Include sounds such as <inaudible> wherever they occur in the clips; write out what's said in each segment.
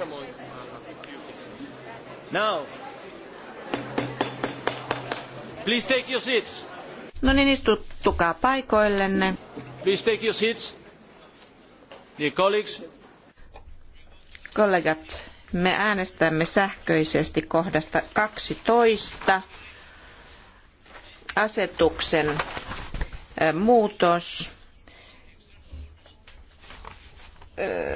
escuchamos. Now. Please take your seats. No niin, istuttukaa paikoillenne. Please take your seats. Dear colleagues. Kollegat, me äänestämme sähköisesti kohdasta 12 asetuksen muutos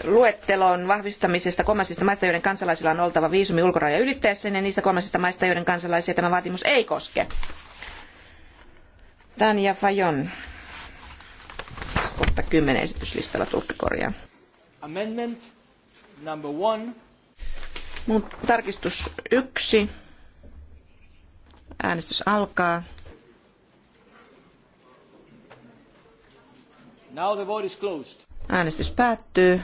luettelon vahvistamisesta kolmansista maista, joiden kansalaisilla on oltava viisumi ulkoraja ylittäessä, ja niin niistä kolmansista maista, joiden kansalaisia tämä vaatimus ei koske. Tanja Fajon. Kohta kymmenen esityslistalla tulkkikorjaa. Amendment number one. Mun tarkistus yksi. Äänestys alkaa. Now the vote is closed. Äänestys päättyy.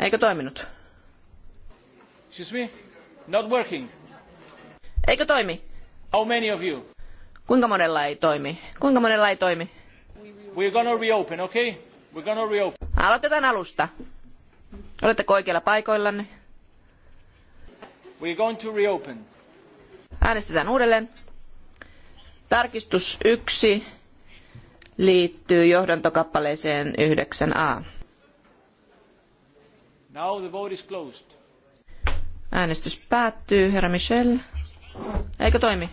Eikö toiminut? Excuse me? Not working. Eikö toimi? How many of you? Kuinka monella ei toimi? Kuinka monella ei toimi? We're gonna reopen, okay? We're gonna reopen. Aloitetaan alusta. Oletteko oikeilla paikoillanne? We're going to reopen. Äänestetään uudelleen. Tarkistus yksi liittyy johdantokappaleeseen 9a. Now the vote is closed. Äänestys päättyy, herra Michel. Eikö toimi?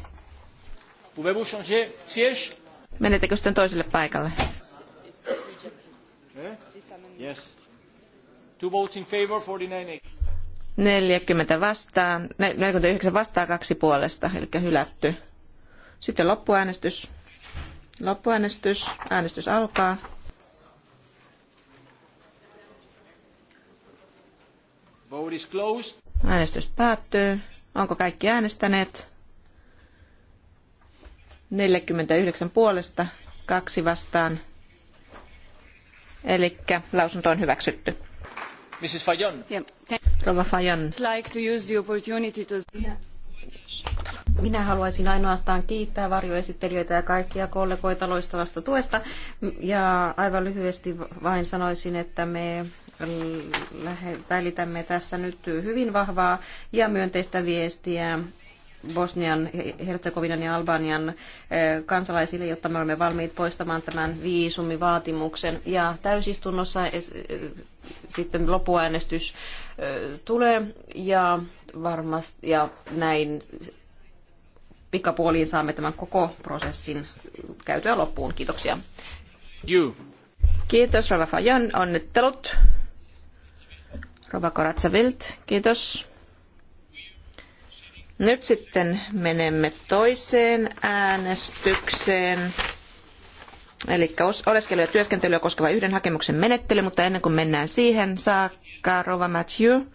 Menettekö sitten toiselle paikalle? Eh? Yes. Two votes in favor, 49 40 vastaan, 49 vastaan, kaksi puolesta, eli hylätty. Sitten loppuäänestys. Loppuäänestys. Äänestys alkaa. Vote is closed. Äänestys päättyy. Onko kaikki äänestäneet? 49 puolesta, kaksi vastaan. Eli lausunto on hyväksytty. Mrs. Fajon. Yeah. Rova Fajon. Like to use the opportunity to... Minä haluaisin ainoastaan kiittää varjoesittelijöitä ja kaikkia kollegoita loistavasta tuesta. Ja aivan lyhyesti vain sanoisin, että me välitämme tässä nyt hyvin vahvaa ja myönteistä viestiä Bosnian, Herzegovinan ja Albanian eh, kansalaisille, jotta me olemme valmiit poistamaan tämän viisumivaatimuksen. Ja täysistunnossa eh, sitten lopuäänestys eh, tulee ja varmasti ja näin pikapuoliin saamme tämän koko prosessin käytyä loppuun. Kiitoksia. You. Kiitos Rova Fajon, onnittelut. Rova Koratsavilt, kiitos. Nyt sitten menemme toiseen äänestykseen. Eli oleskelu- ja työskentelyä koskeva yhden hakemuksen menettely, mutta ennen kuin mennään siihen, saakka Rova Mathieu.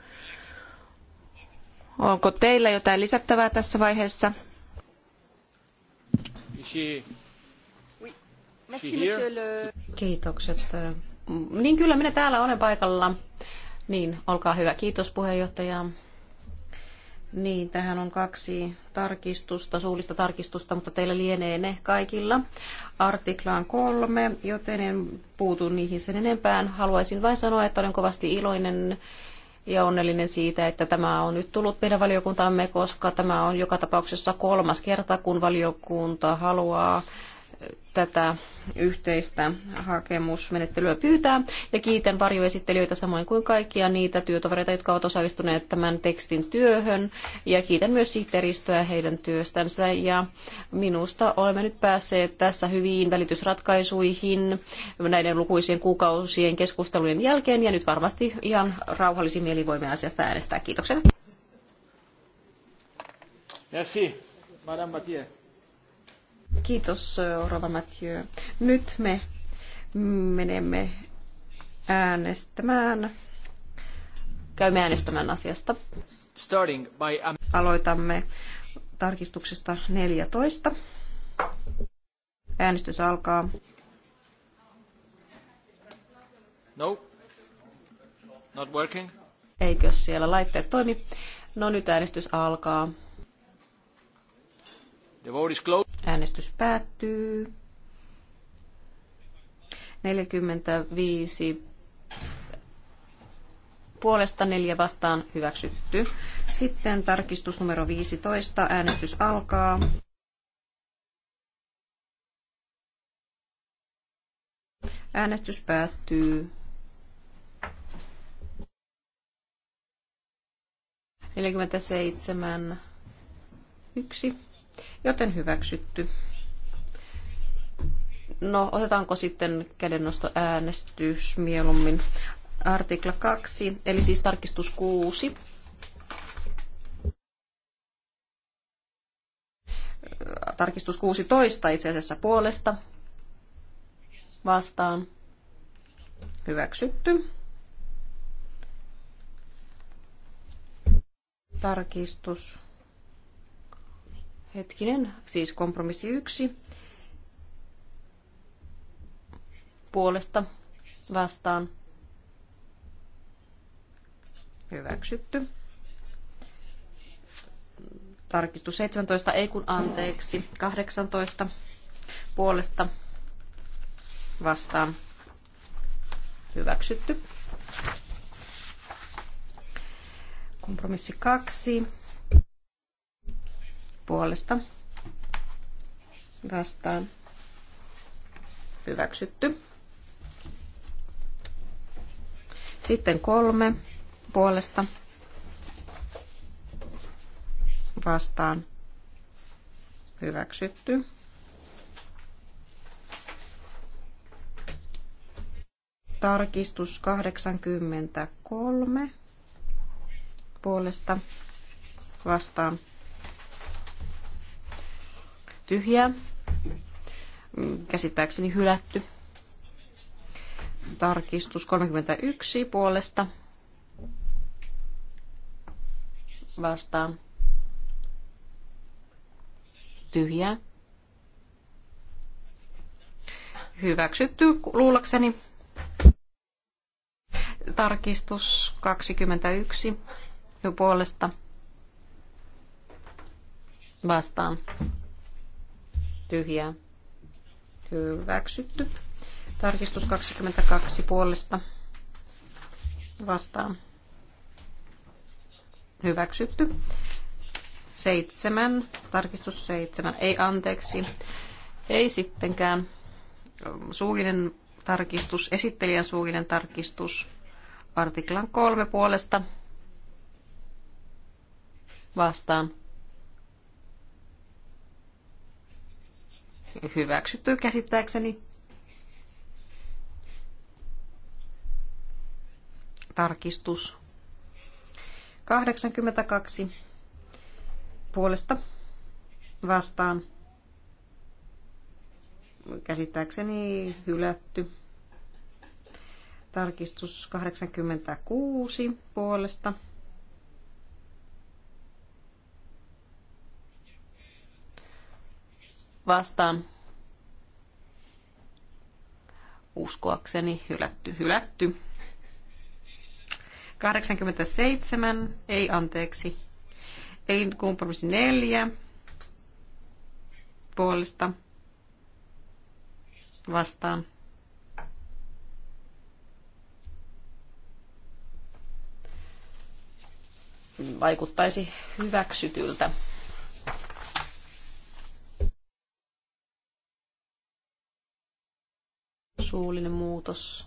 Onko teillä jotain lisättävää tässä vaiheessa? Kiitokset. Mm, niin kyllä, minä täällä olen paikalla. Niin, olkaa hyvä. Kiitos puheenjohtaja. Niin, tähän on kaksi tarkistusta, suullista tarkistusta, mutta teillä lienee ne kaikilla. Artiklaan kolme, joten en puutu niihin sen enempään. Haluaisin vain sanoa, että olen kovasti iloinen ja onnellinen siitä, että tämä on nyt tullut meidän valiokuntaamme, koska tämä on joka tapauksessa kolmas kerta, kun valiokunta haluaa tätä yhteistä hakemusmenettelyä pyytää. Ja kiitän varjoesittelijöitä samoin kuin kaikkia niitä työtovereita, jotka ovat osallistuneet tämän tekstin työhön. Ja kiitän myös sihteeristöä heidän työstänsä. Ja minusta olemme nyt päässeet tässä hyviin välitysratkaisuihin näiden lukuisien kuukausien keskustelujen jälkeen. Ja nyt varmasti ihan rauhallisin mielin voimme asiasta äänestää. Kiitoksia. Merci, Madame Mathieu. Kiitos Rova Mathieu. Nyt me menemme äänestämään. Käymme äänestämään asiasta. Starting by... Aloitamme tarkistuksesta 14. Äänestys alkaa. No. Not working. Eikö siellä laitteet toimi? No nyt äänestys alkaa. The vote is closed. Äänestys päättyy. 45 puolesta neljä vastaan hyväksytty. Sitten tarkistus numero 15. Äänestys alkaa. Äänestys päättyy. 47 1 joten hyväksytty. No, otetaanko sitten kädennostoäänestys mieluummin? Artikla 2, eli siis tarkistus 6. Tarkistus 16 itse asiassa puolesta vastaan. Hyväksytty. Tarkistus Hetkinen, siis kompromissi yksi. Puolesta vastaan. Hyväksytty. Tarkistus 17, ei kun anteeksi. 18 puolesta vastaan. Hyväksytty. Kompromissi kaksi puolesta vastaan hyväksytty. Sitten kolme puolesta vastaan hyväksytty. Tarkistus 83 puolesta vastaan tyhjää. Käsittääkseni hylätty. Tarkistus 31 puolesta vastaan tyhjää. Hyväksytty luulakseni. Tarkistus 21 puolesta vastaan tyhjää hyväksytty. Tarkistus 22 puolesta vastaan hyväksytty. Seitsemän, tarkistus seitsemän, ei anteeksi, ei sittenkään. Suullinen tarkistus, esittelijän suullinen tarkistus, artiklan kolme puolesta vastaan hyväksytty käsittääkseni. Tarkistus. 82 puolesta vastaan. Käsittääkseni hylätty. Tarkistus 86 puolesta vastaan uskoakseni hylätty, hylätty. 87, ei anteeksi. Ei kompromissi 4 puolesta vastaan. Vaikuttaisi hyväksytyltä. suullinen muutos.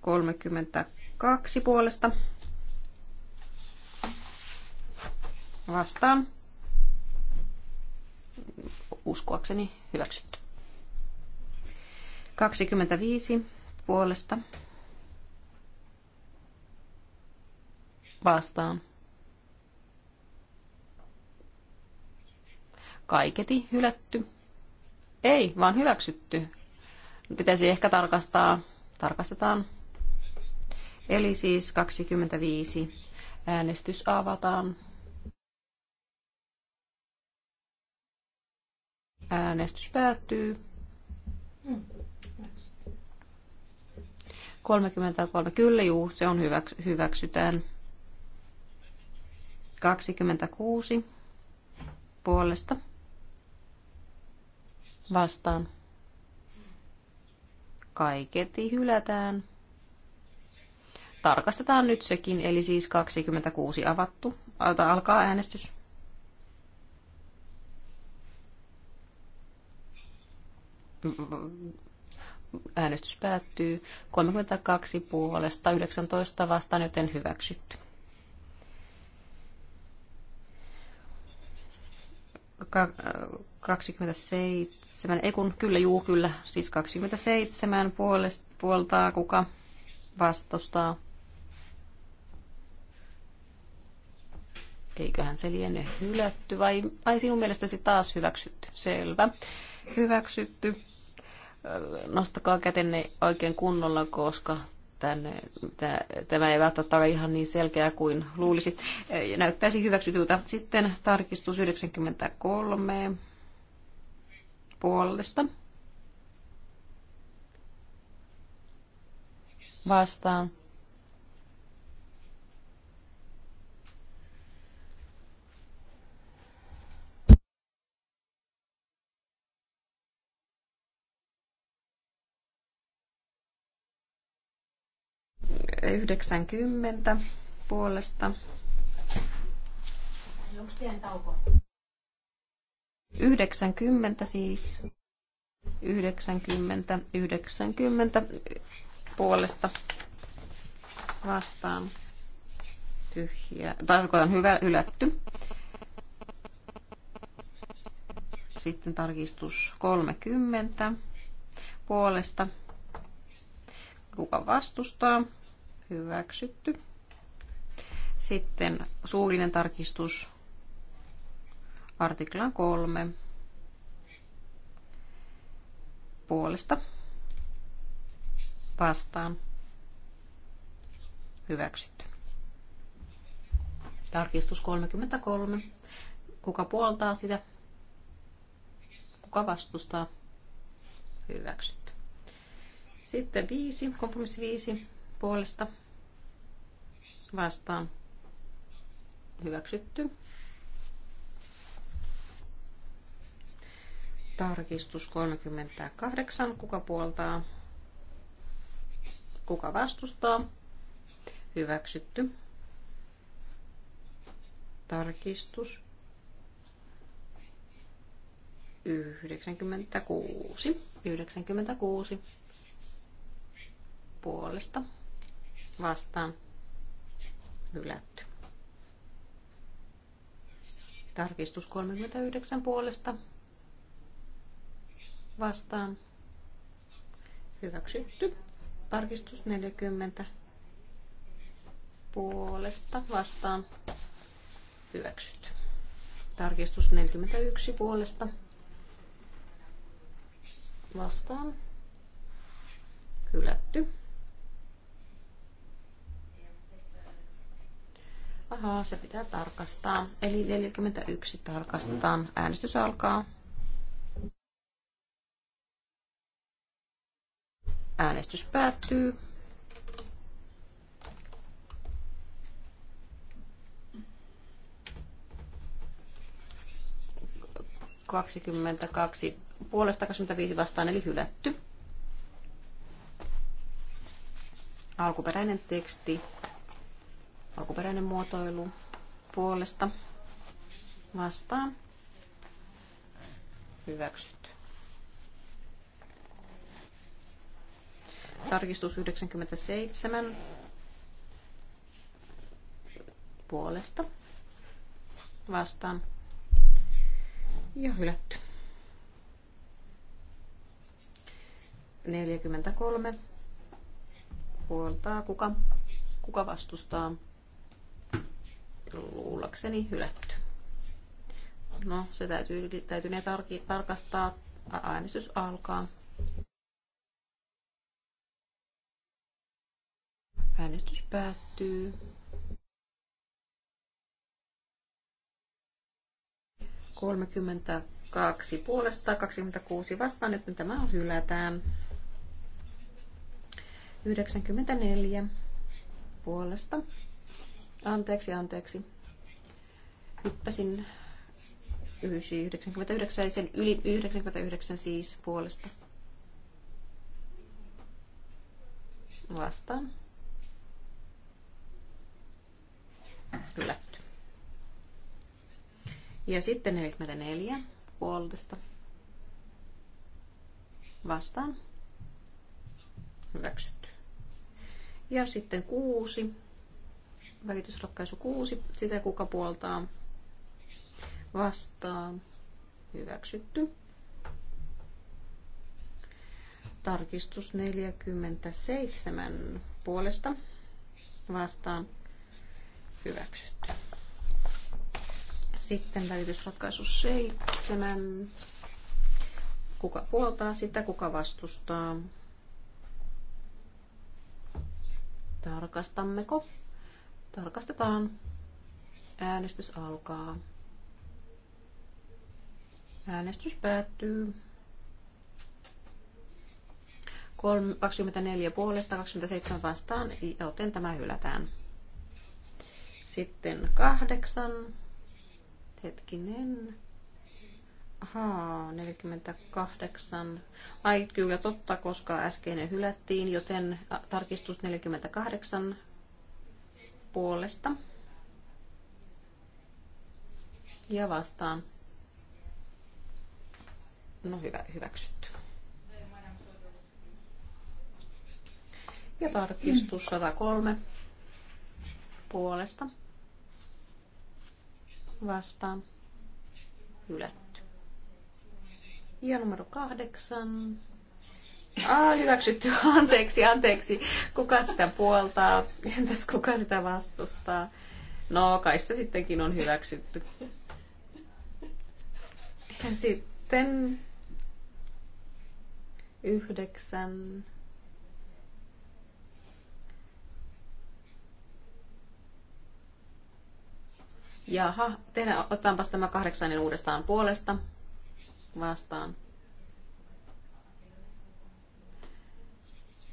32 puolesta. Vastaan. Uskoakseni hyväksytty. 25 puolesta. Vastaan. Kaiketi hylätty. Ei, vaan hyväksytty. Pitäisi ehkä tarkastaa. Tarkastetaan. Eli siis 25. Äänestys avataan. Äänestys päättyy. 33. Kyllä, juu, se on hyväks- hyväksytään. 26 puolesta vastaan. Kaiketi hylätään. Tarkastetaan nyt sekin, eli siis 26 avattu. Ota, alkaa äänestys. Äänestys päättyy 32 puolesta 19 vastaan, joten hyväksytty. 27, ei kun kyllä, juu, kyllä, siis 27 puolesta, puoltaa kuka vastustaa. Eiköhän se liene hylätty vai, vai sinun mielestäsi taas hyväksytty? Selvä. Hyväksytty. Nostakaa kätenne oikein kunnolla, koska tänne, tämä ei välttämättä ole ihan niin selkeä kuin luulisi. Näyttäisi hyväksytyltä. Sitten tarkistus 93 puolesta. Vastaan. Yhdeksänkymmentä puolesta. Onko pieni tauko? 90 siis. 90, 90 puolesta vastaan tyhjä. Tarkoitan hyvä, ylätty. Sitten tarkistus 30 puolesta. Kuka vastustaa? Hyväksytty. Sitten suullinen tarkistus Artiklan kolme puolesta vastaan hyväksytty. Tarkistus 33. Kuka puoltaa sitä? Kuka vastustaa? Hyväksytty. Sitten viisi kompromissi viisi puolesta vastaan hyväksytty. Tarkistus 38. Kuka puoltaa? Kuka vastustaa? Hyväksytty. Tarkistus 96. 96. Puolesta. Vastaan. Hylätty. Tarkistus 39 puolesta vastaan hyväksytty. Tarkistus 40 puolesta vastaan hyväksytty. Tarkistus 41 puolesta vastaan hylätty. Ahaa, se pitää tarkastaa. Eli 41 tarkastetaan. Äänestys alkaa. Äänestys päättyy. Kaksikymmentäkaksi puolesta 25 vastaan, eli hylätty. Alkuperäinen teksti, alkuperäinen muotoilu puolesta vastaan. Hyväksytty. Tarkistus 97 puolesta vastaan ja hylätty. 43 puoltaa kuka, kuka vastustaa. Luulakseni hylätty. No, se täytyy, täytyy ne tarki, tarkastaa. Äänestys alkaa. päättyy. Kolmekymmentä kaksi puolesta, 26 vastaan, nyt tämä on hylätään. 94 puolesta. Anteeksi, anteeksi. Hyppäsin 99 sen yli 99 siis puolesta. Vastaan. hylätty. Ja sitten 44 puolesta vastaan hyväksytty. Ja sitten 6, välitysratkaisu 6, sitä kuka puoltaa vastaan hyväksytty. Tarkistus 47 puolesta vastaan hyväksytty. Sitten välitysratkaisu 7. Kuka puoltaa sitä, kuka vastustaa? Tarkastammeko? Tarkastetaan. Äänestys alkaa. Äänestys päättyy. 24 puolesta 27 vastaan, joten tämä hylätään. Sitten kahdeksan. Hetkinen. Ahaa, 48. Ai kyllä totta, koska äskeinen hylättiin, joten tarkistus 48 puolesta. Ja vastaan. No hyvä, hyväksytty. Ja tarkistus 103 puolesta vastaan hylätty. Ja numero kahdeksan. Ah, hyväksytty. <laughs> Anteeksi, anteeksi. Kuka sitä puoltaa? Entäs kuka sitä vastustaa? No, kai se sittenkin on hyväksytty. Ja sitten yhdeksän. Jaha, tehdään, otetaanpas tämä kahdeksanen uudestaan puolesta vastaan.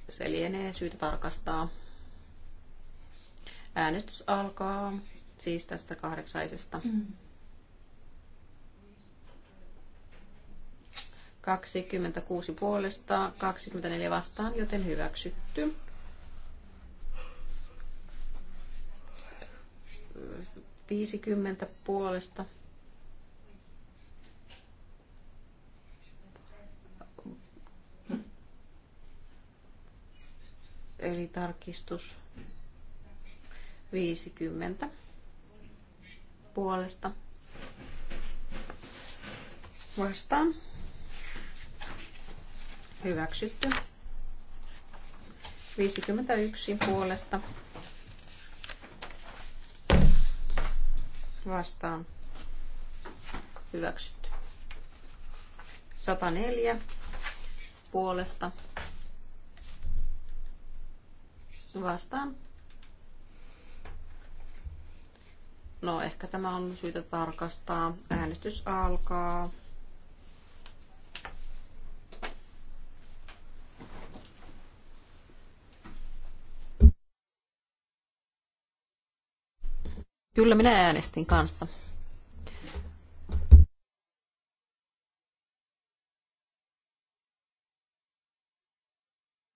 Se lienee syytä tarkastaa. Äänestys alkaa siis tästä kahdeksaisesta. Mm. 26 puolesta, 24 vastaan, joten hyväksytty. 50 puolesta eli tarkistus 50 puolesta vastaan. Hyväksytty. 51 puolesta vastaan hyväksytty. 104 puolesta vastaan. No ehkä tämä on syytä tarkastaa. Äänestys alkaa. Kyllä minä äänestin kanssa.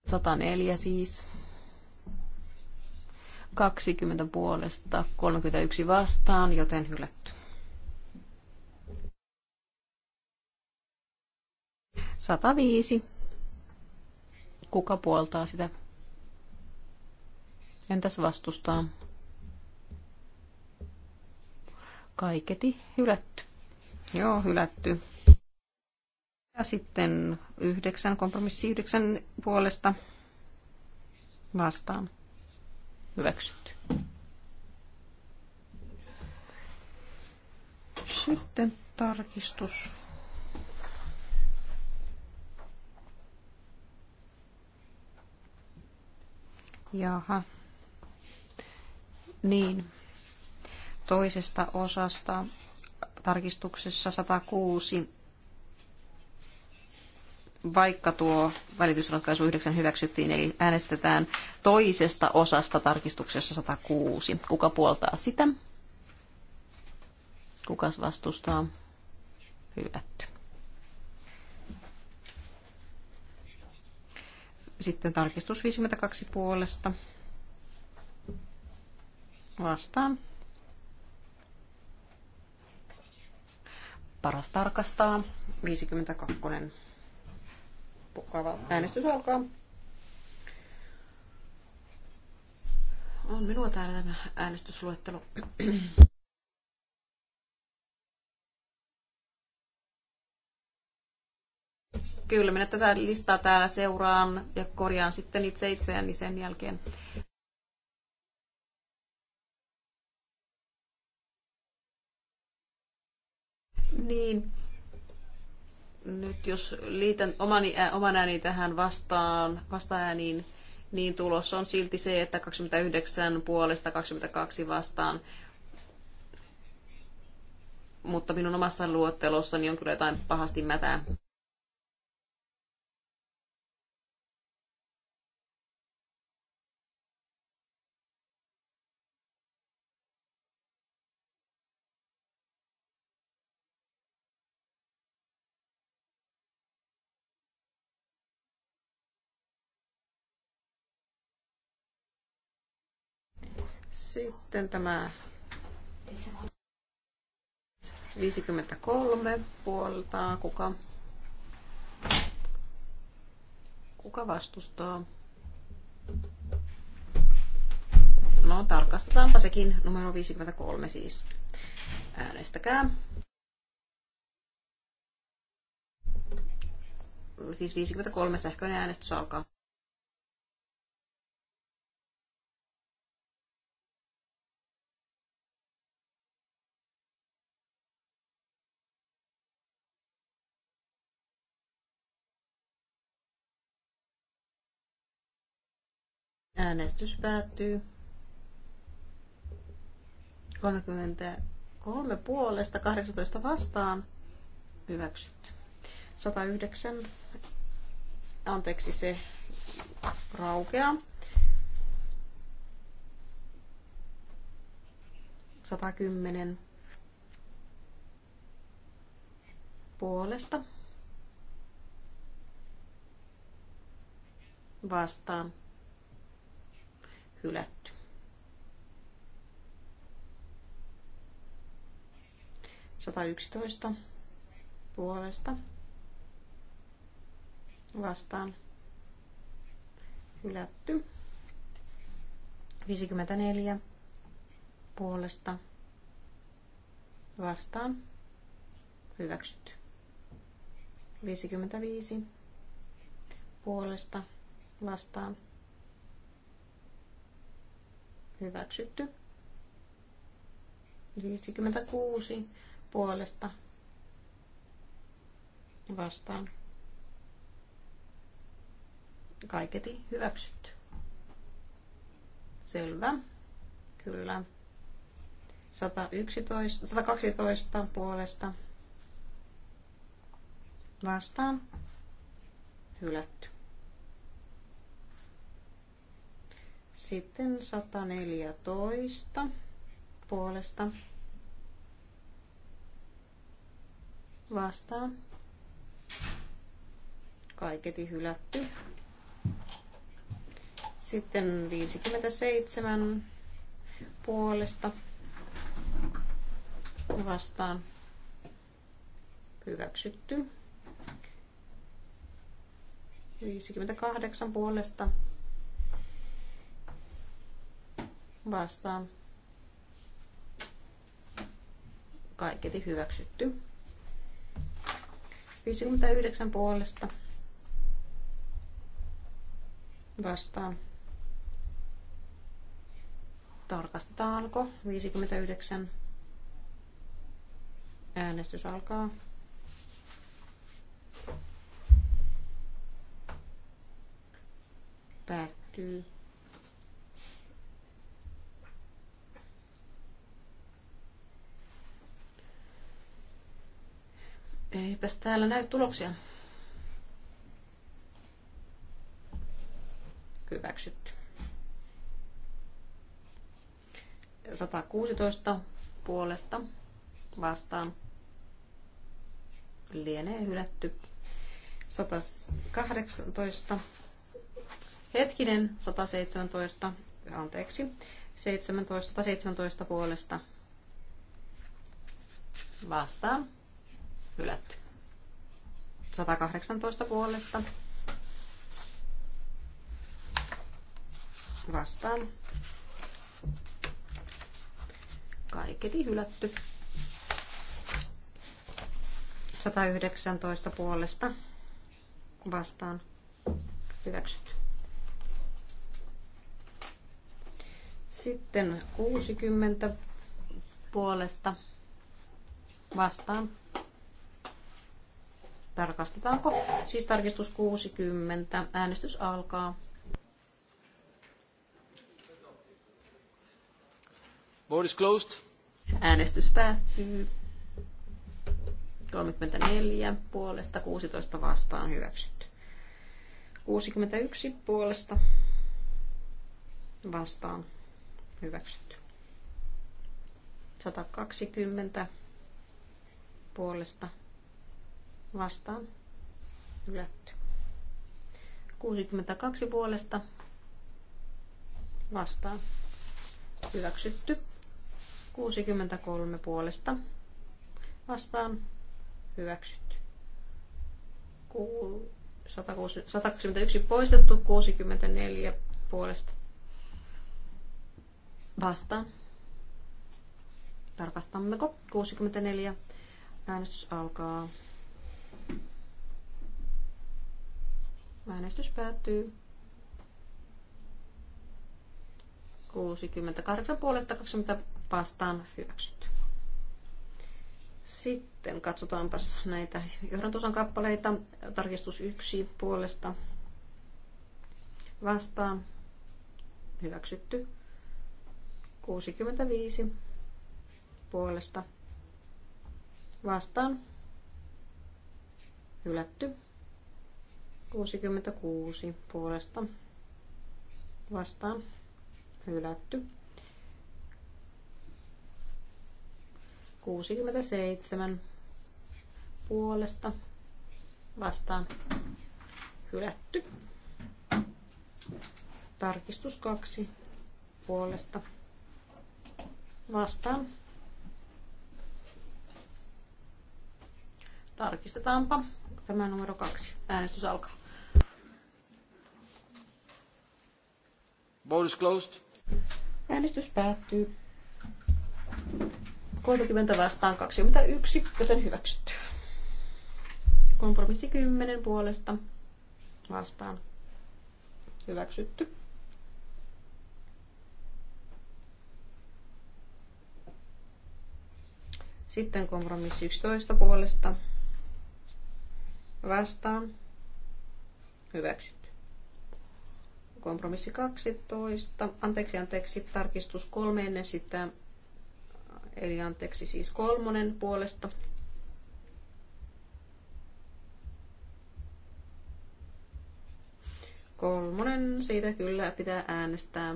Sataneljä siis. 20 puolesta, 31 vastaan, joten hylätty. 105. Kuka puoltaa sitä? Entäs vastustaa? kaiketi hylätty. Joo, hylätty. Ja sitten yhdeksän, kompromissi yhdeksän puolesta vastaan. Hyväksytty. Sitten tarkistus. Jaha. Niin toisesta osasta tarkistuksessa 106, vaikka tuo välitysratkaisu 9 hyväksyttiin, eli äänestetään toisesta osasta tarkistuksessa 106. Kuka puoltaa sitä? Kuka vastustaa? Hylätty. Sitten tarkistus 52 puolesta. Vastaan Paras tarkastaa. 52. Äänestys alkaa. On minua täällä tämä äänestysluettelo. Kyllä, minä tätä listaa täällä seuraan ja korjaan sitten itse itseäni sen jälkeen. Niin, nyt jos liitän oman, oman ääni tähän vastaan, vastaääniin, niin tulos on silti se, että 29 puolesta 22 vastaan. Mutta minun omassa luottelossani on kyllä jotain pahasti mätää. Sitten tämä 53 puoltaa. Kuka, kuka vastustaa? No, tarkastetaanpa sekin. Numero 53 siis. Äänestäkää. Siis 53 sähköinen äänestys alkaa. Äänestys päättyy. 33 puolesta, 18 vastaan. Hyväksytty. 109. Anteeksi, se raukeaa. 110 puolesta vastaan hylätty. Sata yksitoista puolesta vastaan hylätty. 54 puolesta vastaan hyväksytty. 55 puolesta vastaan Hyväksytty. 56 puolesta vastaan. Kaiketi hyväksytty. Selvä. Kyllä. 111, 112 puolesta vastaan hylätty. Sitten 114 puolesta vastaan. Kaiketi hylätty. Sitten 57 puolesta vastaan hyväksytty. 58 puolesta vastaan. Kaiketi hyväksytty. 59 puolesta vastaan. Tarkastetaan alko. 59. Äänestys alkaa. Päättyy. Eipäs täällä näy tuloksia. Hyväksytty. 116 puolesta vastaan lienee hylätty. 118. Hetkinen, 117. Anteeksi. 17, 117 puolesta vastaan hylätty. 118 puolesta vastaan. Kaiketi hylätty. 119 puolesta vastaan hyväksytty. Sitten 60 puolesta vastaan Tarkastetaanko? Siis tarkistus 60. Äänestys alkaa. Board is closed. Äänestys päättyy. 34 puolesta, 16 vastaan hyväksytty. 61 puolesta vastaan hyväksytty. 120 puolesta vastaan hylätty. 62 puolesta vastaan hyväksytty. 63 puolesta vastaan hyväksytty. 161 poistettu, 64 puolesta vastaan. Tarkastammeko? 64. Äänestys alkaa. Äänestys päättyy. 68 puolesta 20 vastaan hyväksytty. Sitten katsotaanpas näitä johdantosan kappaleita. Tarkistus 1 puolesta vastaan hyväksytty. 65 puolesta vastaan hylätty. 66 puolesta vastaan hylätty. 67 puolesta vastaan hylätty. Tarkistus 2 puolesta vastaan. Tarkistetaanpa tämä numero 2. Äänestys alkaa. Vote is closed. Äänestys päättyy. 30 vastaan 21, joten hyväksytty. Kompromissi 10 puolesta vastaan hyväksytty. Sitten kompromissi 11 puolesta vastaan hyväksytty. Kompromissi 12. Anteeksi, anteeksi. Tarkistus kolme ennen sitä. Eli anteeksi siis kolmonen puolesta. Kolmonen, siitä kyllä pitää äänestää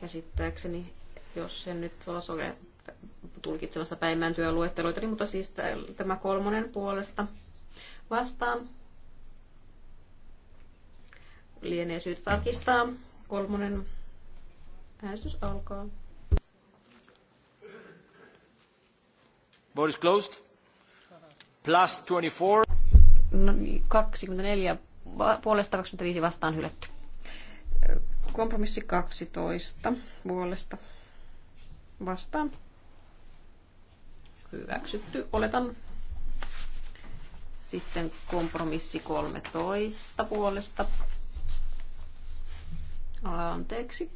käsittääkseni, jos sen nyt taas ole tulkitsemassa päivän työluetteloita, niin mutta siis tämä kolmonen puolesta vastaan lienee syytä tarkistaa. Kolmonen äänestys alkaa. Vote is closed. Plus 24. No, 24 niin, puolesta 25 vastaan hylätty. Kompromissi 12 puolesta vastaan. Hyväksytty, oletan. Sitten kompromissi 13 puolesta Anteeksi.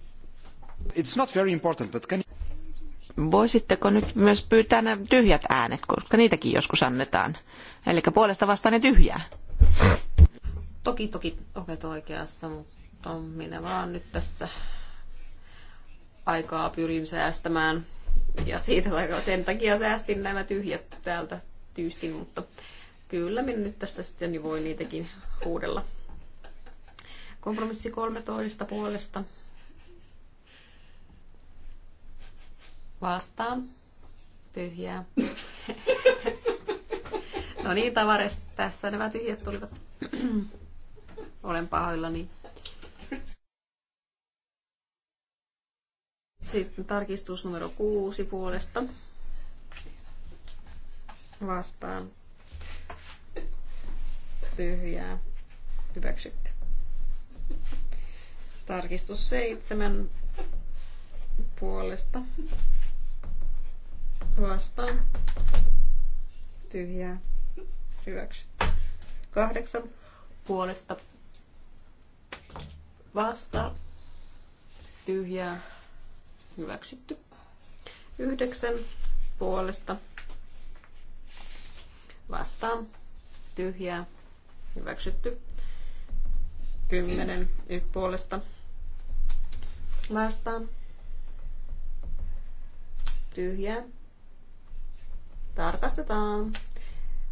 It's not very important, but can... Voisitteko nyt myös pyytää nämä tyhjät äänet, koska niitäkin joskus annetaan. Eli puolesta vastaan ne tyhjää. Toki, toki olet oikeassa, mutta minä vaan nyt tässä aikaa pyrin säästämään. Ja siitä sen takia säästin nämä tyhjät täältä tyystin, mutta kyllä minä nyt tässä sitten voi niitäkin huudella. Kompromissi 13 puolesta vastaan. Tyhjää. <laughs> no niin, tavares. Tässä nämä tyhjät tulivat. Olen pahoillani. Sitten tarkistus numero kuusi puolesta. Vastaan. Tyhjää. Hyväksytty. Tarkistus seitsemän puolesta. Vastaan. Tyhjää. Hyväksy. Kahdeksan puolesta. vasta Tyhjää. Hyväksytty. Yhdeksän puolesta. Vastaan. Tyhjää. Hyväksytty kymmenen puolesta vastaan. Tyhjä. Tarkastetaan.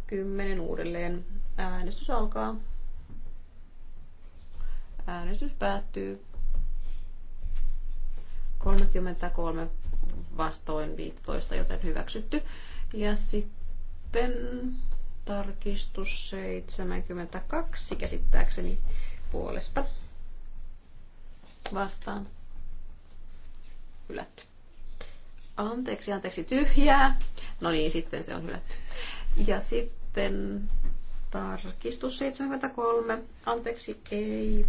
kymmenen uudelleen. Äänestys alkaa. Äänestys päättyy. 33 vastoin 15, joten hyväksytty. Ja sitten tarkistus 72 käsittääkseni puolesta vastaan hylätty. Anteeksi, anteeksi, tyhjää. No niin, sitten se on hylätty. Ja sitten tarkistus 73. Anteeksi, ei.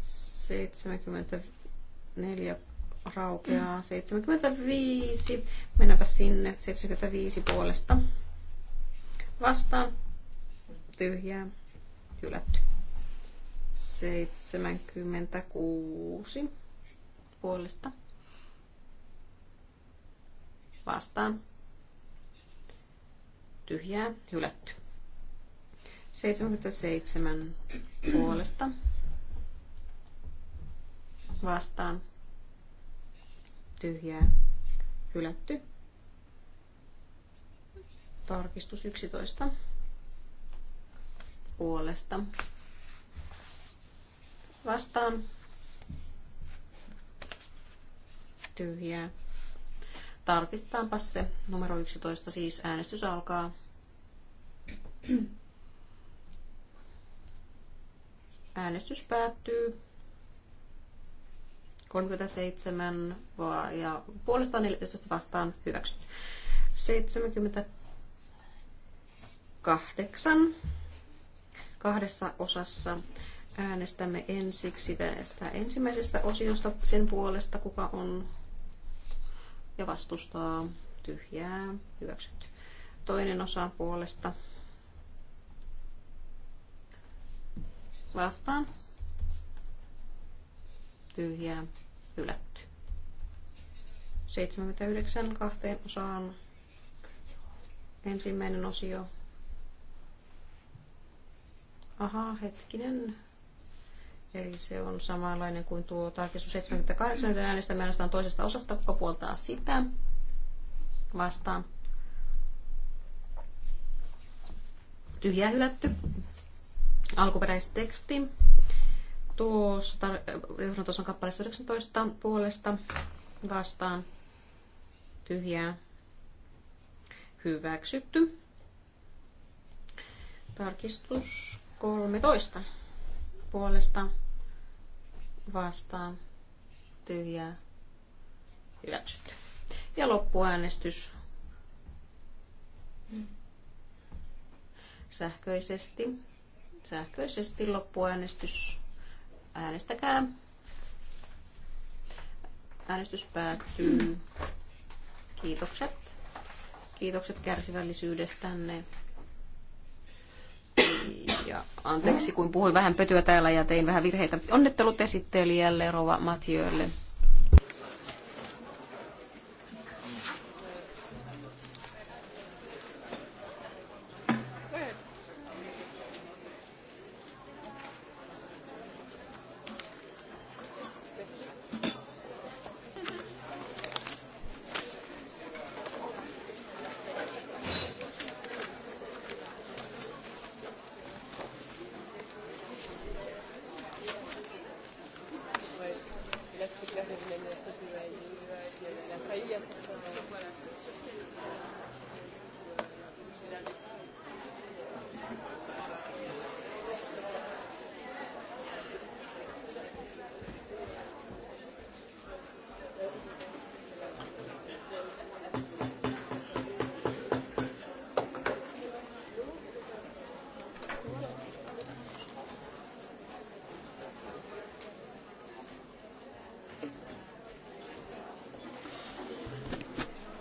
74 raukeaa. 75. Mennäänpä sinne. 75 puolesta. Vastaan. Tyhjää. Hylätty. 76 puolesta vastaan. Tyhjää, hylätty. 77 puolesta vastaan. Tyhjää, hylätty. Tarkistus 11 puolesta vastaan. Tyhjää. Tarkistetaanpa se. Numero 11 siis äänestys alkaa. Äänestys päättyy. 37 ja puolestaan 14 vastaan hyväksytty. 78 kahdessa osassa. Äänestämme ensiksi tästä ensimmäisestä osiosta sen puolesta, kuka on ja vastustaa tyhjää, hyväksytty. Toinen osa puolesta vastaan, tyhjää, hylätty. 79 kahteen osaan. Ensimmäinen osio. Aha, hetkinen. Eli se on samanlainen kuin tuo tarkistus 78, joten äänestämme äänestetään toisesta osasta, kuka puoltaa sitä vastaan. Tyhjä hylätty. teksti Tuossa tar- tuossa on kappaleessa 19 puolesta vastaan. Tyhjää. Hyväksytty. Tarkistus 13 puolesta vastaan tyhjää hyväksytty. Ja loppuäänestys sähköisesti. Sähköisesti loppuäänestys. Äänestäkää. Äänestys päättyy. Kiitokset. Kiitokset kärsivällisyydestänne. Ja anteeksi, kun puhuin vähän pötyä täällä ja tein vähän virheitä. Onnittelut esittelijälle Rova Mathieulle.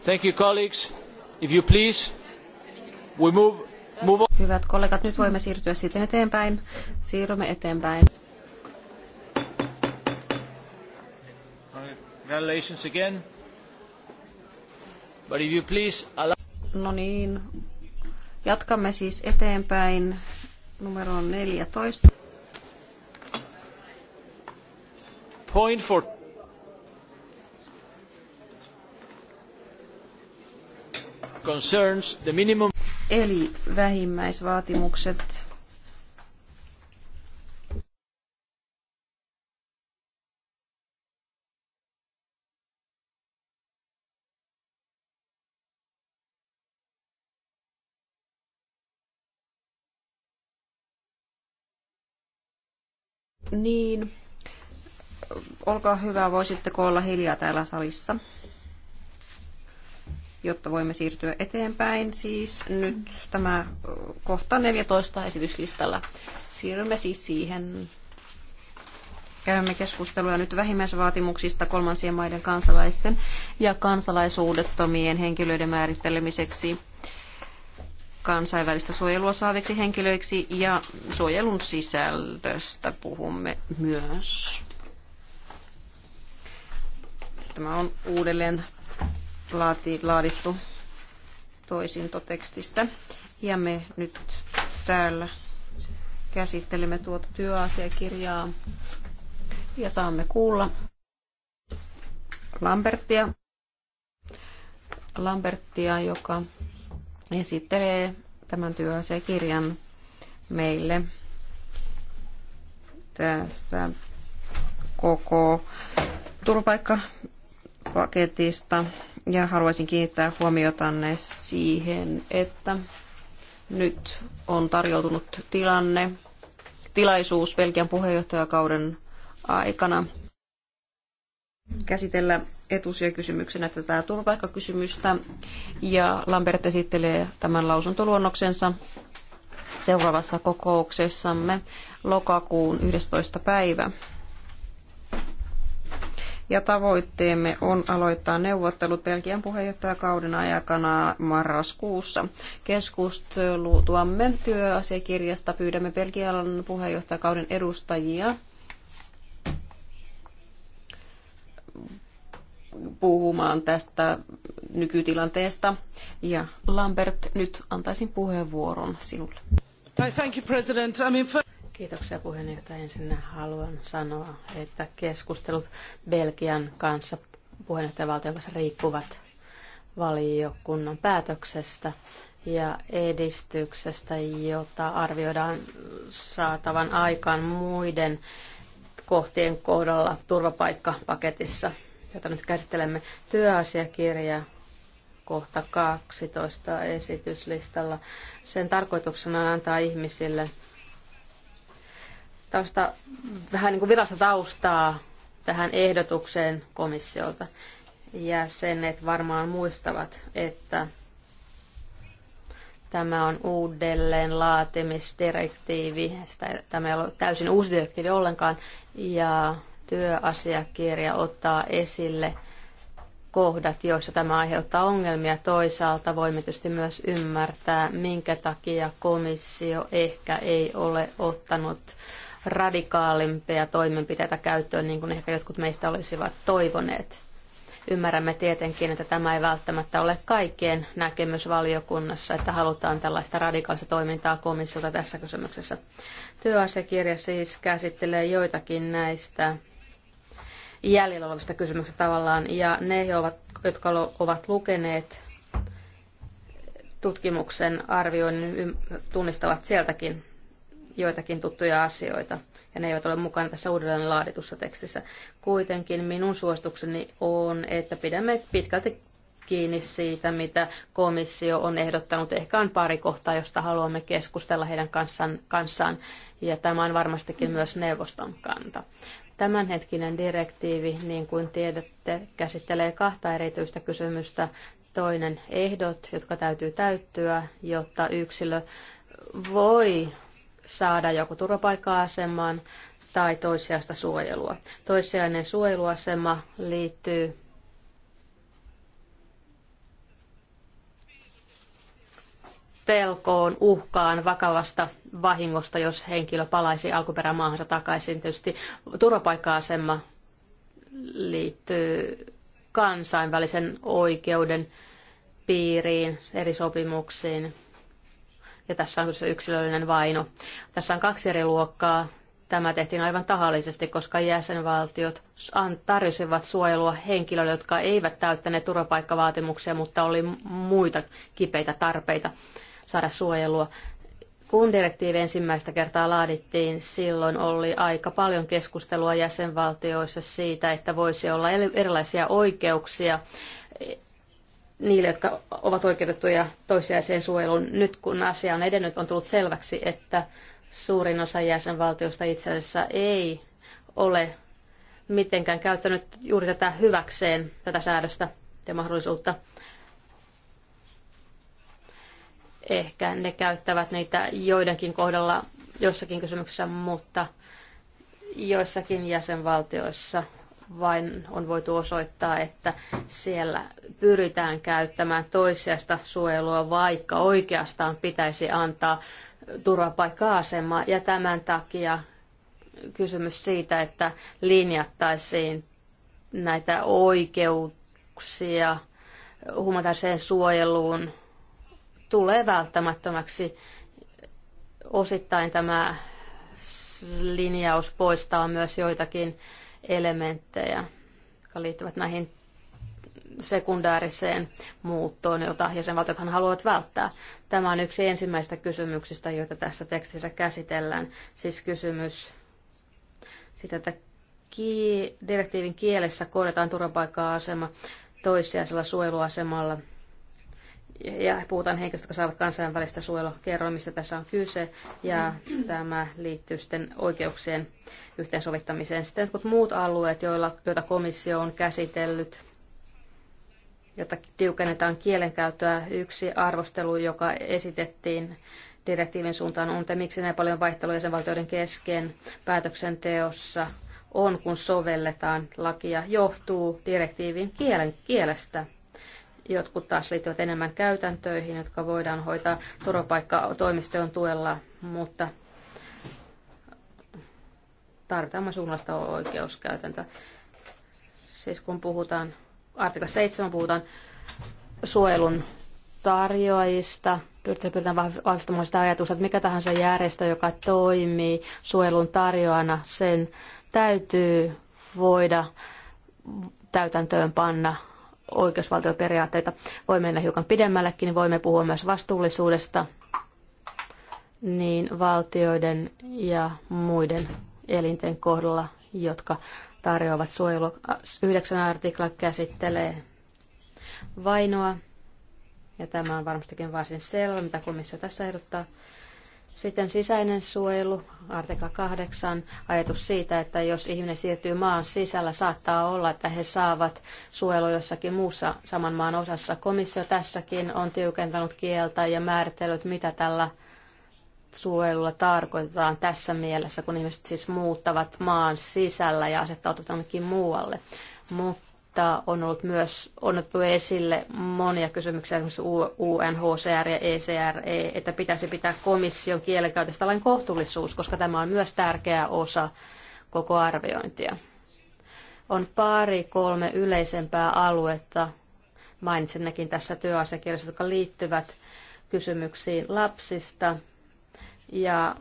Thank Hyvät kollegat, nyt voimme siirtyä sitten eteenpäin. Siirrymme eteenpäin. Congratulations again. But if you please allow... No niin, jatkamme siis eteenpäin numero 14. Point for concerns the minimum... Eli vähimmäisvaatimukset Niin, olkaa hyvä, voisitteko olla hiljaa täällä salissa? jotta voimme siirtyä eteenpäin. Siis nyt tämä kohta 14 esityslistalla. Siirrymme siis siihen. Käymme keskustelua nyt vähimmäisvaatimuksista kolmansien maiden kansalaisten ja kansalaisuudettomien henkilöiden määrittelemiseksi kansainvälistä suojelua saaviksi henkilöiksi ja suojelun sisällöstä puhumme myös. Tämä on uudelleen laadittu toisintotekstistä. Ja me nyt täällä käsittelemme tuota työasiakirjaa ja saamme kuulla Lambertia, Lambertia joka esittelee tämän työasiakirjan meille tästä koko turvapaikkapaketista ja haluaisin kiinnittää huomiotanne siihen, että nyt on tarjoutunut tilanne, tilaisuus Belgian puheenjohtajakauden aikana käsitellä etusijakysymyksenä tätä turvapaikkakysymystä. Ja Lambert esittelee tämän lausuntoluonnoksensa seuraavassa kokouksessamme lokakuun 11. päivä ja tavoitteemme on aloittaa neuvottelut Belgian puheenjohtajakauden aikana marraskuussa. Keskustelutuamme työasiakirjasta pyydämme Belgian puheenjohtajakauden edustajia puhumaan tästä nykytilanteesta. Ja Lambert, nyt antaisin puheenvuoron sinulle. Thank you, President. I mean, for... Kiitoksia puheenjohtaja. Ensin haluan sanoa, että keskustelut Belgian kanssa puheenjohtajavaltion kanssa riippuvat valiokunnan päätöksestä ja edistyksestä, jota arvioidaan saatavan aikaan muiden kohtien kohdalla turvapaikkapaketissa, jota nyt käsittelemme työasiakirja kohta 12 esityslistalla. Sen tarkoituksena on antaa ihmisille tällaista vähän niin kuin virasta taustaa tähän ehdotukseen komissiolta. ja sen että varmaan muistavat, että tämä on uudelleen laatimisdirektiivi. Tämä ei ole täysin uusi direktiivi ollenkaan. Ja työasiakirja ottaa esille kohdat, joissa tämä aiheuttaa ongelmia. Toisaalta voimme tietysti myös ymmärtää, minkä takia komissio ehkä ei ole ottanut radikaalimpia toimenpiteitä käyttöön, niin kuin ehkä jotkut meistä olisivat toivoneet. Ymmärrämme tietenkin, että tämä ei välttämättä ole kaikkien näkemys valiokunnassa, että halutaan tällaista radikaalista toimintaa komissiolta tässä kysymyksessä. Työasiakirja siis käsittelee joitakin näistä jäljellä olevista kysymyksistä tavallaan, ja ne, jotka ovat lukeneet tutkimuksen arvioinnin tunnistavat sieltäkin joitakin tuttuja asioita, ja ne eivät ole mukana tässä uudelleen laaditussa tekstissä. Kuitenkin minun suositukseni on, että pidämme pitkälti kiinni siitä, mitä komissio on ehdottanut. Ehkä on pari kohtaa, josta haluamme keskustella heidän kanssaan, kanssaan ja tämä on varmastikin myös neuvoston kanta. Tämänhetkinen direktiivi, niin kuin tiedätte, käsittelee kahta erityistä kysymystä. Toinen ehdot, jotka täytyy täyttyä, jotta yksilö voi saada joku turvapaikka-aseman tai toissijaista suojelua. Toissijainen suojeluasema liittyy pelkoon, uhkaan, vakavasta vahingosta, jos henkilö palaisi alkuperämaahansa takaisin. Tietysti turvapaikka-asema liittyy kansainvälisen oikeuden piiriin, eri sopimuksiin, ja tässä on yksilöllinen vaino. Tässä on kaksi eri luokkaa. Tämä tehtiin aivan tahallisesti, koska jäsenvaltiot tarjosivat suojelua henkilöille, jotka eivät täyttäneet turvapaikkavaatimuksia, mutta oli muita kipeitä tarpeita saada suojelua. Kun direktiivi ensimmäistä kertaa laadittiin, silloin oli aika paljon keskustelua jäsenvaltioissa siitä, että voisi olla erilaisia oikeuksia niille, jotka ovat oikeutettuja toissijaiseen suojeluun. Nyt kun asia on edennyt, on tullut selväksi, että suurin osa jäsenvaltiosta itse asiassa ei ole mitenkään käyttänyt juuri tätä hyväkseen, tätä säädöstä ja mahdollisuutta. Ehkä ne käyttävät niitä joidenkin kohdalla jossakin kysymyksessä, mutta joissakin jäsenvaltioissa – vain on voitu osoittaa, että siellä pyritään käyttämään toisesta suojelua, vaikka oikeastaan pitäisi antaa turvapaikka-asema. Ja tämän takia kysymys siitä, että linjattaisiin näitä oikeuksia humanitaariseen suojeluun, tulee välttämättömäksi. Osittain tämä linjaus poistaa myös joitakin elementtejä, jotka liittyvät näihin sekundääriseen muuttoon, jota jäsenvaltiothan haluavat välttää. Tämä on yksi ensimmäistä kysymyksistä, joita tässä tekstissä käsitellään. Siis kysymys siitä, että direktiivin kielessä korjataan turvapaikka-asema toissijaisella suojeluasemalla – ja puhutaan henkilöistä, jotka saavat kansainvälistä suojelua. Kerroin, mistä tässä on kyse, ja tämä liittyy sitten oikeuksien yhteensovittamiseen. Sitten jotkut muut alueet, joilla, joita komissio on käsitellyt, jotta tiukennetaan kielenkäyttöä. Yksi arvostelu, joka esitettiin direktiivin suuntaan, on, että miksi näin paljon vaihtelua jäsenvaltioiden kesken päätöksenteossa on, kun sovelletaan lakia, johtuu direktiivin kielen, kielestä – Jotkut taas liittyvät enemmän käytäntöihin, jotka voidaan hoitaa turvapaikkatoimistojen tuella, mutta tarvitaan suunnasta oikeuskäytäntöä. Siis kun puhutaan, artikla 7 puhutaan suojelun tarjoajista, pyritään vahvistamaan sitä ajatusta, että mikä tahansa järjestö, joka toimii suojelun tarjoajana, sen täytyy voida täytäntöön panna oikeusvaltioperiaatteita. Voi mennä hiukan pidemmällekin, niin voimme puhua myös vastuullisuudesta niin valtioiden ja muiden elinten kohdalla, jotka tarjoavat suojelua. 9 artikla käsittelee vainoa, ja tämä on varmastikin varsin selvä, mitä komissio tässä ehdottaa. Sitten sisäinen suojelu, artikla 8, ajatus siitä, että jos ihminen siirtyy maan sisällä, saattaa olla, että he saavat suojelu jossakin muussa saman maan osassa. Komissio tässäkin on tiukentanut kieltä ja määritellyt, mitä tällä suojelulla tarkoitetaan tässä mielessä, kun ihmiset siis muuttavat maan sisällä ja asettautuvat jonnekin muualle. Mutta kohtaa on ollut myös onnettu esille monia kysymyksiä, esimerkiksi UNHCR ja ECR, e, että pitäisi pitää komission kielenkäytöstä lain kohtuullisuus, koska tämä on myös tärkeä osa koko arviointia. On pari kolme yleisempää aluetta, mainitsen nekin tässä työasiakirjassa, jotka liittyvät kysymyksiin lapsista ja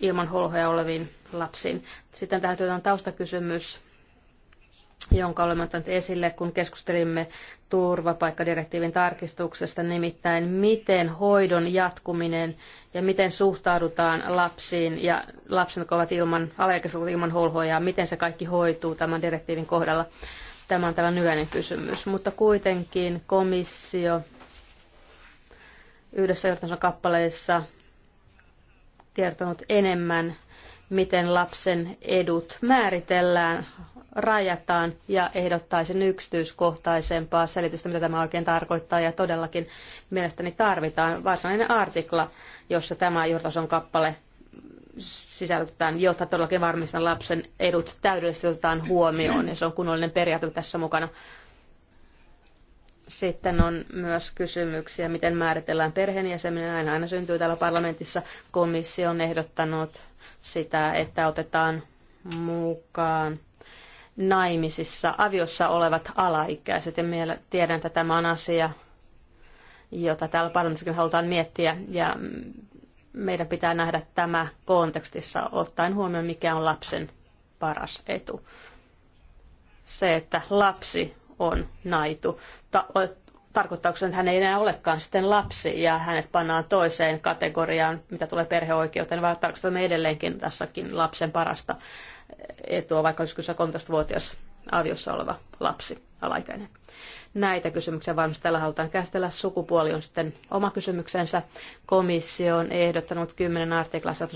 ilman holhoja oleviin lapsiin. Sitten tähän työtön taustakysymys jonka olemme ottaneet esille, kun keskustelimme turvapaikkadirektiivin tarkistuksesta, nimittäin miten hoidon jatkuminen ja miten suhtaudutaan lapsiin ja lapsen jotka ovat ilman, alaikäiset ilman holhoja, miten se kaikki hoituu tämän direktiivin kohdalla. Tämä on tällainen yleinen kysymys, mutta kuitenkin komissio yhdessä johtamassa kappaleessa kertonut enemmän, miten lapsen edut määritellään rajataan ja ehdottaisin yksityiskohtaisempaa selitystä, mitä tämä oikein tarkoittaa ja todellakin mielestäni tarvitaan varsinainen artikla, jossa tämä juurtason kappale sisällytetään, jotta todellakin varmistan lapsen edut täydellisesti otetaan huomioon ja se on kunnollinen periaate tässä mukana. Sitten on myös kysymyksiä, miten määritellään perheenjäseminen. Aina aina syntyy täällä parlamentissa. Komissio on ehdottanut sitä, että otetaan mukaan naimisissa, aviossa olevat alaikäiset. Ja minä tiedän, että tämä on asia, jota täällä parlamentissa halutaan miettiä. Ja meidän pitää nähdä tämä kontekstissa, ottaen huomioon, mikä on lapsen paras etu. Se, että lapsi on naitu. Ta- tarkoittaako se, että hän ei enää olekaan sitten lapsi ja hänet pannaan toiseen kategoriaan, mitä tulee perheoikeuteen, vaan me edelleenkin tässäkin lapsen parasta etua, vaikka olisi kyse 13-vuotias aviossa oleva lapsi, alaikäinen. Näitä kysymyksiä varmasti tällä halutaan käsitellä. Sukupuoli on sitten oma kysymyksensä. Komissio on ehdottanut 10 artiklassa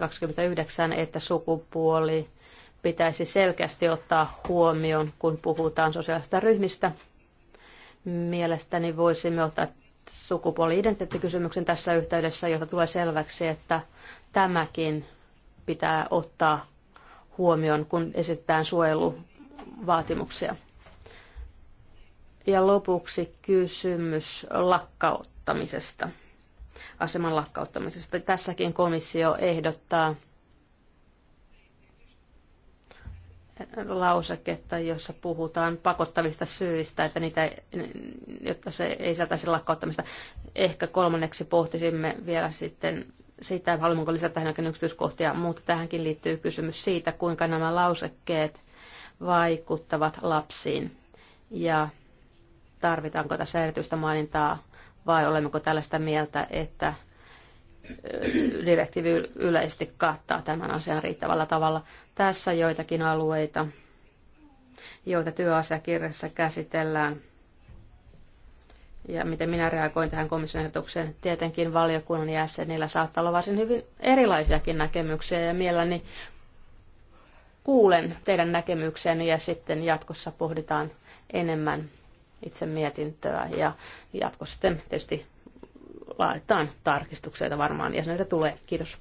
29, että sukupuoli pitäisi selkeästi ottaa huomioon, kun puhutaan sosiaalista ryhmistä. Mielestäni voisimme ottaa sukupuoli-identiteettikysymyksen tässä yhteydessä, jota tulee selväksi, että tämäkin pitää ottaa huomioon, kun esitetään suojeluvaatimuksia. Ja lopuksi kysymys lakkauttamisesta, aseman lakkauttamisesta. Tässäkin komissio ehdottaa lauseketta, jossa puhutaan pakottavista syistä, että niitä, jotta se ei saataisi lakkauttamista. Ehkä kolmanneksi pohtisimme vielä sitten sitä, haluammeko lisätä tähän yksityiskohtia, mutta tähänkin liittyy kysymys siitä, kuinka nämä lausekkeet vaikuttavat lapsiin ja tarvitaanko tässä erityistä mainintaa vai olemmeko tällaista mieltä, että direktiivi yleisesti kattaa tämän asian riittävällä tavalla. Tässä joitakin alueita, joita työasiakirjassa käsitellään – ja miten minä reagoin tähän komission ehdotukseen. Tietenkin valiokunnan jäsenillä saattaa olla varsin hyvin erilaisiakin näkemyksiä ja mielelläni kuulen teidän näkemyksenne ja sitten jatkossa pohditaan enemmän itse mietintöä ja jatkossa sitten tietysti laaditaan tarkistuksia, varmaan jäseniltä tulee. Kiitos.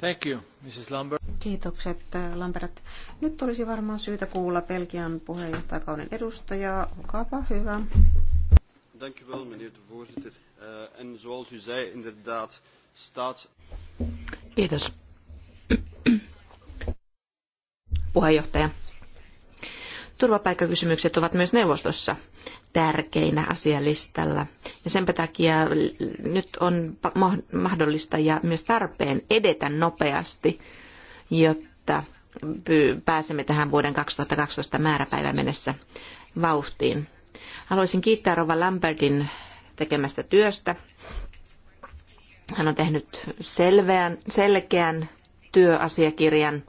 Thank you, Mrs. Lambert. Kiitokset, Lamperat. Nyt olisi varmaan syytä kuulla Belgian puheenjohtajakauden edustajaa. Olkaapa hyvä. Dank u wel, meneer de voorzitter. Uh, en zoals u zei, inderdaad, staat. Kiitos. Puheenjohtaja. Turvapaikkakysymykset ovat myös neuvostossa tärkeinä asialistalla. Ja sen takia nyt on mahdollista ja myös tarpeen edetä nopeasti jotta pääsemme tähän vuoden 2012 määräpäivän mennessä vauhtiin. Haluaisin kiittää Rova Lambertin tekemästä työstä. Hän on tehnyt selveän, selkeän työasiakirjan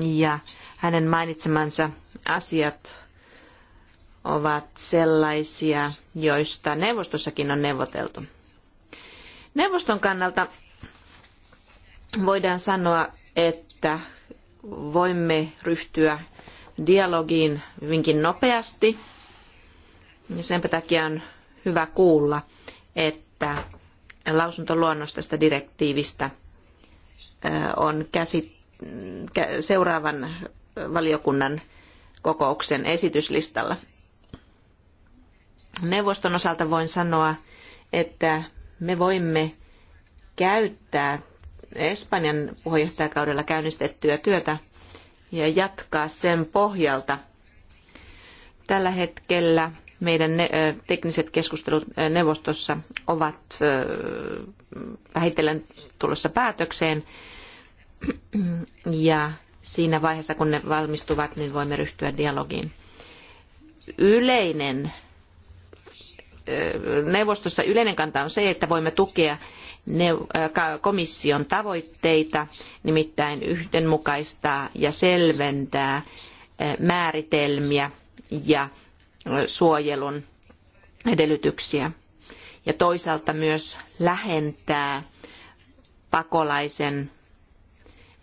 ja hänen mainitsemansa asiat ovat sellaisia, joista neuvostossakin on neuvoteltu. Neuvoston kannalta voidaan sanoa, että voimme ryhtyä dialogiin hyvinkin nopeasti. Ja sen takia on hyvä kuulla, että lausuntoluonnos tästä direktiivistä on käsit- seuraavan valiokunnan kokouksen esityslistalla. Neuvoston osalta voin sanoa, että me voimme käyttää Espanjan puheenjohtajakaudella käynnistettyä työtä ja jatkaa sen pohjalta. Tällä hetkellä meidän tekniset keskustelut neuvostossa ovat vähitellen tulossa päätökseen ja siinä vaiheessa, kun ne valmistuvat, niin voimme ryhtyä dialogiin. Yleinen, neuvostossa yleinen kanta on se, että voimme tukea Äh, komission tavoitteita, nimittäin yhdenmukaistaa ja selventää äh, määritelmiä ja äh, suojelun edellytyksiä. Ja toisaalta myös lähentää pakolaisen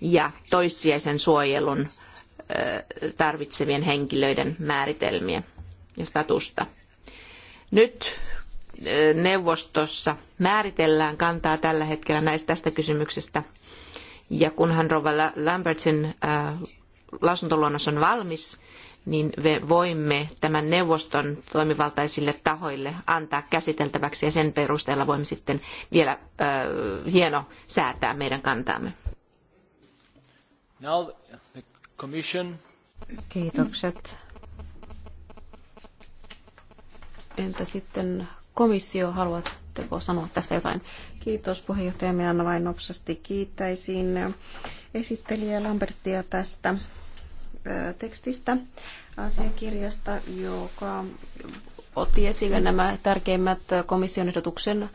ja toissijaisen suojelun tarvitsevien henkilöiden määritelmiä ja statusta. Nyt neuvostossa määritellään kantaa tällä hetkellä näistä tästä kysymyksestä. Ja kunhan Rova Lambertsin äh, lausuntoluonnos on valmis, niin me voimme tämän neuvoston toimivaltaisille tahoille antaa käsiteltäväksi ja sen perusteella voimme sitten vielä äh, hieno säätää meidän kantaamme. Now the commission. Kiitokset. Entä sitten komissio, haluatteko sanoa tästä jotain? Kiitos puheenjohtaja. Minä vain nopsasti kiittäisin esittelijä Lambertia tästä tekstistä asiakirjasta, joka otti esille nämä tärkeimmät komission ehdotuksen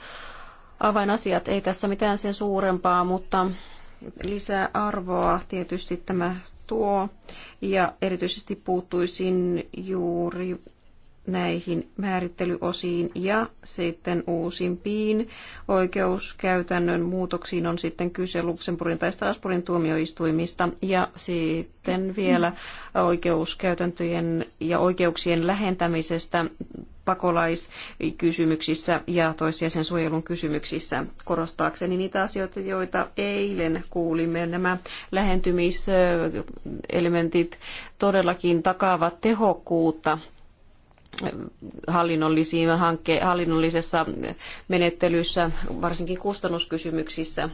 avainasiat. Ei tässä mitään sen suurempaa, mutta lisää arvoa tietysti tämä tuo. Ja erityisesti puuttuisin juuri näihin määrittelyosiin ja sitten uusimpiin oikeuskäytännön muutoksiin on sitten kyse Luxemburgin tai Strasbourgin tuomioistuimista ja sitten vielä oikeuskäytäntöjen ja oikeuksien lähentämisestä pakolaiskysymyksissä ja toissijaisen suojelun kysymyksissä korostaakseni niitä asioita, joita eilen kuulimme. Nämä lähentymiselementit todellakin takaavat tehokkuutta hallinnollisiin hankke- hallinnollisessa menettelyssä, varsinkin kustannuskysymyksissä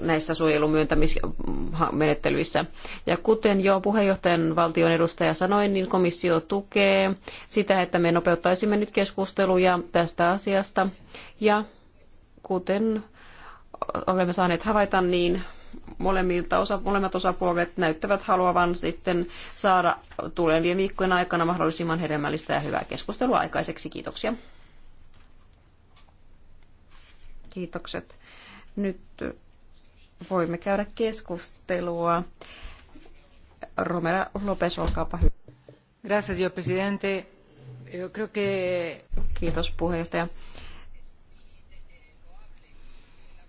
näissä suojelumyöntämismenettelyissä. Ja kuten jo puheenjohtajan valtion edustaja sanoi, niin komissio tukee sitä, että me nopeuttaisimme nyt keskusteluja tästä asiasta. Ja kuten olemme saaneet havaita, niin molemmilta osa, molemmat osapuolet näyttävät haluavan sitten saada tulevien viikkojen aikana mahdollisimman hedelmällistä ja hyvää keskustelua aikaiseksi. Kiitoksia. Kiitokset. Nyt voimme käydä keskustelua. Romera Lopes, olkaapa hyvä. Gracias, señor presidente. Yo creo que... Kiitos puheenjohtaja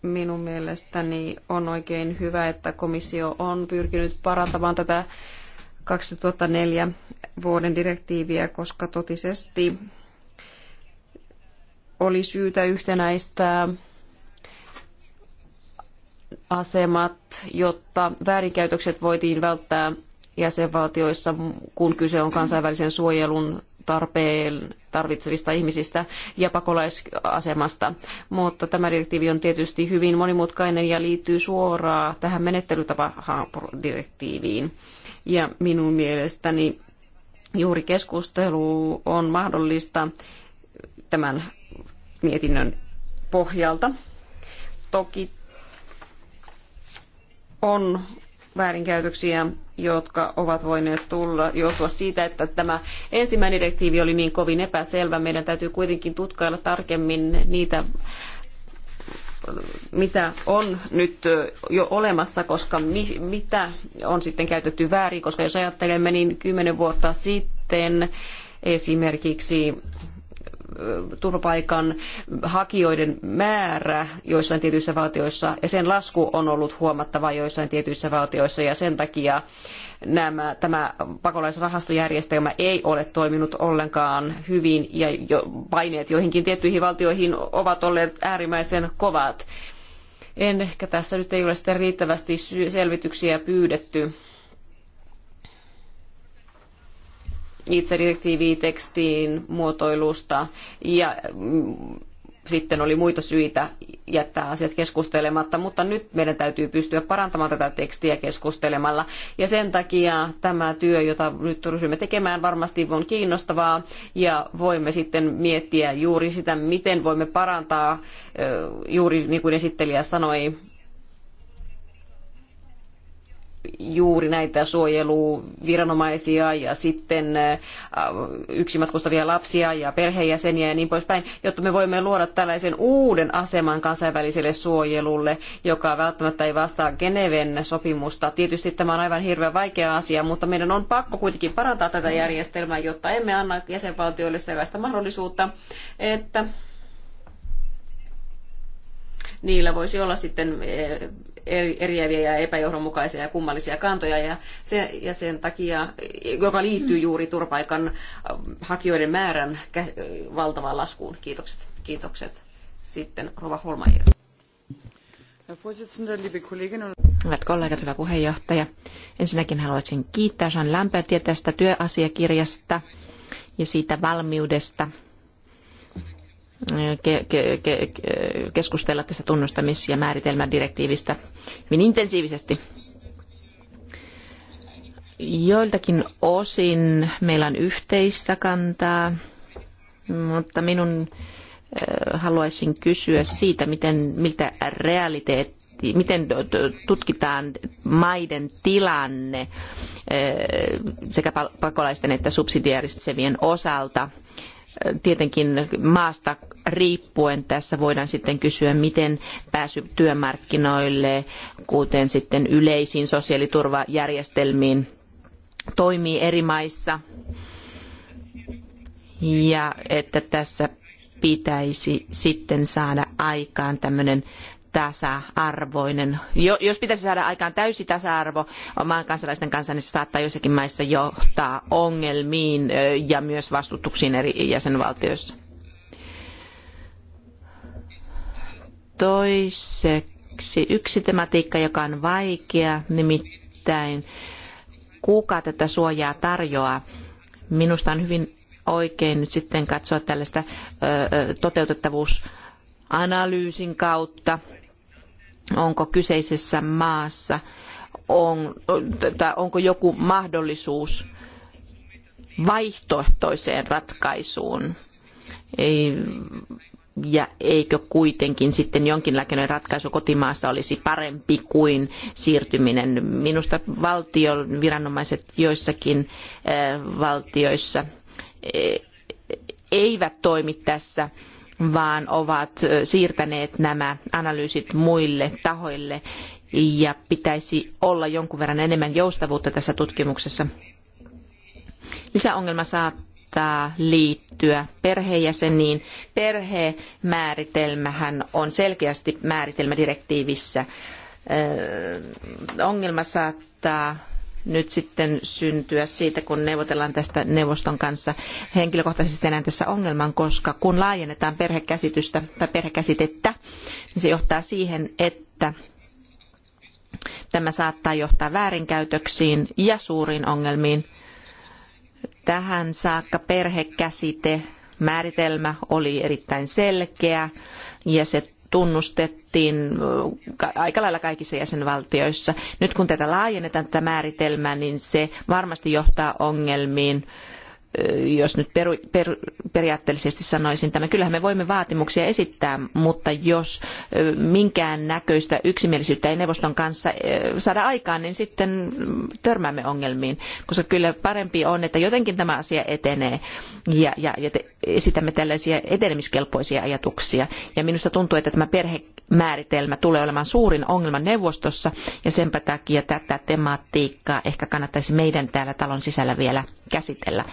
minun mielestäni on oikein hyvä, että komissio on pyrkinyt parantamaan tätä 2004 vuoden direktiiviä, koska totisesti oli syytä yhtenäistää asemat, jotta väärinkäytökset voitiin välttää jäsenvaltioissa, kun kyse on kansainvälisen suojelun tarpeen tarvitsevista ihmisistä ja pakolaisasemasta. Mutta tämä direktiivi on tietysti hyvin monimutkainen ja liittyy suoraan tähän menettelytapadirektiiviin. Ja minun mielestäni juuri keskustelu on mahdollista tämän mietinnön pohjalta. Toki on väärinkäytöksiä, jotka ovat voineet tulla, joutua siitä, että tämä ensimmäinen direktiivi oli niin kovin epäselvä. Meidän täytyy kuitenkin tutkailla tarkemmin niitä mitä on nyt jo olemassa, koska mi, mitä on sitten käytetty väärin, koska jos ajattelemme, niin kymmenen vuotta sitten esimerkiksi turvapaikan hakijoiden määrä joissain tietyissä valtioissa ja sen lasku on ollut huomattava joissain tietyissä valtioissa ja sen takia nämä, tämä pakolaisrahastojärjestelmä ei ole toiminut ollenkaan hyvin ja jo paineet joihinkin tiettyihin valtioihin ovat olleet äärimmäisen kovat. En ehkä tässä nyt ei ole sitten riittävästi selvityksiä pyydetty itse direktiivitekstiin muotoilusta ja mm, sitten oli muita syitä jättää asiat keskustelematta, mutta nyt meidän täytyy pystyä parantamaan tätä tekstiä keskustelemalla. Ja sen takia tämä työ, jota nyt ryhdymme tekemään, varmasti on kiinnostavaa ja voimme sitten miettiä juuri sitä, miten voimme parantaa, juuri niin kuin esittelijä sanoi, juuri näitä suojeluviranomaisia ja sitten äh, yksin matkustavia lapsia ja perheenjäseniä ja niin poispäin, jotta me voimme luoda tällaisen uuden aseman kansainväliselle suojelulle, joka välttämättä ei vastaa Geneven sopimusta. Tietysti tämä on aivan hirveän vaikea asia, mutta meidän on pakko kuitenkin parantaa tätä järjestelmää, jotta emme anna jäsenvaltioille sellaista mahdollisuutta, että niillä voisi olla sitten eh, eriäviä ja epäjohdonmukaisia ja kummallisia kantoja ja sen, ja sen takia, joka liittyy juuri turvapaikan eh, hakijoiden määrän eh, valtavaan laskuun. Kiitokset. Kiitokset. Sitten Rova Holmajer. Hyvät kollegat, hyvä puheenjohtaja. Ensinnäkin haluaisin kiittää Jean Lambertia tästä työasiakirjasta ja siitä valmiudesta ke- ke- ke- keskustella tästä tunnustamis- ja määritelmädirektiivistä hyvin intensiivisesti. Joiltakin osin meillä on yhteistä kantaa, mutta minun eh, haluaisin kysyä siitä, miten, miltä realiteetti miten tutkitaan maiden tilanne eh, sekä pakolaisten että subsidiaristisevien osalta Tietenkin maasta riippuen tässä voidaan sitten kysyä, miten pääsy työmarkkinoille, kuten sitten yleisiin sosiaaliturvajärjestelmiin toimii eri maissa. Ja että tässä pitäisi sitten saada aikaan tämmöinen tasa-arvoinen. jos pitäisi saada aikaan täysi tasa-arvo maan kansalaisten kanssa, niin se saattaa joissakin maissa johtaa ongelmiin ja myös vastustuksiin eri jäsenvaltioissa. Toiseksi yksi tematiikka, joka on vaikea, nimittäin kuka tätä suojaa tarjoaa. Minusta on hyvin oikein nyt sitten katsoa tällaista toteutettavuusanalyysin kautta onko kyseisessä maassa on, tai onko joku mahdollisuus vaihtoehtoiseen ratkaisuun. Ei, ja eikö kuitenkin sitten jonkinlainen ratkaisu kotimaassa olisi parempi kuin siirtyminen. Minusta valtion viranomaiset joissakin äh, valtioissa eh, eivät toimi tässä vaan ovat siirtäneet nämä analyysit muille tahoille ja pitäisi olla jonkun verran enemmän joustavuutta tässä tutkimuksessa. Lisäongelma saattaa liittyä perheenjäseniin. Perhemääritelmähän on selkeästi määritelmä direktiivissä. Ongelma saattaa nyt sitten syntyä siitä, kun neuvotellaan tästä neuvoston kanssa. Henkilökohtaisesti näen tässä ongelman, koska kun laajennetaan perhekäsitystä tai perhekäsitettä, niin se johtaa siihen, että tämä saattaa johtaa väärinkäytöksiin ja suuriin ongelmiin. Tähän saakka perhekäsite määritelmä oli erittäin selkeä ja se tunnustettiin aika lailla kaikissa jäsenvaltioissa. Nyt kun tätä laajennetaan tätä määritelmää, niin se varmasti johtaa ongelmiin jos nyt peru, per, periaatteellisesti sanoisin tämä, kyllähän me voimme vaatimuksia esittää, mutta jos minkään näköistä yksimielisyyttä ei neuvoston kanssa saada aikaan, niin sitten törmäämme ongelmiin, koska kyllä parempi on, että jotenkin tämä asia etenee ja, ja, ja te, esitämme tällaisia etenemiskelpoisia ajatuksia. Ja minusta tuntuu, että tämä perhemääritelmä tulee olemaan suurin ongelma neuvostossa ja senpä takia tätä tematiikkaa ehkä kannattaisi meidän täällä talon sisällä vielä käsitellä.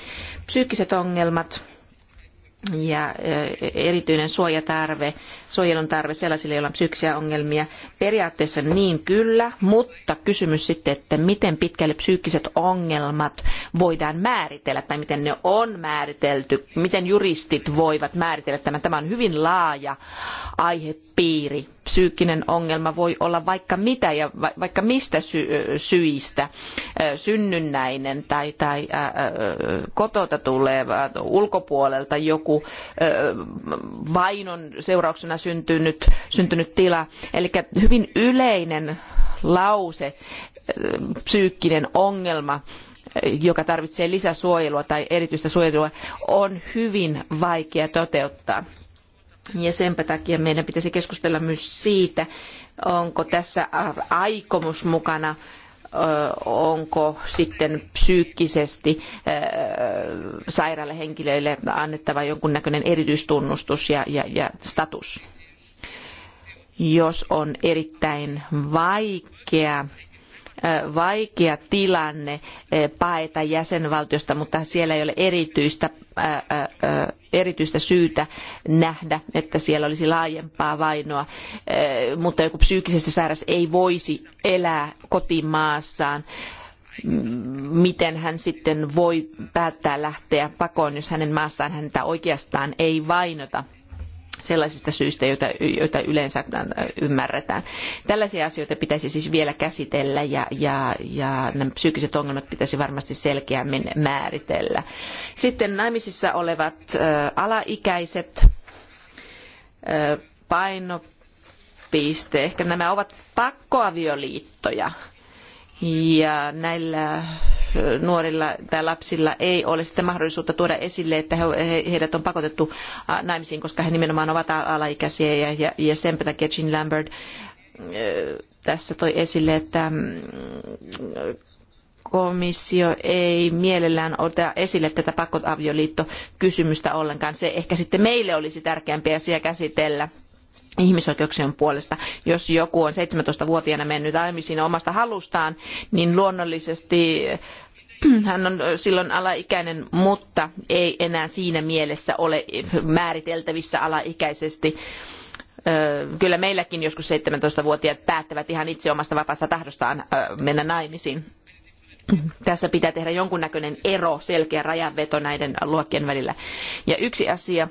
Psyykkiset ongelmat, ja erityinen suojatarve, suojelun tarve sellaisille, joilla on psyykkisiä ongelmia. Periaatteessa niin kyllä, mutta kysymys sitten, että miten pitkälle psyykkiset ongelmat voidaan määritellä tai miten ne on määritelty, miten juristit voivat määritellä tämän. Tämä on hyvin laaja aihepiiri psyykkinen ongelma voi olla vaikka mitä ja vaikka mistä syistä, synnynnäinen tai, tai kotota tuleva, ulkopuolelta joku vainon seurauksena syntynyt, syntynyt tila. Eli hyvin yleinen lause, psyykkinen ongelma, joka tarvitsee lisäsuojelua tai erityistä suojelua, on hyvin vaikea toteuttaa ja senpä takia meidän pitäisi keskustella myös siitä, onko tässä aikomus mukana onko sitten psyykkisesti sairaille henkilöille annettava jonkunnäköinen erityistunnustus ja, ja, ja status. Jos on erittäin vaikea vaikea tilanne paeta jäsenvaltiosta, mutta siellä ei ole erityistä, erityistä syytä nähdä, että siellä olisi laajempaa vainoa, mutta joku psyykkisesti sairas ei voisi elää kotimaassaan miten hän sitten voi päättää lähteä pakoon, jos hänen maassaan häntä oikeastaan ei vainota sellaisista syistä, joita, joita yleensä äh, ymmärretään. Tällaisia asioita pitäisi siis vielä käsitellä ja, ja, ja nämä psyykkiset ongelmat pitäisi varmasti selkeämmin määritellä. Sitten naimisissa olevat äh, alaikäiset, äh, painopiste, ehkä nämä ovat pakkoavioliittoja. Ja näillä nuorilla tai lapsilla ei ole sitä mahdollisuutta tuoda esille, että heidät on pakotettu äh, naimisiin, koska he nimenomaan ovat alaikäisiä ja, ja, ja sen takia Jean Lambert äh, tässä toi esille, että mm, komissio ei mielellään ota esille tätä pakkoavioliittokysymystä ollenkaan. Se ehkä sitten meille olisi tärkeämpi asia käsitellä ihmisoikeuksien puolesta. Jos joku on 17-vuotiaana mennyt naimisiin omasta halustaan, niin luonnollisesti äh, hän on silloin alaikäinen, mutta ei enää siinä mielessä ole määriteltävissä alaikäisesti. Äh, kyllä meilläkin joskus 17-vuotiaat päättävät ihan itse omasta vapaasta tahdostaan äh, mennä naimisiin. Tässä pitää tehdä jonkunnäköinen ero, selkeä rajanveto näiden luokkien välillä. Ja yksi asia,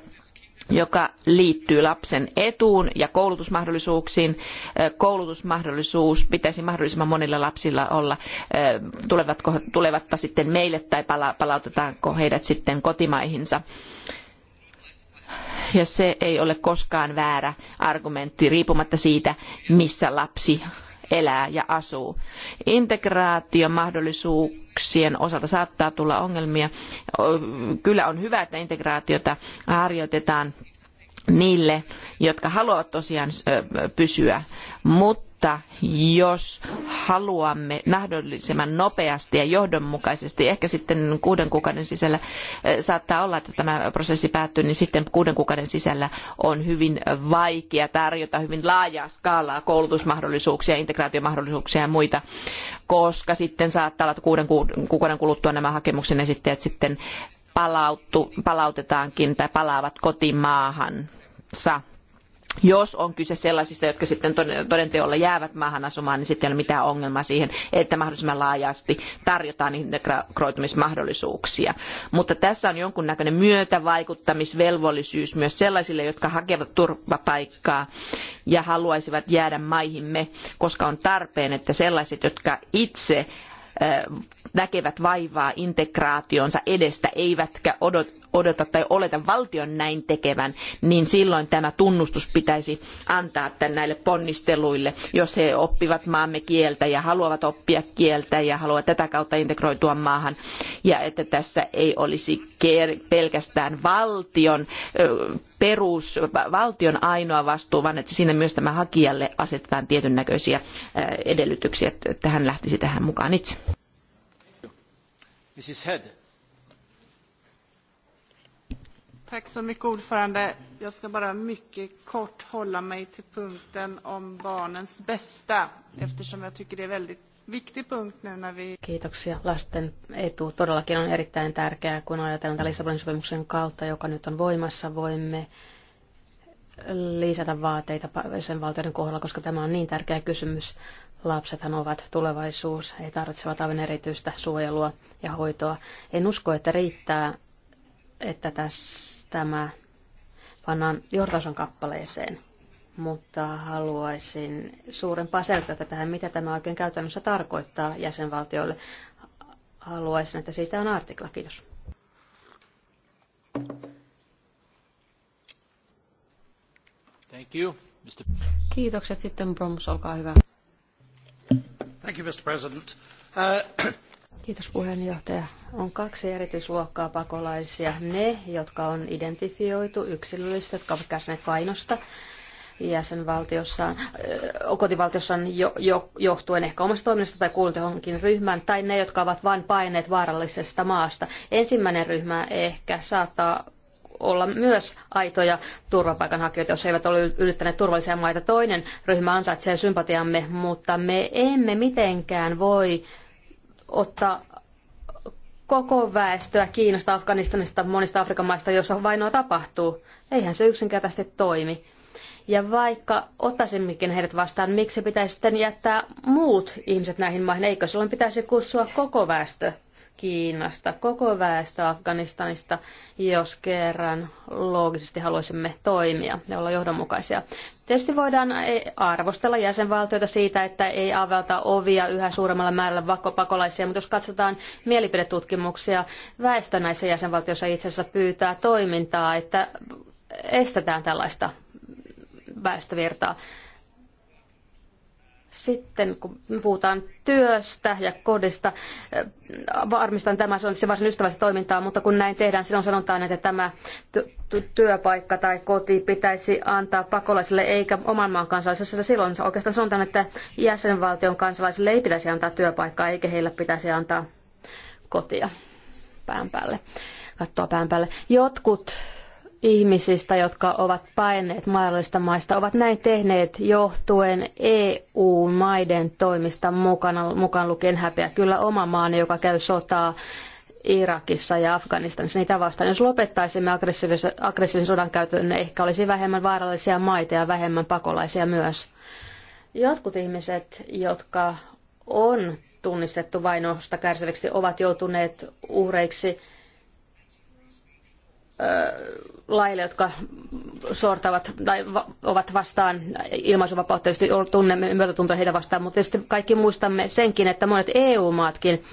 joka liittyy lapsen etuun ja koulutusmahdollisuuksiin. Koulutusmahdollisuus pitäisi mahdollisimman monilla lapsilla olla, tulevatko, tulevatpa sitten meille tai palautetaanko heidät sitten kotimaihinsa. Ja se ei ole koskaan väärä argumentti, riippumatta siitä, missä lapsi elää ja asuu. Integraation mahdollisuuksien osalta saattaa tulla ongelmia. Kyllä on hyvä, että integraatiota harjoitetaan niille, jotka haluavat tosiaan pysyä, mutta jos haluamme mahdollisimman nopeasti ja johdonmukaisesti, ehkä sitten kuuden kuukauden sisällä saattaa olla, että tämä prosessi päättyy, niin sitten kuuden kuukauden sisällä on hyvin vaikea tarjota hyvin laajaa skaalaa koulutusmahdollisuuksia, integraatiomahdollisuuksia ja muita, koska sitten saattaa olla, että kuuden kuukauden kuluttua nämä hakemuksen esittäjät sitten palautetaankin tai palaavat kotimaahansa. Jos on kyse sellaisista, jotka sitten todenteolla jäävät maahan asumaan, niin sitten ei ole mitään ongelmaa siihen, että mahdollisimman laajasti tarjotaan integroitumismahdollisuuksia. Mutta tässä on jonkunnäköinen myötävaikuttamisvelvollisuus myös sellaisille, jotka hakevat turvapaikkaa ja haluaisivat jäädä maihimme, koska on tarpeen, että sellaiset, jotka itse näkevät vaivaa integraationsa edestä eivätkä odota tai oleta valtion näin tekevän, niin silloin tämä tunnustus pitäisi antaa näille ponnisteluille, jos he oppivat maamme kieltä ja haluavat oppia kieltä ja haluavat tätä kautta integroitua maahan. Ja että tässä ei olisi pelkästään valtion perus, valtion ainoa vastuu, vaan että siinä myös tämä hakijalle asetetaan tietyn näköisiä edellytyksiä, että hän lähtisi tähän mukaan itse. Mrs. Head. Tack så mycket ordförande. Jag ska bara mycket kort hålla mig till punkten om barnens bästa eftersom jag tycker det är väldigt viktig punkt nu när vi... Kiitoksia. Lasten etu todellakin on erittäin tärkeää, kun ajatellaan tämän Lissabonin sopimuksen kautta, joka nyt on voimassa, voimme lisätä vaateita sen valtioiden kohdalla, koska tämä on niin tärkeä kysymys Lapsethan ovat tulevaisuus, he tarvitsevat aivan erityistä suojelua ja hoitoa. En usko, että riittää, että tässä, tämä pannaan Jortason kappaleeseen, mutta haluaisin suurempaa selkeyttä tähän, mitä tämä oikein käytännössä tarkoittaa jäsenvaltioille. Haluaisin, että siitä on artikla. Kiitos. Thank you. Mr. Kiitokset sitten Broms, olkaa hyvä. Uh, Kiitos puheenjohtaja. On kaksi erityisluokkaa pakolaisia. Ne, jotka on identifioitu yksilöllisesti, jotka ovat kärsineet painosta jäsenvaltiossaan, uh, kotivaltiossaan jo, jo, johtuen ehkä omasta toiminnasta tai kuulunut johonkin ryhmään, tai ne, jotka ovat vain paineet vaarallisesta maasta. Ensimmäinen ryhmä ehkä saattaa olla myös aitoja turvapaikanhakijoita, jos he eivät ole ylittäneet turvallisia maita. Toinen ryhmä ansaitsee sympatiamme, mutta me emme mitenkään voi ottaa koko väestöä Kiinasta, Afganistanista, monista Afrikan maista, jossa vainoa tapahtuu. Eihän se yksinkertaisesti toimi. Ja vaikka ottaisimmekin heidät vastaan, miksi pitäisi sitten jättää muut ihmiset näihin maihin? Eikö silloin pitäisi kutsua koko väestö Kiinasta, koko väestö Afganistanista, jos kerran loogisesti haluaisimme toimia ja olla johdonmukaisia. Tietysti voidaan eh, arvostella jäsenvaltioita siitä, että ei avata ovia yhä suuremmalla määrällä vakopakolaisia, mutta jos katsotaan mielipidetutkimuksia, väestö näissä jäsenvaltioissa itse asiassa pyytää toimintaa, että estetään tällaista väestövirtaa. Sitten kun puhutaan työstä ja kodista, äh, varmistan tämä, se on siis varsin ystävällistä toimintaa, mutta kun näin tehdään, silloin sanotaan, että tämä työpaikka tai koti pitäisi antaa pakolaisille eikä oman maan kansalaisille. Silloin oikeastaan sanotaan, että jäsenvaltion kansalaisille ei pitäisi antaa työpaikkaa eikä heillä pitäisi antaa kotia pään päälle, kattoa pään päälle. Jotkut ihmisistä, jotka ovat paineet maailmallisista maista, ovat näin tehneet johtuen EU-maiden toimista mukana, mukaan lukien häpeä. Kyllä oma maani, joka käy sotaa Irakissa ja Afganistanissa niitä vastaan. Jos lopettaisimme aggressiivisen, aggressiivisen sodan käytön, niin ehkä olisi vähemmän vaarallisia maita ja vähemmän pakolaisia myös. Jotkut ihmiset, jotka on tunnistettu vainosta kärsiviksi, ovat joutuneet uhreiksi laille, jotka sortavat tai ovat vastaan ilmaisuvapautta, tietysti tunnemme myötätuntoa heitä vastaan, mutta tietysti kaikki muistamme senkin, että monet EU-maatkin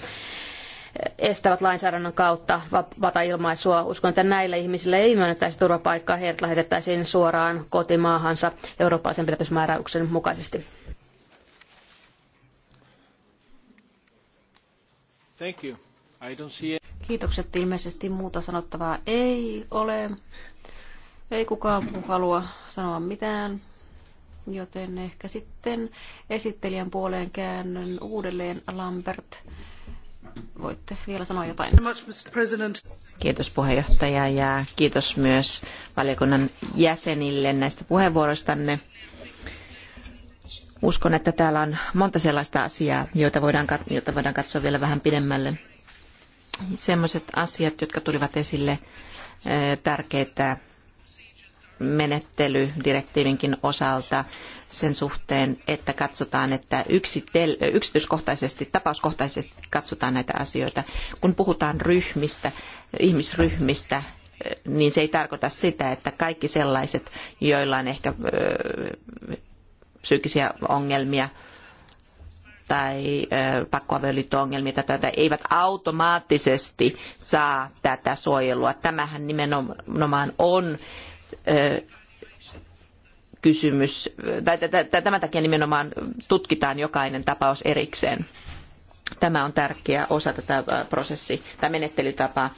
estävät lainsäädännön kautta vapaata ilmaisua. Uskon, että näille ihmisille ei myönnettäisi turvapaikkaa, heidät lähetettäisiin suoraan kotimaahansa eurooppalaisen pidätysmääräyksen mukaisesti. Thank you. I don't see Kiitokset. Ilmeisesti muuta sanottavaa ei ole. Ei kukaan halua sanoa mitään, joten ehkä sitten esittelijän puoleen käännön uudelleen Lambert. Voitte vielä sanoa jotain. Kiitos puheenjohtaja ja kiitos myös valiokunnan jäsenille näistä puheenvuoroistanne. Uskon, että täällä on monta sellaista asiaa, joita voidaan, joita voidaan katsoa vielä vähän pidemmälle sellaiset asiat, jotka tulivat esille eh, tärkeitä menettelydirektiivinkin osalta sen suhteen, että katsotaan, että yksityiskohtaisesti, tapauskohtaisesti katsotaan näitä asioita. Kun puhutaan ryhmistä, ihmisryhmistä, eh, niin se ei tarkoita sitä, että kaikki sellaiset, joilla on ehkä eh, psyykkisiä ongelmia – tai pakkoavioliitto-ongelmia tai tätä eivät automaattisesti saa tätä suojelua. Tämähän nimenomaan on kysymys, tai tämän takia nimenomaan tutkitaan jokainen tapaus erikseen. Tämä on tärkeä osa tätä prosessi- tai menettelytapa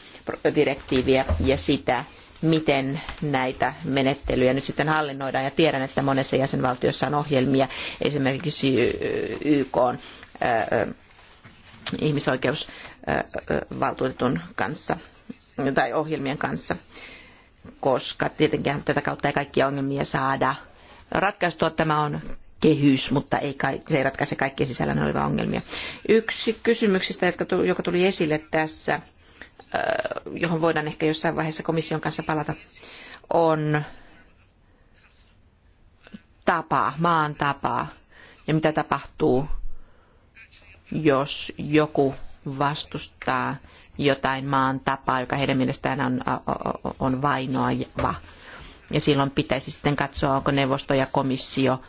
direktiiviä ja sitä, miten näitä menettelyjä nyt sitten hallinnoidaan. Ja tiedän, että monessa jäsenvaltiossa on ohjelmia, esimerkiksi YK on ihmisoikeusvaltuutetun kanssa tai ohjelmien kanssa, koska tietenkään tätä kautta ei kaikkia ongelmia saada ratkaistua. Tämä on kehys, mutta ei, se ei ratkaise kaikkien sisällä olevia ongelmia. Yksi kysymyksistä, joka tuli esille tässä, Äh, johon voidaan ehkä jossain vaiheessa komission kanssa palata, on tapa, maan tapa ja mitä tapahtuu, jos joku vastustaa jotain maan tapaa, joka heidän mielestään on, on vainoava. Ja silloin pitäisi sitten katsoa, onko neuvosto ja komissio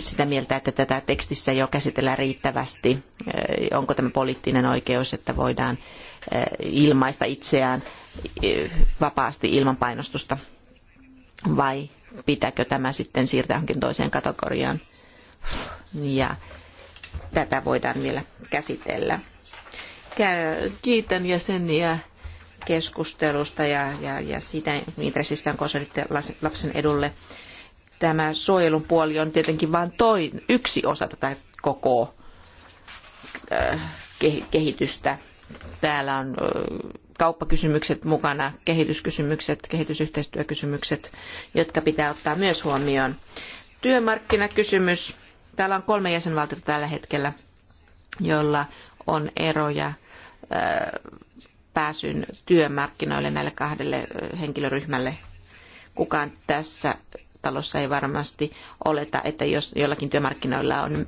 sitä mieltä, että tätä tekstissä jo käsitellään riittävästi. Onko tämä poliittinen oikeus, että voidaan Eh, ilmaista itseään eh, vapaasti ilman painostusta vai pitääkö tämä sitten siirtää johonkin toiseen kategoriaan. Ja tätä voidaan vielä käsitellä. Kiitän jäseniä keskustelusta ja, ja, ja siitä intressistä, jonka osoititte lapsen edulle. Tämä suojelun puoli on tietenkin vain yksi osa tätä koko eh, kehitystä Täällä on kauppakysymykset mukana, kehityskysymykset, kehitysyhteistyökysymykset, jotka pitää ottaa myös huomioon. Työmarkkinakysymys. Täällä on kolme jäsenvaltiota tällä hetkellä, joilla on eroja pääsyn työmarkkinoille näille kahdelle henkilöryhmälle. Kukaan tässä talossa ei varmasti oleta, että jos jollakin työmarkkinoilla on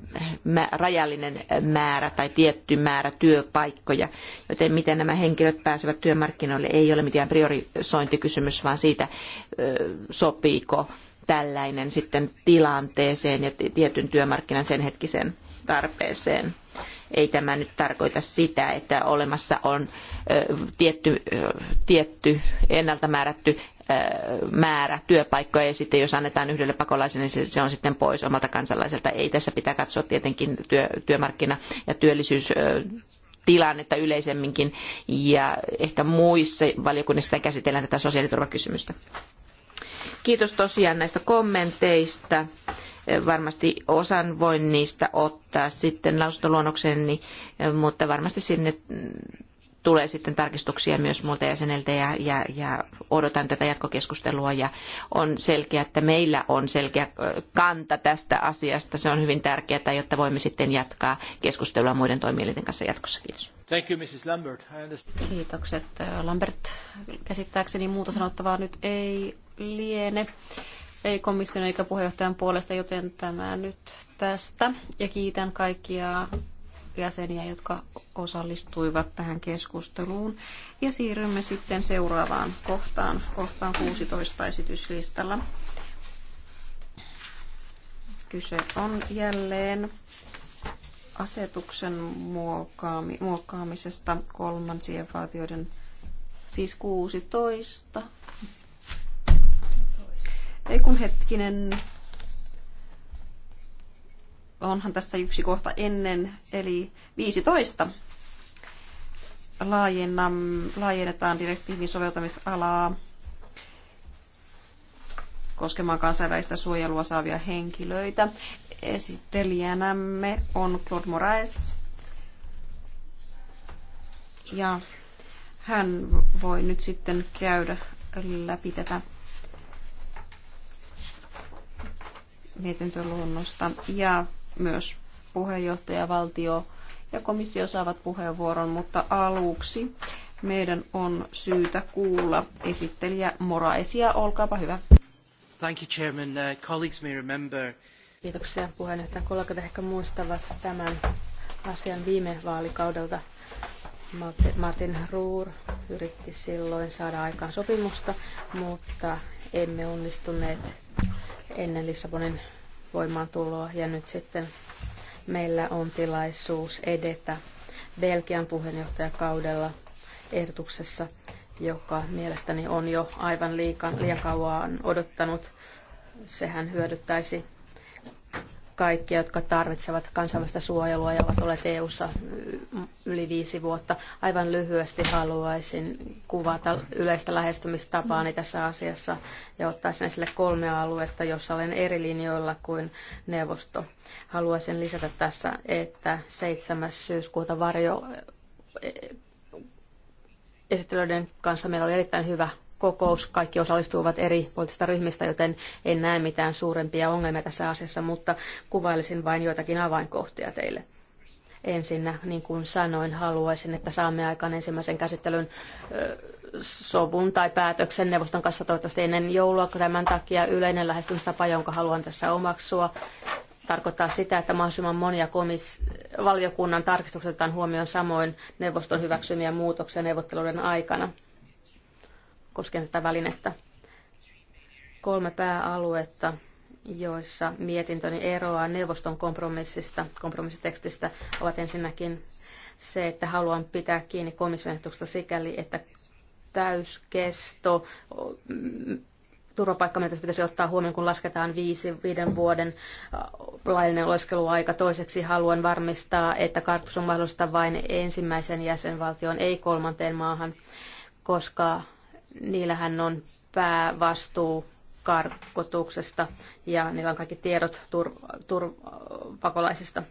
rajallinen määrä tai tietty määrä työpaikkoja, joten miten nämä henkilöt pääsevät työmarkkinoille ei ole mikään priorisointikysymys, vaan siitä sopiiko tällainen sitten tilanteeseen ja tietyn työmarkkinan sen hetkisen tarpeeseen. Ei tämä nyt tarkoita sitä, että olemassa on tietty, tietty ennalta määrätty määrä työpaikkoja ja sitten jos annetaan yhdelle pakolaiselle, niin se on sitten pois omalta kansalaiselta. Ei tässä pitää katsoa tietenkin työ, työmarkkina- ja työllisyys tilannetta yleisemminkin ja ehkä muissa valiokunnissa käsitellään tätä sosiaaliturvakysymystä. Kiitos tosiaan näistä kommenteista. Varmasti osan voin niistä ottaa sitten lausuntoluonnokseni, mutta varmasti sinne mm, tulee sitten tarkistuksia myös muilta jäseniltä ja, ja, ja odotan tätä jatkokeskustelua ja on selkeää, että meillä on selkeä kanta tästä asiasta. Se on hyvin tärkeää, jotta voimme sitten jatkaa keskustelua muiden toimielinten kanssa jatkossa. Kiitos. Thank you, Mrs. Lambert. Kiitokset. Lambert, käsittääkseni muuta sanottavaa nyt ei liene ei komission eikä puheenjohtajan puolesta, joten tämä nyt tästä. Ja kiitän kaikkia jäseniä, jotka osallistuivat tähän keskusteluun. Ja siirrymme sitten seuraavaan kohtaan, kohtaan 16 esityslistalla. Kyse on jälleen asetuksen muokkaami, muokkaamisesta kolmansien valtioiden, siis 16. Ei kun hetkinen, onhan tässä yksi kohta ennen, eli 15. laajennetaan direktiivin soveltamisalaa koskemaan kansainvälistä suojelua saavia henkilöitä. Esittelijänämme on Claude Moraes. Ja hän voi nyt sitten käydä läpi tätä mietintöluonnosta. Ja myös puheenjohtaja, valtio ja komissio saavat puheenvuoron, mutta aluksi meidän on syytä kuulla esittelijä Moraisia. Olkaapa hyvä. Thank you, Chairman. Uh, colleagues may remember. Kiitoksia puheenjohtaja. Kollegat ehkä muistavat tämän asian viime vaalikaudelta. Martin Ruur yritti silloin saada aikaan sopimusta, mutta emme onnistuneet ennen Lissabonin voimaantuloa ja nyt sitten meillä on tilaisuus edetä Belgian puheenjohtajakaudella ehdotuksessa, joka mielestäni on jo aivan liian, liian kauan odottanut. Sehän hyödyttäisi kaikkia, jotka tarvitsevat kansainvälistä suojelua ja ovat olleet EU-ssa mm, yli viisi vuotta. Aivan lyhyesti haluaisin kuvata yleistä lähestymistapaani mm. tässä asiassa ja ottaa sen esille kolme aluetta, jossa olen eri linjoilla kuin neuvosto. Haluaisin lisätä tässä, että 7. syyskuuta varjo e, esittelyiden kanssa meillä oli erittäin hyvä kokous. Kaikki osallistuvat eri poliittisista ryhmistä, joten en näe mitään suurempia ongelmia tässä asiassa, mutta kuvailisin vain joitakin avainkohtia teille. Ensinnä, niin kuin sanoin, haluaisin, että saamme aikaan ensimmäisen käsittelyn sovun tai päätöksen neuvoston kanssa toivottavasti ennen joulua, tämän takia yleinen lähestymistapa, jonka haluan tässä omaksua, tarkoittaa sitä, että mahdollisimman monia komis- valiokunnan tarkistukset otetaan huomioon samoin neuvoston hyväksymiä muutoksia neuvotteluiden aikana koskien tätä välinettä. Kolme pääaluetta, joissa mietintöni eroaa neuvoston kompromissista, kompromissitekstistä, ovat ensinnäkin se, että haluan pitää kiinni komission ehdotuksesta sikäli, että täyskesto mm, turvapaikkamenetys pitäisi ottaa huomioon, kun lasketaan viisi, viiden vuoden äh, laillinen oleskeluaika. Toiseksi haluan varmistaa, että kartus on mahdollista vain ensimmäisen jäsenvaltion, ei kolmanteen maahan, koska Niillähän on päävastuu karkotuksesta ja niillä on kaikki tiedot tur, tur, pakolaisista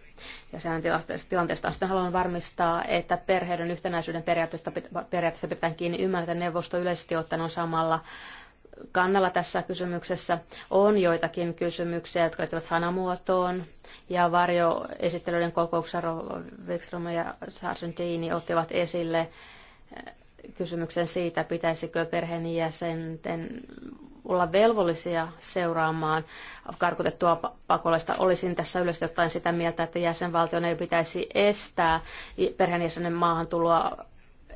ja sehän tilanteesta. tilanteesta. Sitten haluan varmistaa, että perheiden yhtenäisyyden periaatteesta, periaatteessa pitää kiinni ymmärtää, neuvosto yleisesti ottaen on samalla kannalla tässä kysymyksessä. On joitakin kysymyksiä, jotka liittyvät sanamuotoon ja varjoesittelyiden kokouksessa Wikström ja Sargentini ottivat esille kysymyksen siitä, pitäisikö perheenjäsenten olla velvollisia seuraamaan karkotettua pakolaista. Olisin tässä yleisesti ottaen sitä mieltä, että jäsenvaltion ei pitäisi estää perheenjäsenen maahantuloa.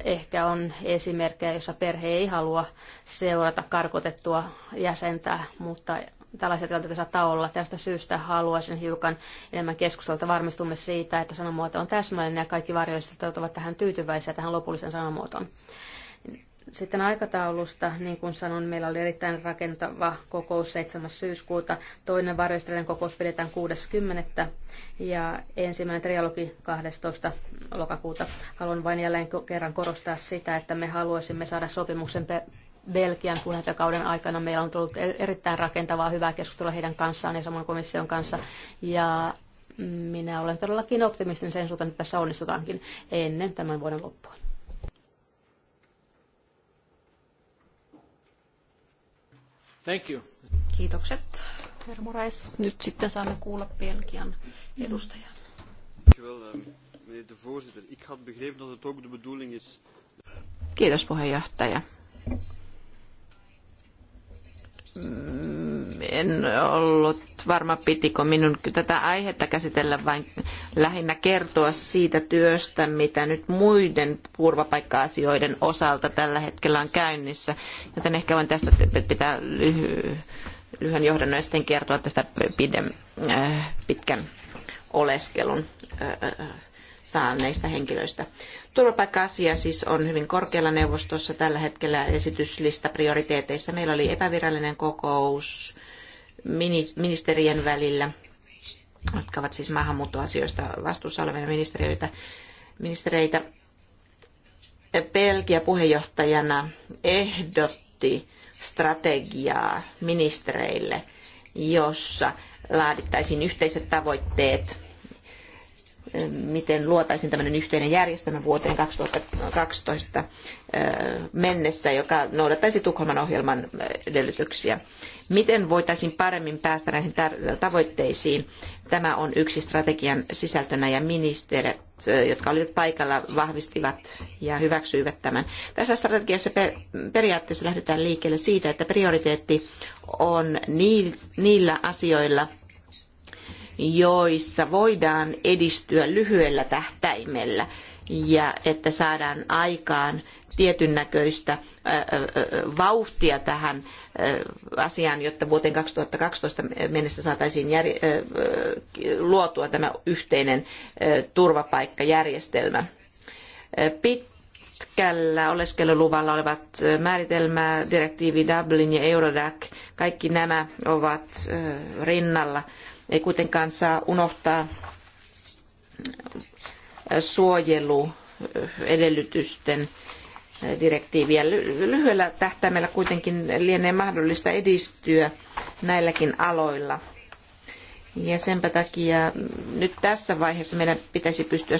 Ehkä on esimerkkejä, jossa perhe ei halua seurata karkotettua jäsentä, mutta tällaisia tilanteita saattaa olla. Tästä syystä haluaisin hiukan enemmän keskustelua, varmistumme siitä, että sanamuoto on täsmällinen ja kaikki varjoiset ovat tähän tyytyväisiä tähän lopulliseen sanamuotoon. Sitten aikataulusta, niin kuin sanon, meillä oli erittäin rakentava kokous 7. syyskuuta. Toinen varjoistelijan kokous pidetään 60. ja ensimmäinen trialogi 12. lokakuuta. Haluan vain jälleen kerran korostaa sitä, että me haluaisimme saada sopimuksen Belgian puheenjohtajakauden aikana meillä on tullut er-, erittäin rakentavaa hyvää keskustelua heidän kanssaan ja samoin komission kanssa. Ja minä olen todellakin optimistinen sen suhteen, että tässä onnistutaankin ennen tämän vuoden loppua. Thank you. Kiitokset, herra Nyt sitten saamme kuulla Belgian edustajan. Eh, Kiitos puheenjohtaja. Mm, en ollut varma, pitikö minun tätä aihetta käsitellä, vain lähinnä kertoa siitä työstä, mitä nyt muiden turvapaikka-asioiden osalta tällä hetkellä on käynnissä. Joten ehkä voin tästä pitää lyhy- lyhyen johdannon ja sitten kertoa tästä pidem- äh, pitkän oleskelun äh, äh, saaneista henkilöistä. Turvapaikka-asia siis on hyvin korkealla neuvostossa tällä hetkellä esityslista prioriteeteissa. Meillä oli epävirallinen kokous ministerien välillä, jotka ovat siis maahanmuuttoasioista vastuussa olevia ministeriöitä, ministereitä. Belgia puheenjohtajana ehdotti strategiaa ministereille, jossa laadittaisiin yhteiset tavoitteet miten luotaisiin tämmöinen yhteinen järjestelmä vuoteen 2012 mennessä, joka noudattaisi Tukholman ohjelman edellytyksiä. Miten voitaisiin paremmin päästä näihin tavoitteisiin? Tämä on yksi strategian sisältönä ja ministerit, jotka olivat paikalla, vahvistivat ja hyväksyivät tämän. Tässä strategiassa periaatteessa lähdetään liikkeelle siitä, että prioriteetti on niillä asioilla – joissa voidaan edistyä lyhyellä tähtäimellä ja että saadaan aikaan tietyn näköistä vauhtia tähän asiaan, jotta vuoteen 2012 mennessä saataisiin luotua tämä yhteinen turvapaikkajärjestelmä. Pitkällä oleskeluluvalla olevat määritelmä, direktiivi Dublin ja Eurodac, kaikki nämä ovat rinnalla ei kuitenkaan saa unohtaa suojeluedellytysten direktiiviä. Lyhyellä tähtäimellä kuitenkin lienee mahdollista edistyä näilläkin aloilla. Ja senpä takia nyt tässä vaiheessa meidän pitäisi pystyä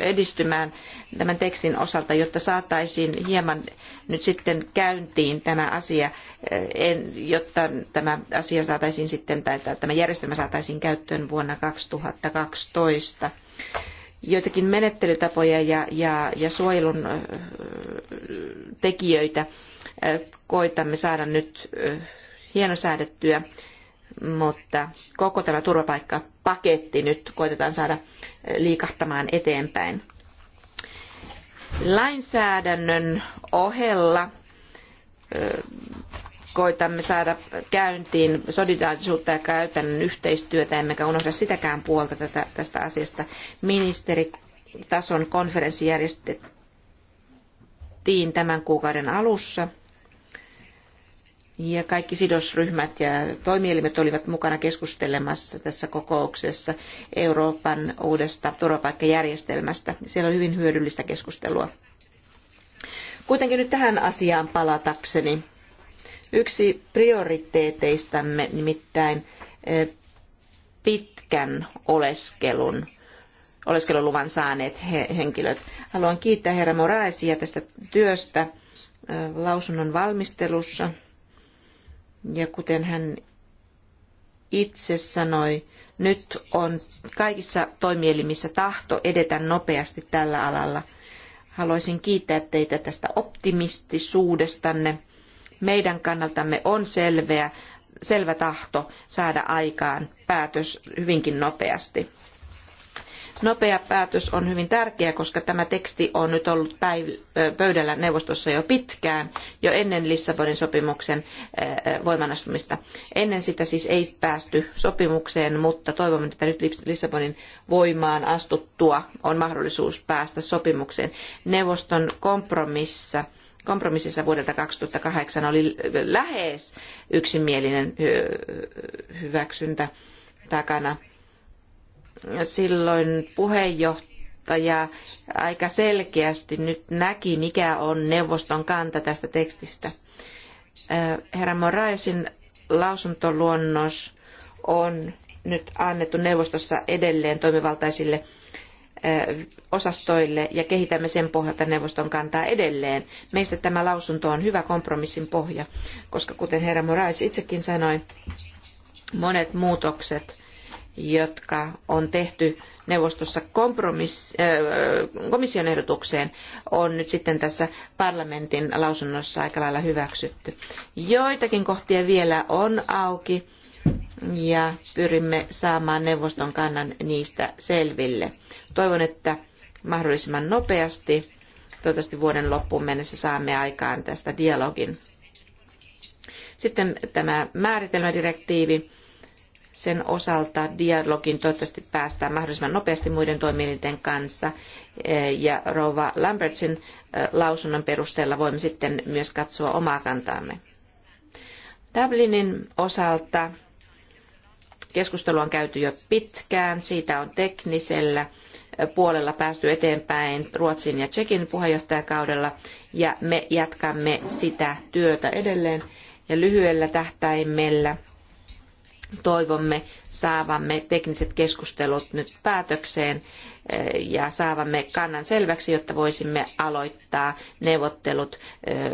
edistymään tämän tekstin osalta, jotta saataisiin hieman nyt sitten käyntiin tämä asia Eh, jotta tämä asia saataisiin sitten, tai tämä järjestelmä saataisiin käyttöön vuonna 2012 joitakin menettelytapoja ja, ja, ja suojelun tekijöitä koitamme saada nyt hienosäädettyä, mutta koko tämä turvapaikkapaketti nyt koitetaan saada liikahtamaan eteenpäin. Lainsäädännön ohella koitamme saada käyntiin solidaarisuutta ja käytännön yhteistyötä, emmekä unohda sitäkään puolta tätä, tästä asiasta. Ministeritason konferenssi järjestettiin tämän kuukauden alussa. Ja kaikki sidosryhmät ja toimielimet olivat mukana keskustelemassa tässä kokouksessa Euroopan uudesta turvapaikkajärjestelmästä. Siellä on hyvin hyödyllistä keskustelua. Kuitenkin nyt tähän asiaan palatakseni Yksi prioriteeteistamme nimittäin pitkän oleskelun oleskeluluvan saaneet henkilöt. Haluan kiittää herra Moraesia tästä työstä lausunnon valmistelussa. Ja kuten hän itse sanoi, nyt on kaikissa toimielimissä tahto edetä nopeasti tällä alalla. Haluaisin kiittää teitä tästä optimistisuudestanne meidän kannaltamme on selveä, selvä tahto saada aikaan päätös hyvinkin nopeasti. Nopea päätös on hyvin tärkeä, koska tämä teksti on nyt ollut pöydällä neuvostossa jo pitkään, jo ennen Lissabonin sopimuksen voimanastumista. Ennen sitä siis ei päästy sopimukseen, mutta toivomme, että nyt Lissabonin voimaan astuttua on mahdollisuus päästä sopimukseen. Neuvoston kompromissa kompromississa vuodelta 2008 oli lähes yksimielinen hyväksyntä takana. Silloin puheenjohtaja aika selkeästi nyt näki, mikä on neuvoston kanta tästä tekstistä. Herra Moraisin lausuntoluonnos on nyt annettu neuvostossa edelleen toimivaltaisille osastoille ja kehitämme sen pohjalta neuvoston kantaa edelleen. Meistä tämä lausunto on hyvä kompromissin pohja, koska kuten herra Morais itsekin sanoi, monet muutokset, jotka on tehty neuvostossa kompromiss, komission ehdotukseen on nyt sitten tässä parlamentin lausunnossa aika lailla hyväksytty. Joitakin kohtia vielä on auki ja pyrimme saamaan neuvoston kannan niistä selville. Toivon, että mahdollisimman nopeasti, toivottavasti vuoden loppuun mennessä saamme aikaan tästä dialogin. Sitten tämä määritelmädirektiivi. Sen osalta dialogin toivottavasti päästään mahdollisimman nopeasti muiden toimielinten kanssa. Eh, ja Rova Lambertsin eh, lausunnon perusteella voimme sitten myös katsoa omaa kantaamme. Dublinin osalta Keskustelua on käyty jo pitkään, siitä on teknisellä puolella päästy eteenpäin Ruotsin ja Tsekin puheenjohtajakaudella ja me jatkamme sitä työtä edelleen ja lyhyellä tähtäimellä toivomme saavamme tekniset keskustelut nyt päätökseen eh, ja saavamme kannan selväksi, jotta voisimme aloittaa neuvottelut eh, eh,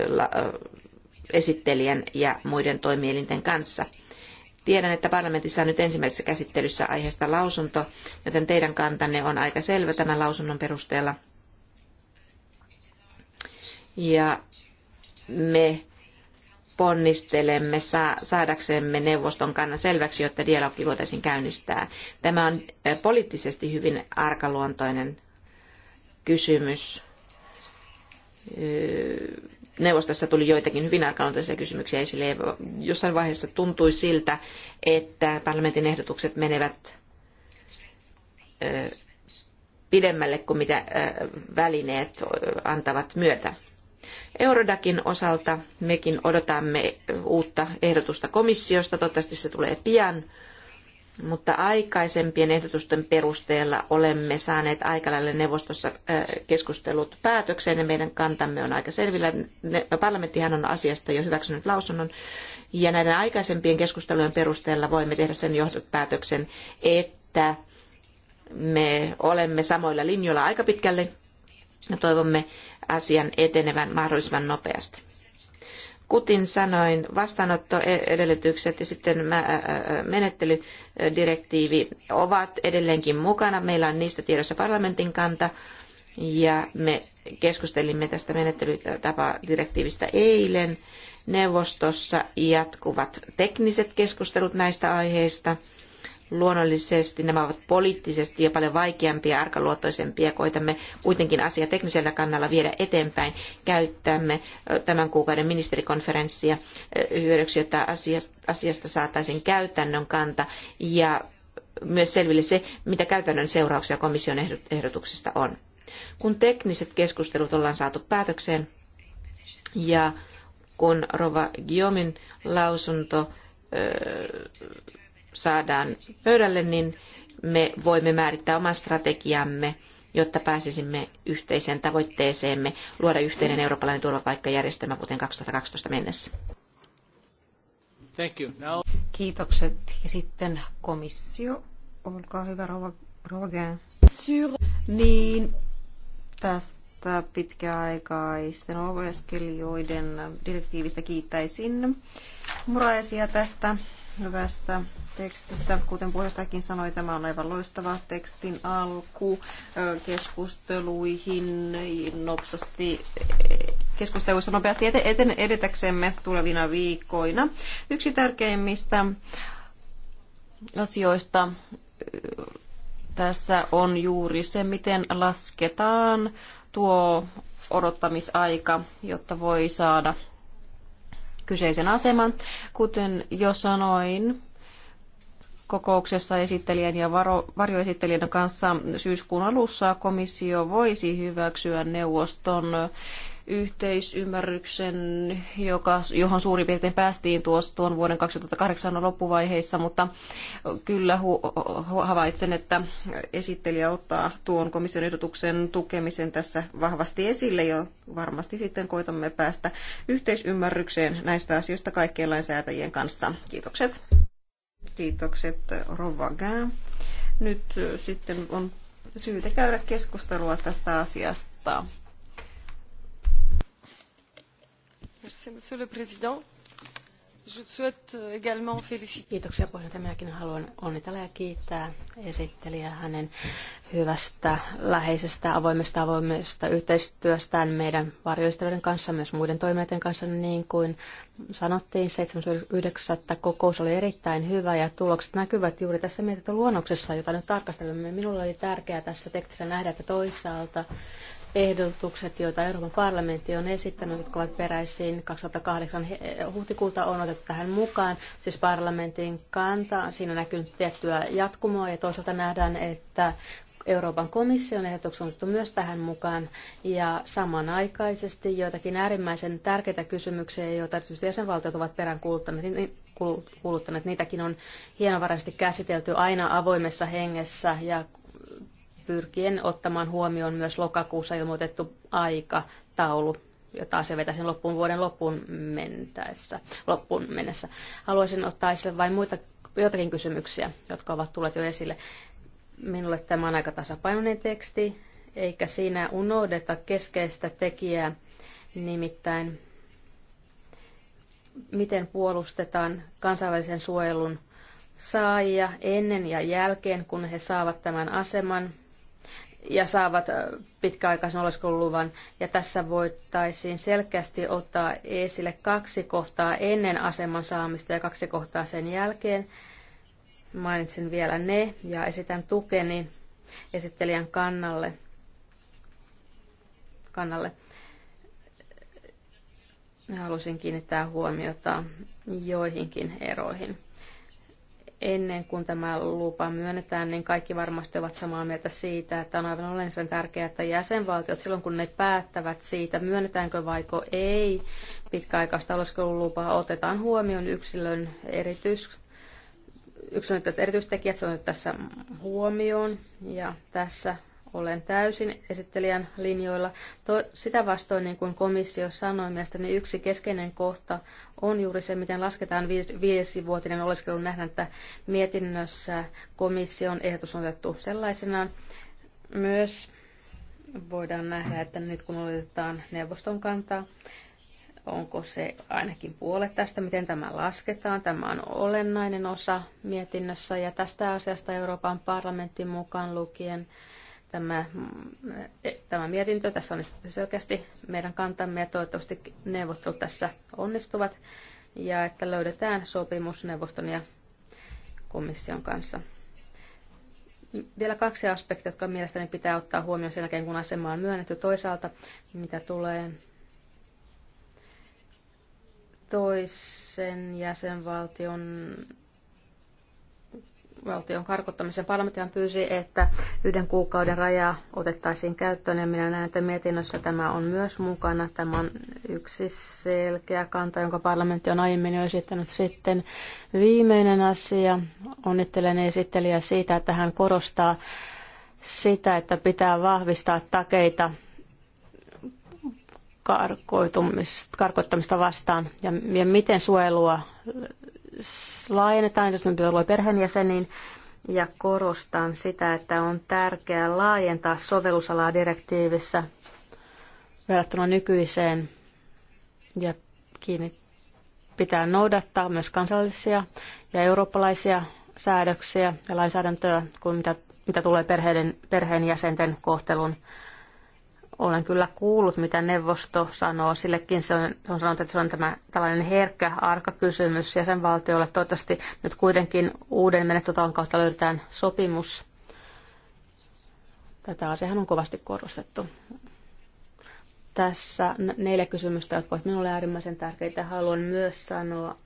esittelijän ja muiden toimielinten kanssa Tiedän, että parlamentissa on nyt ensimmäisessä käsittelyssä aiheesta lausunto, joten teidän kantanne on aika selvä tämän lausunnon perusteella. Ja me ponnistelemme saadaksemme neuvoston kannan selväksi, jotta dialogi voitaisiin käynnistää. Tämä on eh, poliittisesti hyvin arkaluontoinen kysymys neuvostossa tuli joitakin hyvin arkaluontoisia kysymyksiä esille. Ja jossain vaiheessa tuntui siltä, että parlamentin ehdotukset menevät pidemmälle kuin mitä välineet antavat myötä. Eurodakin osalta mekin odotamme uutta ehdotusta komissiosta. Toivottavasti se tulee pian mutta aikaisempien ehdotusten perusteella olemme saaneet aikalaille neuvostossa keskustelut päätökseen ja meidän kantamme on aika selvillä. No, parlamenttihan on asiasta jo hyväksynyt lausunnon ja näiden aikaisempien keskustelujen perusteella voimme tehdä sen johtopäätöksen, että me olemme samoilla linjoilla aika pitkälle ja toivomme asian etenevän mahdollisimman nopeasti. Kutin sanoin, vastaanottoedellytykset ja sitten menettelydirektiivi ovat edelleenkin mukana. Meillä on niistä tiedossa parlamentin kanta ja me keskustelimme tästä menettelytapadirektiivistä eilen neuvostossa jatkuvat tekniset keskustelut näistä aiheista Luonnollisesti nämä ovat poliittisesti jo paljon vaikeampia ja arkaluontoisempia. Koitamme kuitenkin asia teknisellä kannalla viedä eteenpäin. Käyttämme tämän kuukauden ministerikonferenssia hyödyksi, jotta asiasta saataisiin käytännön kanta ja myös selville se, mitä käytännön seurauksia komission ehdotuksista on. Kun tekniset keskustelut ollaan saatu päätökseen ja kun Rova Giomin lausunto saadaan pöydälle, niin me voimme määrittää oman strategiamme, jotta pääsisimme yhteiseen tavoitteeseemme luoda yhteinen eurooppalainen turvapaikkajärjestelmä kuten 2012 mennessä. Thank you. Now... Kiitokset. Ja sitten komissio. Olkaa hyvä, Rova, Rova Sur... Niin, tästä pitkäaikaisten oleskelijoiden direktiivistä kiittäisin Muraisia tästä hyvästä tekstistä. Kuten puheenjohtajakin sanoi, tämä on aivan loistava tekstin alku keskusteluihin nopsasti keskusteluissa nopeasti eten, edetäksemme tulevina viikkoina. Yksi tärkeimmistä asioista tässä on juuri se, miten lasketaan tuo odottamisaika, jotta voi saada kyseisen aseman. Kuten jo sanoin, kokouksessa esittelijän ja varo, varjoesittelijän kanssa syyskuun alussa komissio voisi hyväksyä neuvoston yhteisymmärryksen, joka, johon suurin piirtein päästiin tuossa tuon vuoden 2008 loppuvaiheissa, mutta kyllä havaitsen, että esittelijä ottaa tuon komission ehdotuksen tukemisen tässä vahvasti esille jo. Varmasti sitten koitamme päästä yhteisymmärrykseen näistä asioista kaikkien lainsäätäjien kanssa. Kiitokset. Kiitokset Rova Gää. Nyt sitten on syytä käydä keskustelua tästä asiasta. Monsieur le Président. Je souhaite euh, également féliciter. Kiitoksia onnitella ja esittelijää hänen hyvästä, läheisestä, avoimesta, avoimesta yhteistyöstään meidän varjoistavien kanssa, myös muiden toimijoiden kanssa. Niin kuin sanottiin, 7.9. kokous oli erittäin hyvä ja tulokset näkyvät juuri tässä mietintöluonnoksessa, jota nyt tarkastelemme. Minulle oli tärkeää tässä tekstissä nähdä, että toisaalta ehdotukset, joita Euroopan parlamentti on esittänyt, jotka ovat peräisin 2008 huhtikuuta, on otettu tähän mukaan. Siis parlamentin kanta, siinä näkyy tiettyä jatkumoa ja toisaalta nähdään, että Euroopan komission ehdotukset on otettu myös tähän mukaan ja samanaikaisesti joitakin äärimmäisen tärkeitä kysymyksiä, joita tietysti jäsenvaltiot ovat peräänkuuluttaneet, niin, niin- kuluttaneet Niitäkin on hienovaraisesti käsitelty aina avoimessa hengessä ja pyrkien ottamaan huomioon myös lokakuussa ilmoitettu aikataulu, jota se vetäisin loppuun vuoden loppuun, mentäessä, loppuun mennessä. Haluaisin ottaa esille vain muita, jotakin kysymyksiä, jotka ovat tulleet jo esille. Minulle tämä on aika tasapainoinen teksti, eikä siinä unohdeta keskeistä tekijää, nimittäin miten puolustetaan kansainvälisen suojelun saajia ennen ja jälkeen, kun he saavat tämän aseman ja saavat pitkäaikaisen oleskeluluvan. Ja tässä voitaisiin selkeästi ottaa esille kaksi kohtaa ennen aseman saamista ja kaksi kohtaa sen jälkeen. Mainitsen vielä ne ja esitän tukeni esittelijän kannalle. kannalle. Haluaisin kiinnittää huomiota joihinkin eroihin ennen kuin tämä lupa myönnetään, niin kaikki varmasti ovat samaa mieltä siitä, että on aivan sen tärkeää, että jäsenvaltiot silloin kun ne päättävät siitä, myönnetäänkö vaiko ei pitkäaikaista oleskelulupaa, otetaan huomioon yksilön erityis yksilön erityistekijät se on tässä huomioon ja tässä olen täysin esittelijän linjoilla. To, sitä vastoin, niin kuin komissio sanoi, mielestäni niin yksi keskeinen kohta on juuri se, miten lasketaan viisivuotinen oleskelu. Nähdään, että mietinnössä komission ehdotus on otettu sellaisenaan. Myös voidaan nähdä, että nyt kun otetaan neuvoston kantaa, onko se ainakin puolet tästä, miten tämä lasketaan. Tämä on olennainen osa mietinnössä ja tästä asiasta Euroopan parlamentin mukaan lukien tämä, eh, tämä mietintö. Tässä on selkeästi meidän kantamme ja toivottavasti neuvottelut tässä onnistuvat ja että löydetään sopimus neuvoston ja komission kanssa. Vielä kaksi aspektia, jotka mielestäni pitää ottaa huomioon sen jälkeen, kun asema on myönnetty. Toisaalta, mitä tulee toisen jäsenvaltion valtion karkottamisen parlamentin pyysi, että yhden kuukauden raja otettaisiin käyttöön ja minä näen, että mietinnössä tämä on myös mukana. Tämä on yksi selkeä kanta, jonka parlamentti on aiemmin jo esittänyt. Sitten viimeinen asia. Onnittelen esittelijä siitä, että hän korostaa sitä, että pitää vahvistaa takeita karkoittamista vastaan ja miten suojelua laajennetaan eduskuntatyöluo perheenjäseniin ja korostan sitä, että on tärkeää laajentaa sovellusalaa direktiivissä verrattuna nykyiseen ja kiinni pitää noudattaa myös kansallisia ja eurooppalaisia säädöksiä ja lainsäädäntöä, kun mitä, mitä tulee perheiden, perheenjäsenten kohtelun olen kyllä kuullut, mitä neuvosto sanoo. Sillekin se on, on sanonut, että se on tämä tällainen herkkä, arka kysymys jäsenvaltiolle. Toivottavasti nyt kuitenkin uuden menettelytavan kautta löydetään sopimus. Tätä asiaa on kovasti korostettu. Tässä neljä kysymystä, jotka ovat minulle äärimmäisen tärkeitä. Haluan myös sanoa,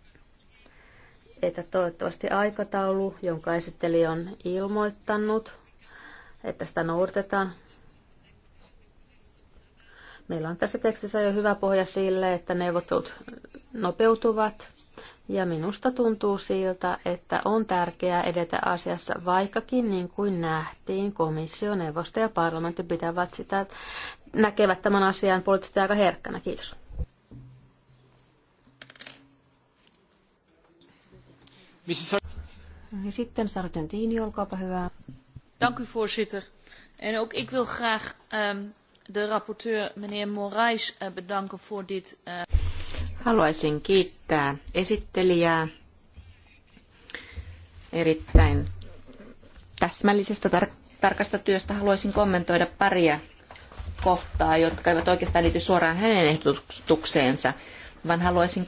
että toivottavasti aikataulu, jonka esittelijä on ilmoittanut, että sitä noudatetaan. Meillä on tässä tekstissä jo hyvä pohja sille, että neuvottelut nopeutuvat ja minusta tuntuu siltä, että on tärkeää edetä asiassa, vaikkakin niin kuin nähtiin, komissio, neuvosto ja parlamentti pitävät sitä, näkevät tämän asian poliittisesti aika herkkänä. Kiitos. Sitten Sargentini, olkaapa hyvä. Dank u voorzitter. En ook ik wil graag um, de rapporteur, meneer Morais, eh, bedanken voor dit. Eh, haluaisin kiittää esittelijää erittäin täsmällisestä tar- tarkasta työstä. Haluaisin kommentoida paria kohtaa, jotka eivät oikeastaan liity suoraan hänen ehdotukseensa, vaan haluaisin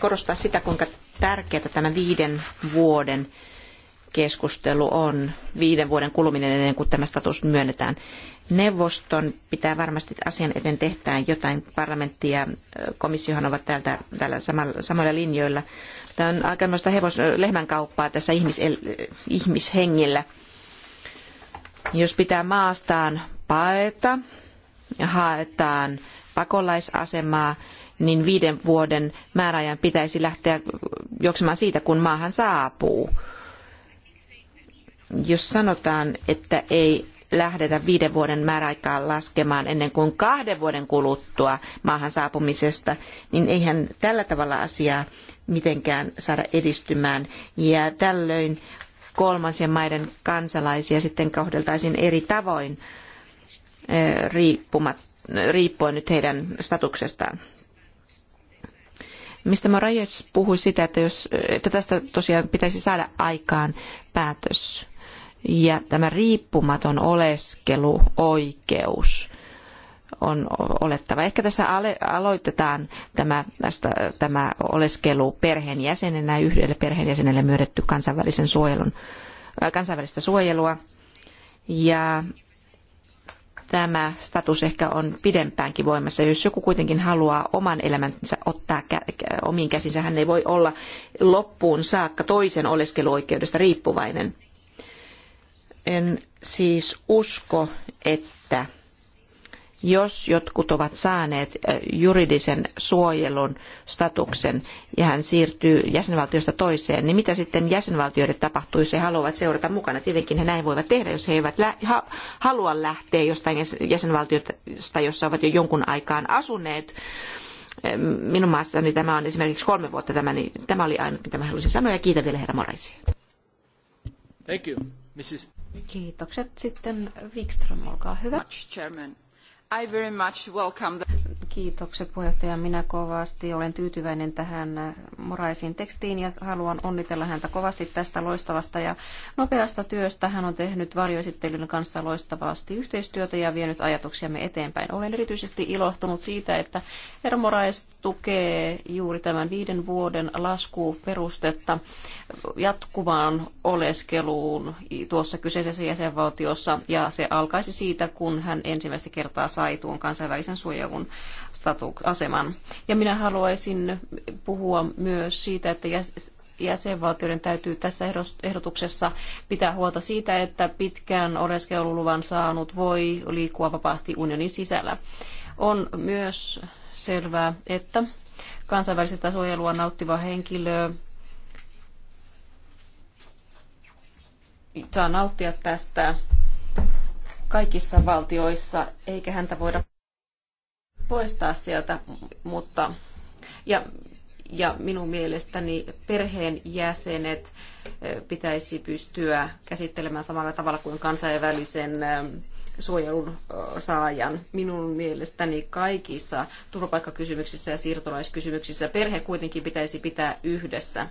korostaa sitä, kuinka tärkeää tämä viiden vuoden keskustelu on viiden vuoden kuluminen ennen kuin tämä status myönnetään. Neuvoston pitää varmasti asian eteen tehtää jotain. Parlamentti ja komissiohan ovat täältä, täällä samoilla linjoilla. Tämä on aikamoista hevos, lehmänkauppaa tässä ihmis, ihmishengillä. Jos pitää maastaan paeta ja haetaan pakolaisasemaa, niin viiden vuoden määräajan pitäisi lähteä juoksemaan siitä, kun maahan saapuu jos sanotaan, että ei lähdetä viiden vuoden määräaikaa laskemaan ennen kuin kahden vuoden kuluttua maahan saapumisesta, niin eihän tällä tavalla asiaa mitenkään saada edistymään. Ja tällöin kolmansien maiden kansalaisia sitten kohdeltaisiin eri tavoin riippuen nyt heidän statuksestaan. Mistä Morajes puhui sitä, että, jos, että tästä tosiaan pitäisi saada aikaan päätös ja tämä riippumaton oleskeluoikeus on olettava. Ehkä tässä aloitetaan tämä, tästä, tämä oleskelu perheenjäsenenä, yhdelle perheenjäsenelle myönnetty kansainvälisen suojelun, äh, kansainvälistä suojelua. Ja tämä status ehkä on pidempäänkin voimassa. Jos joku kuitenkin haluaa oman elämänsä ottaa omiin käsinsä, hän ei voi olla loppuun saakka toisen oleskeluoikeudesta riippuvainen. En siis usko, että jos jotkut ovat saaneet eh, juridisen suojelun statuksen ja hän siirtyy jäsenvaltiosta toiseen, niin mitä sitten jäsenvaltioille tapahtuu, jos he haluavat seurata mukana? Tietenkin he näin voivat tehdä, jos he eivät halua lähteä jostain jäsenvaltiosta, jossa ovat jo jonkun aikaan asuneet. Eh, minun maassani tämä on esimerkiksi kolme vuotta tämä, niin tämä oli ainut, mitä mä halusin sanoa ja kiitän vielä herra Moraisia. Thank you. Mrs. Kiitokset. Sitten Wikström, olkaa hyvä. Chairman. I very much welcome the... Kiitokset puheenjohtaja. Minä kovasti olen tyytyväinen tähän Moraisin tekstiin ja haluan onnitella häntä kovasti tästä loistavasta ja nopeasta työstä. Hän on tehnyt varjoesittelyn kanssa loistavasti yhteistyötä ja vienyt ajatuksiamme eteenpäin. Olen erityisesti ilohtunut siitä, että herra Morais tukee juuri tämän viiden vuoden laskuperustetta jatkuvaan oleskeluun tuossa kyseisessä jäsenvaltiossa ja se alkaisi siitä, kun hän ensimmäistä kertaa sai tuon kansainvälisen suojelun aseman. Ja minä haluaisin puhua myös siitä, että jäsenvaltioiden täytyy tässä ehdotuksessa pitää huolta siitä, että pitkään oleskeluluvan saanut voi liikkua vapaasti unionin sisällä. On myös selvää, että kansainvälisestä suojelua nauttiva henkilö saa nauttia tästä kaikissa valtioissa, eikä häntä voida poistaa sieltä, mutta ja, ja minun mielestäni perheen jäsenet pitäisi pystyä käsittelemään samalla tavalla kuin kansainvälisen suojelun saajan. Minun mielestäni kaikissa turvapaikkakysymyksissä ja siirtolaiskysymyksissä perhe kuitenkin pitäisi pitää yhdessä.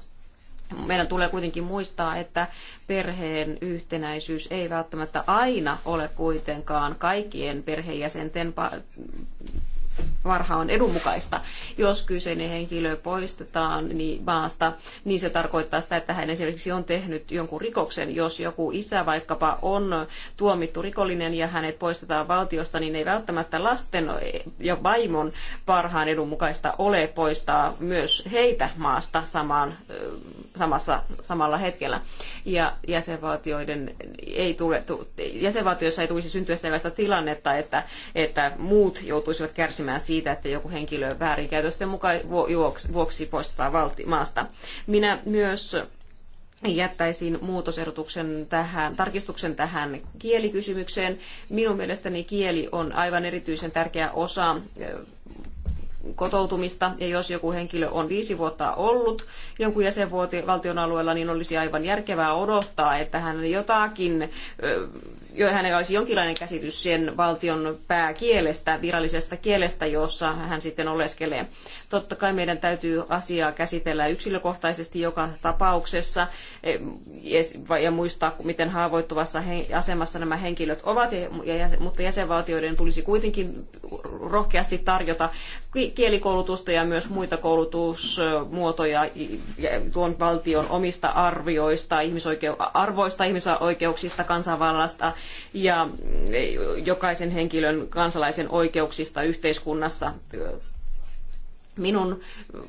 Meidän tulee kuitenkin muistaa, että perheen yhtenäisyys ei välttämättä aina ole kuitenkaan kaikkien perheenjäsenten varha on edunmukaista. Jos kyseinen henkilö poistetaan niin maasta, niin se tarkoittaa sitä, että hän esimerkiksi on tehnyt jonkun rikoksen. Jos joku isä vaikkapa on tuomittu rikollinen ja hänet poistetaan valtiosta, niin ei välttämättä lasten ja vaimon parhaan edunmukaista ole poistaa myös heitä maasta samaan, samassa, samalla hetkellä. Ja jäsenvaltioiden ei tule, jäsenvaltioissa ei tulisi syntyä sellaista tilannetta, että, että muut joutuisivat kärsimään kärsimään siitä, että joku henkilö väärinkäytösten mukaan vuoksi poistetaan valti- maasta. Minä myös jättäisin muutosehdotuksen tähän, tarkistuksen tähän kielikysymykseen. Minun mielestäni kieli on aivan erityisen tärkeä osa kotoutumista, ja jos joku henkilö on viisi vuotta ollut jonkun jäsenvaltion alueella, niin olisi aivan järkevää odottaa, että hän jotakin jo hänellä olisi jonkinlainen käsitys sen valtion pääkielestä, virallisesta kielestä, jossa hän sitten oleskelee. Totta kai meidän täytyy asiaa käsitellä yksilökohtaisesti joka tapauksessa eh, ja muistaa, miten haavoittuvassa asemassa nämä henkilöt ovat, mutta jäsenvaltioiden tulisi kuitenkin rohkeasti tarjota kielikoulutusta ja myös muita koulutusmuotoja tuon valtion omista arvioista, ihmisoikeu- arvoista, ihmisoikeuksista, kansanvallasta ja jokaisen henkilön kansalaisen oikeuksista yhteiskunnassa minun,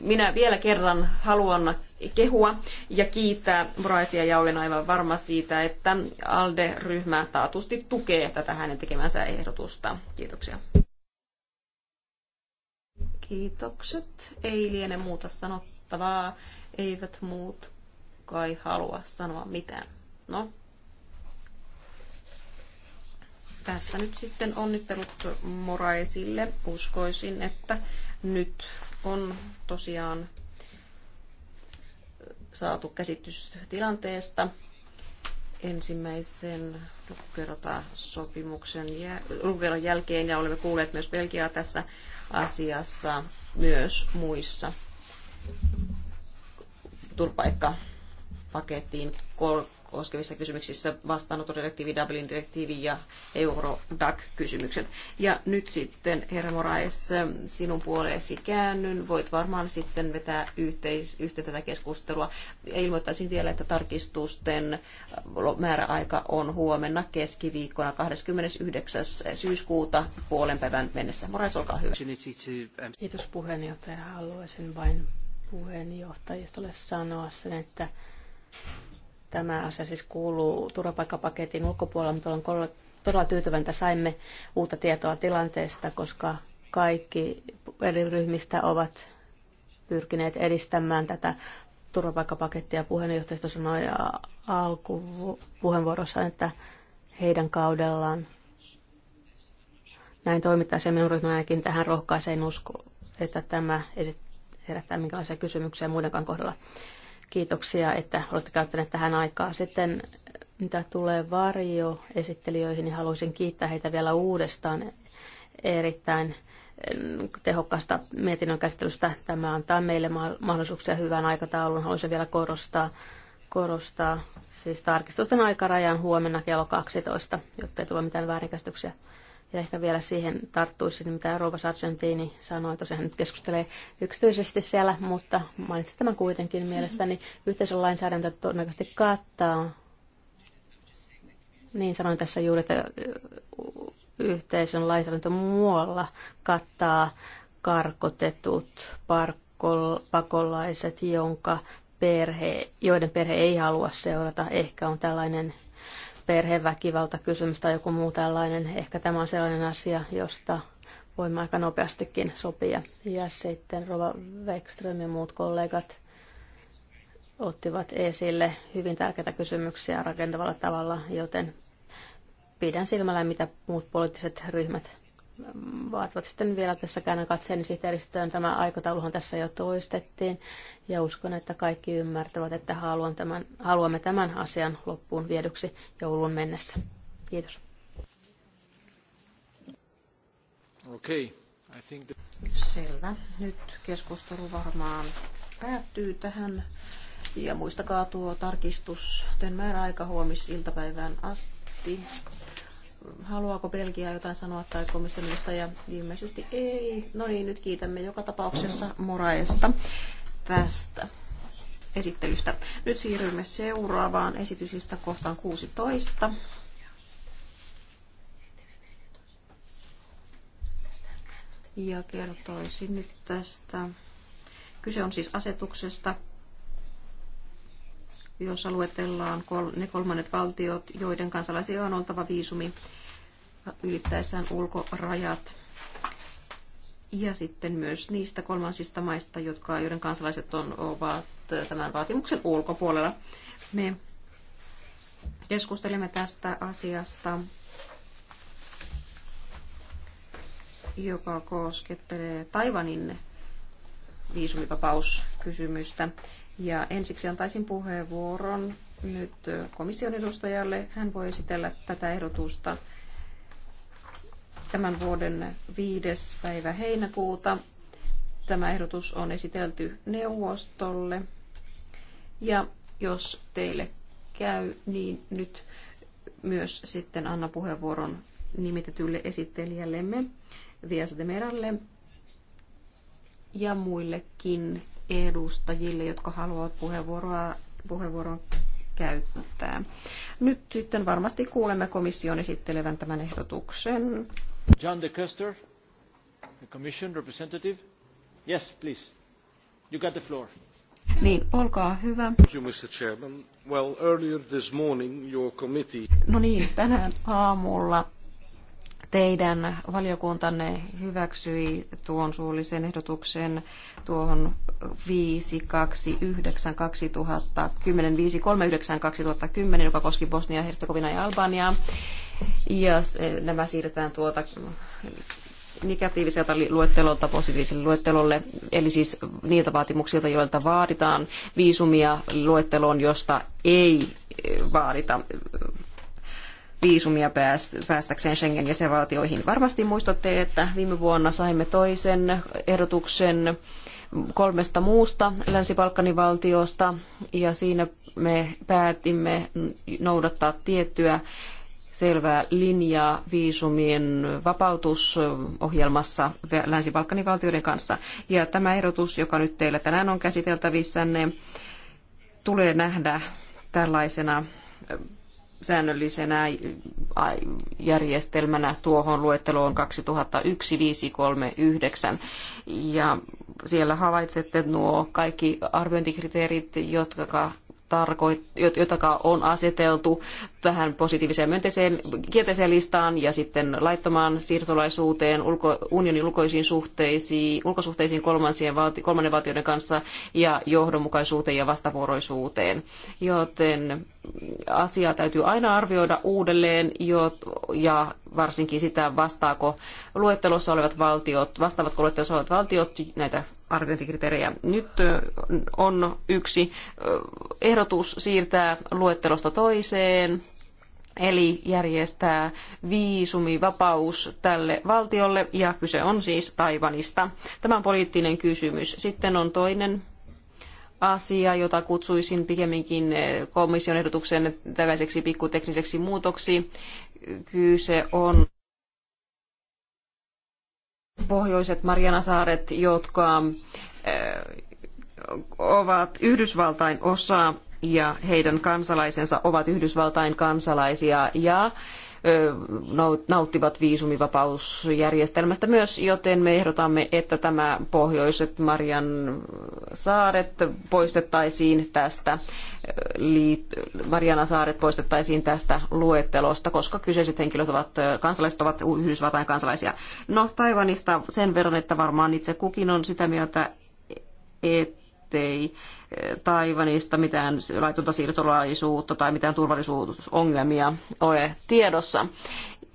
minä vielä kerran haluan kehua ja kiittää Braisia ja olen aivan varma siitä, että ALDE-ryhmä taatusti tukee tätä hänen tekemänsä ehdotusta. Kiitoksia. Kiitokset. Ei liene muuta sanottavaa. Eivät muut kai halua sanoa mitään. No, tässä nyt sitten onnittelut Moraisille. Uskoisin, että nyt on tosiaan saatu käsitys tilanteesta. Ensimmäisen Lukkerota-sopimuksen jä, jälkeen ja olemme kuulleet myös Belgiaa tässä asiassa myös muissa turvapaikkapakettiin koskevissa kysymyksissä vastaanottodirektiivi, Dublin direktiivi ja Eurodac-kysymykset. Ja nyt sitten, herra Moraes, sinun puoleesi käännyn. Voit varmaan sitten vetää yhteis, yhteen tätä keskustelua. Ja ilmoittaisin vielä, että tarkistusten määräaika on huomenna keskiviikkona 29. syyskuuta puolen päivän mennessä. Moraes, olkaa hyvä. Kiitos puheenjohtaja. Haluaisin vain puheenjohtajistolle sanoa sen, että Tämä asia siis kuuluu turvapaikkapaketin ulkopuolella, mutta olen todella tyytyväinen, että saimme uutta tietoa tilanteesta, koska kaikki eri ryhmistä ovat pyrkineet edistämään tätä turvapaikkapakettia. Puheenjohtajista sanoi alkupuheenvuorossaan, että heidän kaudellaan näin toimittaisiin. Minun ryhmäni ainakin tähän rohkaiseen usko, että tämä herättää minkälaisia kysymyksiä muidenkaan kohdalla. Kiitoksia, että olette käyttäneet tähän aikaa. Sitten mitä tulee varjo esittelijöihin, niin haluaisin kiittää heitä vielä uudestaan erittäin mm, tehokkaasta mietinnön käsittelystä. Tämä antaa meille mahdollisuuksia hyvään aikatauluun. Haluaisin vielä korostaa, korostaa siis tarkistusten aikarajan huomenna kello 12, jotta ei tule mitään väärinkäsityksiä. Ja ehkä vielä siihen tarttuisin, niin mitä Rova Sargentini sanoi. Tosiaan nyt keskustelee yksityisesti siellä, mutta mainitsin tämän kuitenkin mielestäni. Yhteisön lainsäädäntö todennäköisesti kattaa. Niin sanoin tässä juuri, että yhteisön lainsäädäntö muualla kattaa karkotetut parkol, pakolaiset, jonka perhe, joiden perhe ei halua seurata. Ehkä on tällainen perheväkivaltakysymys tai joku muu tällainen. Ehkä tämä on sellainen asia, josta voimme aika nopeastikin sopia. Ja sitten Rova Wekström ja muut kollegat ottivat esille hyvin tärkeitä kysymyksiä rakentavalla tavalla, joten pidän silmällä, mitä muut poliittiset ryhmät vaativat sitten vielä tässä käännän katseen niin sihteeristöön. Tämä aikatauluhan tässä jo toistettiin ja uskon, että kaikki ymmärtävät, että haluan tämän, haluamme tämän asian loppuun viedyksi joulun mennessä. Kiitos. Okay. I think that... Selvä. Nyt keskustelu varmaan päättyy tähän. Ja muistakaa tuo tarkistus, ten määräaika huomisiltapäivään asti haluaako Belgia jotain sanoa tai komission ja ilmeisesti ei. No niin, nyt kiitämme joka tapauksessa Moraesta tästä esittelystä. Nyt siirrymme seuraavaan esityslista kohtaan 16. Ja kertoisin nyt tästä. Kyse on siis asetuksesta jos kol- ne kolmannet valtiot, joiden kansalaisia on oltava viisumi ylittäessään ulkorajat. Ja sitten myös niistä kolmansista maista, jotka, joiden kansalaiset on, ovat tämän vaatimuksen ulkopuolella. Me keskustelemme tästä asiasta, joka koskettelee Taivanin viisumivapauskysymystä. Ja ensiksi antaisin puheenvuoron nyt komission edustajalle. Hän voi esitellä tätä ehdotusta tämän vuoden 5. päivä heinäkuuta. Tämä ehdotus on esitelty neuvostolle. Ja jos teille käy, niin nyt myös sitten anna puheenvuoron nimitetylle esittelijällemme Viasatemeralle ja muillekin edustajille, jotka haluavat puheenvuoroa, puheenvuoron käyttää. Nyt sitten varmasti kuulemme komission esittelevän tämän ehdotuksen. John de Kester, the commission representative. Yes, please. You got the floor. Niin, olkaa hyvä. you, Mr. Chairman. Well, earlier this morning your committee... No niin, tänään aamulla teidän valiokuntanne hyväksyi tuon suullisen ehdotuksen tuohon 529 2010, joka koski Bosnia, Herzegovina ja Albaniaa. Ja eh, nämä siirretään tuota negatiiviselta luettelolta positiiviselle luettelolle, eli siis niiltä vaatimuksilta, joilta vaaditaan viisumia luetteloon, josta ei eh, vaadita eh, viisumia päästäkseen Schengen-jäsenvaltioihin. Varmasti muistatte, että viime vuonna saimme toisen ehdotuksen kolmesta muusta Länsi-Balkanin valtiosta ja siinä me päätimme noudattaa tiettyä selvää linjaa viisumien vapautusohjelmassa Länsi-Balkanin valtioiden kanssa. Ja tämä ehdotus, joka nyt teillä tänään on käsiteltävissänne, tulee nähdä tällaisena säännöllisenä järjestelmänä tuohon luetteloon 2001-539. Ja siellä havaitsette nuo kaikki arviointikriteerit, jotka jotka on aseteltu tähän positiiviseen myönteiseen kielteiseen listaan ja sitten laittomaan siirtolaisuuteen, ulko, unionin ulkoisiin suhteisiin, ulkosuhteisiin kolmansien valti, kolmannen valtioiden kanssa ja johdonmukaisuuteen ja vastavuoroisuuteen. Joten asiaa täytyy aina arvioida uudelleen jo, ja varsinkin sitä vastaako luettelossa olevat valtiot, vastaavatko luettelossa olevat valtiot näitä arviointikriteerejä. Nyt on yksi ehdotus siirtää luettelosta toiseen, eli järjestää viisumivapaus tälle valtiolle, ja kyse on siis Taivanista. Tämä on poliittinen kysymys. Sitten on toinen asia, jota kutsuisin pikemminkin eh, komission ehdotuksen tällaiseksi pikkutekniseksi muutoksi. Kyse on pohjoiset Marianasaaret, jotka eh, ovat Yhdysvaltain osa ja heidän kansalaisensa ovat Yhdysvaltain kansalaisia ja nauttivat viisumivapausjärjestelmästä myös, joten me ehdotamme, että tämä pohjoiset Marian saaret poistettaisiin tästä Mariana saaret poistettaisiin tästä luettelosta, koska kyseiset henkilöt ovat, kansalaiset ovat Yhdysvaltain kansalaisia. No Taivanista sen verran, että varmaan itse kukin on sitä mieltä, ettei Taivanista mitään laitonta siirtolaisuutta tai mitään turvallisuusongelmia ole tiedossa.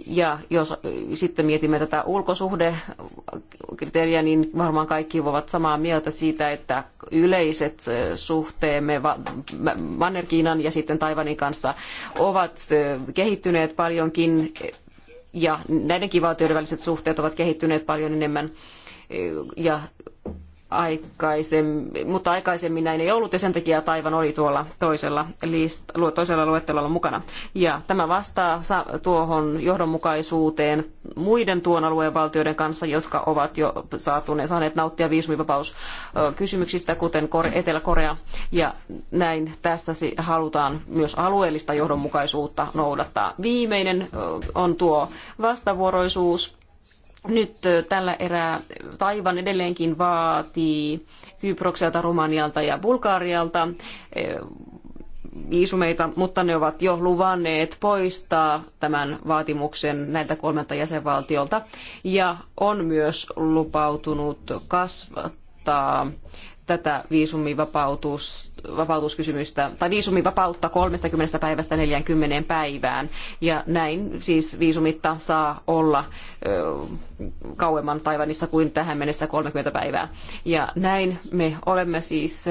Ja jos sitten mietimme tätä ulkosuhdekriteeriä, niin varmaan kaikki ovat samaa mieltä siitä, että yleiset suhteemme Manner-Kiinan ja sitten Taivanin kanssa ovat kehittyneet paljonkin ja näidenkin valtioiden väliset suhteet ovat kehittyneet paljon enemmän ja aikaisemmin, mutta aikaisemmin näin ei ollut ja sen takia Taivan oli tuolla toisella, list, toisella luettelolla mukana. Ja tämä vastaa tuohon johdonmukaisuuteen muiden tuon alueen valtioiden kanssa, jotka ovat jo saatuneet, saaneet nauttia viisumivapauskysymyksistä, kuten Etelä-Korea. Ja näin tässä halutaan myös alueellista johdonmukaisuutta noudattaa. Viimeinen on tuo vastavuoroisuus nyt tällä erää Taivan edelleenkin vaatii Kyprokselta, Romanialta ja Bulgarialta viisumeita, mutta ne ovat jo luvanneet poistaa tämän vaatimuksen näiltä kolmelta jäsenvaltiolta ja on myös lupautunut kasvattaa tätä viisumivapautusta vapautuskysymystä tai viisumivapautta 30 päivästä 40 päivään. Ja näin siis viisumitta saa olla kauemman Taivanissa kuin tähän mennessä 30 päivää. Ja näin me olemme siis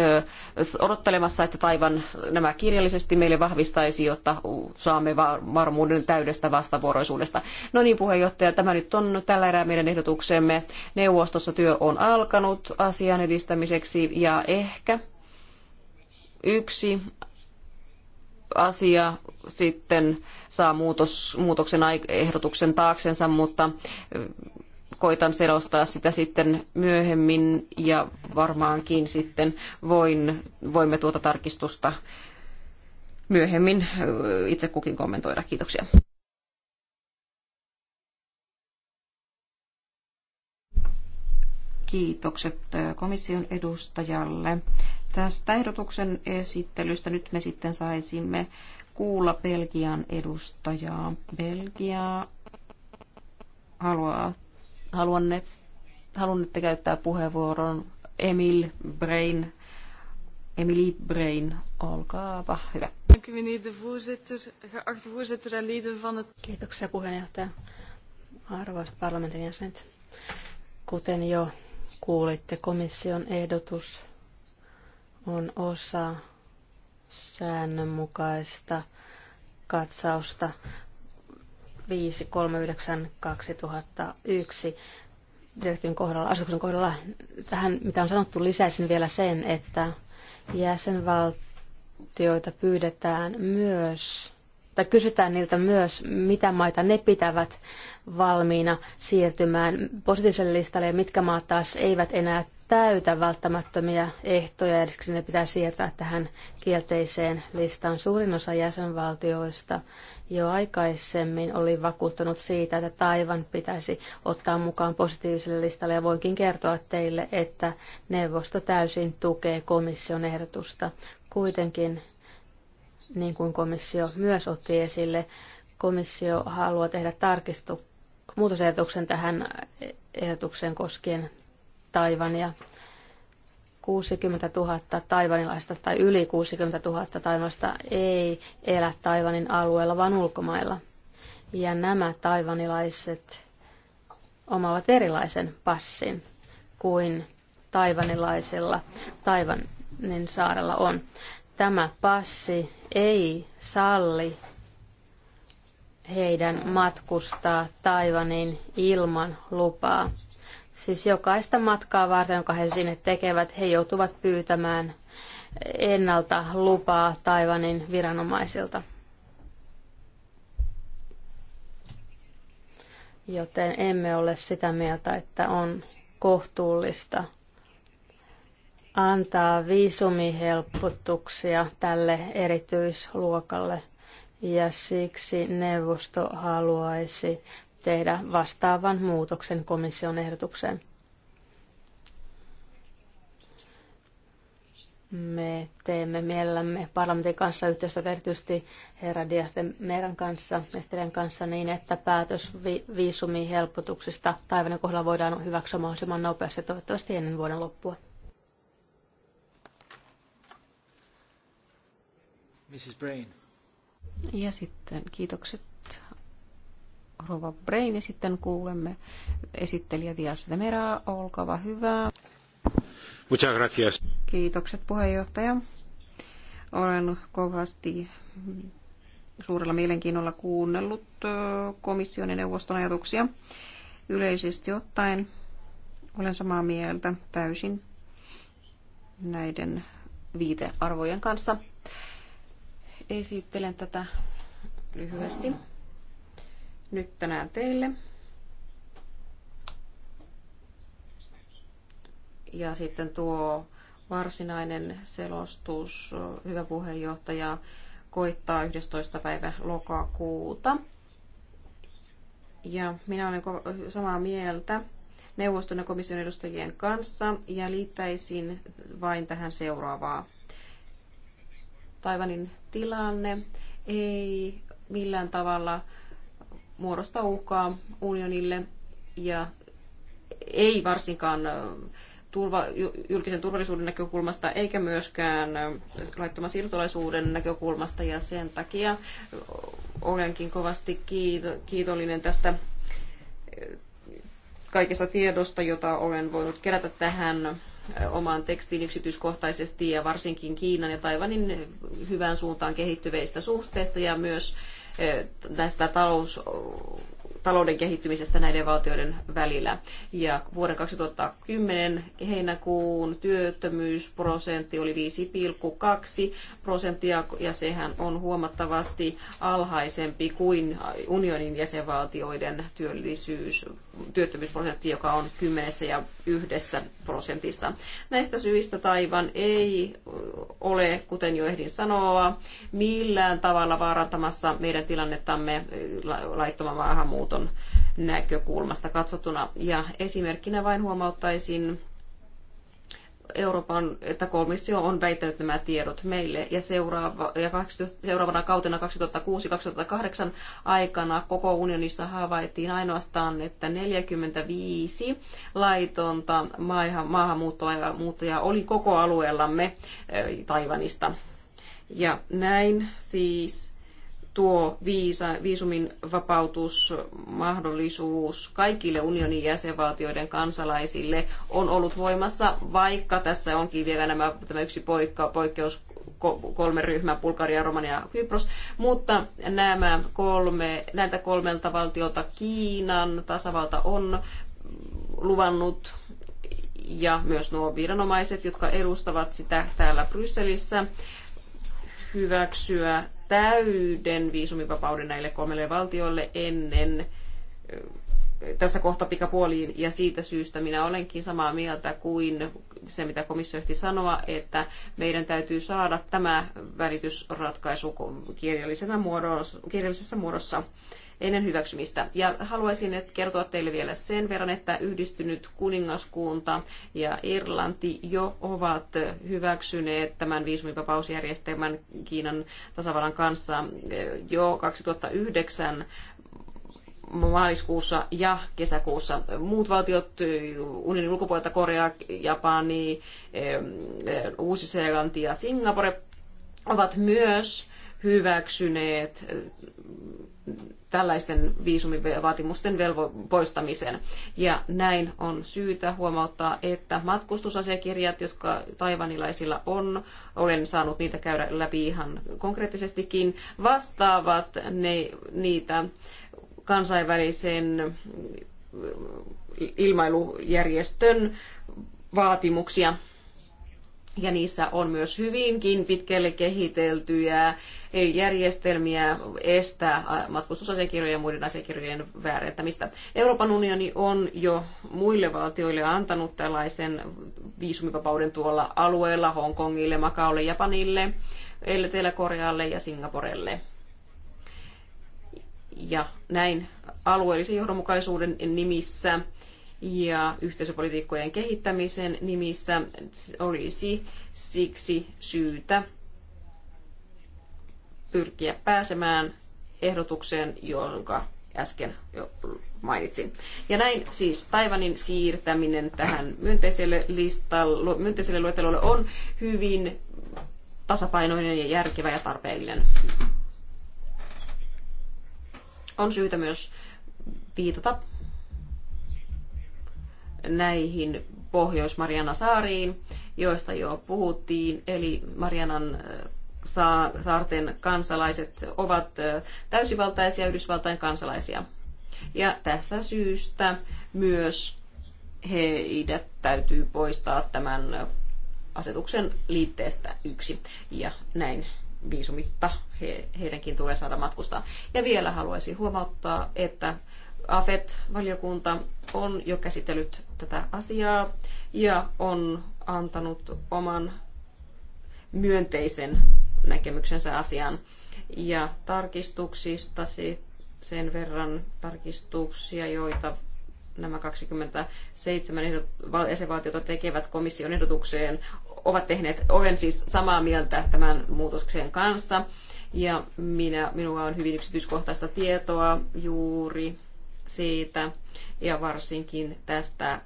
odottelemassa, että Taivan nämä kirjallisesti meille vahvistaisi, jotta saamme varmuuden täydestä vastavuoroisuudesta. No niin puheenjohtaja, tämä nyt on tällä erää meidän ehdotuksemme. Neuvostossa työ on alkanut asian edistämiseksi ja ehkä Yksi asia sitten saa muutos, muutoksen ehdotuksen taaksensa, mutta koitan selostaa sitä sitten myöhemmin ja varmaankin sitten voin, voimme tuota tarkistusta myöhemmin itse kukin kommentoida. Kiitoksia. kiitokset komission edustajalle tästä ehdotuksen esittelystä. Nyt me sitten saisimme kuulla Belgian edustajaa. Belgia haluaa, haluanne, halunnette käyttää puheenvuoron Emil Brain. Emily Brain, olkaapa hyvä. Kiitoksia puheenjohtaja. Arvoisat parlamentin jäsenet. Kuten jo kuulitte, komission ehdotus on osa säännönmukaista katsausta 539-2001 direktiivin kohdalla, asetuksen kohdalla. Tähän, mitä on sanottu, lisäisin vielä sen, että jäsenvaltioita pyydetään myös tai kysytään niiltä myös, mitä maita ne pitävät valmiina siirtymään positiiviselle listalle ja mitkä maat taas eivät enää täytä välttämättömiä ehtoja, eli ne pitää siirtää tähän kielteiseen listaan. Suurin osa jäsenvaltioista jo aikaisemmin oli vakuuttunut siitä, että Taivan pitäisi ottaa mukaan positiiviselle listalle, ja voinkin kertoa teille, että neuvosto täysin tukee komission ehdotusta. Kuitenkin niin kuin komissio myös otti esille. Komissio haluaa tehdä tarkistu muutosehdotuksen tähän ehdotukseen koskien Taivania. 60 000 taivanilaista tai yli 60 000 taivanilaista ei elä Taivanin alueella, vaan ulkomailla. Ja nämä taivanilaiset omaavat erilaisen passin kuin taivanilaisilla Taivanin saarella on. Tämä passi ei salli heidän matkustaa Taivanin ilman lupaa. Siis jokaista matkaa varten, jonka he sinne tekevät, he joutuvat pyytämään ennalta lupaa Taivanin viranomaisilta. Joten emme ole sitä mieltä, että on kohtuullista – antaa viisumihelpotuksia tälle erityisluokalle ja siksi neuvosto haluaisi tehdä vastaavan muutoksen komission ehdotukseen. Me teemme mielellämme parlamentin kanssa yhteistä erityisesti herra Diahtemeran kanssa, Estelän kanssa niin, että päätös vi- viisumihelpotuksista taivainen kohdalla voidaan hyväksyä mahdollisimman nopeasti, toivottavasti ennen vuoden loppua. Mrs. Brain. Ja sitten kiitokset Rova Brain ja sitten kuulemme esittelijä Dias de Mera. olkava hyvä. Muchas gracias. Kiitokset puheenjohtaja. Olen kovasti suurella mielenkiinnolla kuunnellut komission ja neuvoston ajatuksia. Yleisesti ottaen olen samaa mieltä täysin näiden viitearvojen kanssa esittelen tätä lyhyesti nyt tänään teille. Ja sitten tuo varsinainen selostus, hyvä puheenjohtaja, koittaa 11. päivä lokakuuta. Ja minä olen samaa mieltä neuvoston ja komission edustajien kanssa ja liittäisin vain tähän seuraavaa. Taivanin tilanne ei millään tavalla muodosta uhkaa unionille ja ei varsinkaan turva, julkisen turvallisuuden näkökulmasta eikä myöskään laittoman siirtolaisuuden näkökulmasta ja sen takia olenkin kovasti kiitollinen tästä kaikesta tiedosta, jota olen voinut kerätä tähän omaan tekstiin yksityiskohtaisesti ja varsinkin Kiinan ja Taivanin hyvään suuntaan kehittyveistä suhteista ja myös eh, tästä talous, talouden kehittymisestä näiden valtioiden välillä. Ja vuoden 2010 heinäkuun työttömyysprosentti oli 5,2 prosenttia ja sehän on huomattavasti alhaisempi kuin unionin jäsenvaltioiden työllisyys, työttömyysprosentti, joka on kymmenessä ja yhdessä prosentissa. Näistä syistä Taivan ei ole, kuten jo ehdin sanoa, millään tavalla vaarantamassa meidän tilannettamme laittoman maahanmuuton näkökulmasta katsottuna. Ja esimerkkinä vain huomauttaisin Euroopan, että komissio on väittänyt nämä tiedot meille ja, seuraava, ja 20, seuraavana kautena 2006-2008 aikana koko unionissa havaittiin ainoastaan, että 45 laitonta maahanmuuttajaa oli koko alueellamme eh, Taivanista. Ja näin siis tuo viisa, viisumin vapautusmahdollisuus kaikille unionin jäsenvaltioiden kansalaisille on ollut voimassa, vaikka tässä onkin vielä nämä, tämä yksi poikka, poikkeus kolme ryhmää, Bulgaria, Romania ja Kypros, mutta nämä kolme, näiltä kolmelta valtiolta Kiinan tasavalta on luvannut ja myös nuo viranomaiset, jotka edustavat sitä täällä Brysselissä, hyväksyä täyden viisumivapauden näille kolmelle valtiolle ennen tässä kohta pikapuoliin ja siitä syystä minä olenkin samaa mieltä kuin se, mitä komissio ehti sanoa, että meidän täytyy saada tämä välitysratkaisu kirjallisena muodossa, kirjallisessa muodossa ennen hyväksymistä. Ja haluaisin kertoa teille vielä sen verran, että yhdistynyt kuningaskunta ja Irlanti jo ovat hyväksyneet tämän viisumivapausjärjestelmän Kiinan tasavallan kanssa eh, jo 2009 maaliskuussa ja kesäkuussa. Muut valtiot, unionin ulkopuolelta Korea, Japani, eh, Uusi-Seelanti ja Singapore, ovat myös hyväksyneet tällaisten viisumivaatimusten velvo- poistamisen. Ja näin on syytä huomauttaa, että matkustusasiakirjat, jotka taivanilaisilla on, olen saanut niitä käydä läpi ihan konkreettisestikin, vastaavat ne, niitä kansainvälisen ilmailujärjestön vaatimuksia ja niissä on myös hyvinkin pitkälle kehiteltyjä järjestelmiä estää matkustusasiakirjojen ja muiden asiakirjojen väärentämistä. Euroopan unioni on jo muille valtioille antanut tällaisen viisumivapauden tuolla alueella, Hongkongille, Makaolle, Japanille, Etelä-Korealle ja Singaporelle. Ja näin alueellisen johdonmukaisuuden nimissä ja yhteisöpolitiikkojen kehittämisen nimissä olisi siksi syytä pyrkiä pääsemään ehdotukseen, jonka äsken jo mainitsin. Ja näin siis Taivanin siirtäminen tähän myönteiselle, listalle, myönteiselle luettelolle on hyvin tasapainoinen ja järkevä ja tarpeellinen. On syytä myös viitata näihin Pohjois-Mariana saariin, joista jo puhuttiin, eli Marianan äh, saarten kansalaiset ovat äh, täysivaltaisia Yhdysvaltain kansalaisia. Ja tästä syystä myös heidät täytyy poistaa tämän asetuksen liitteestä yksi. Ja näin viisumitta he, heidänkin tulee saada matkustaa. Ja vielä haluaisin huomauttaa, että AFET-valiokunta on jo käsitellyt tätä asiaa ja on antanut oman myönteisen näkemyksensä asiaan. Ja tarkistuksista sen verran tarkistuksia, joita nämä 27 jäsenvaltiota tekevät komission ehdotukseen, ovat tehneet, olen siis samaa mieltä tämän muutoksen kanssa. Ja minä, minulla on hyvin yksityiskohtaista tietoa juuri siitä ja varsinkin tästä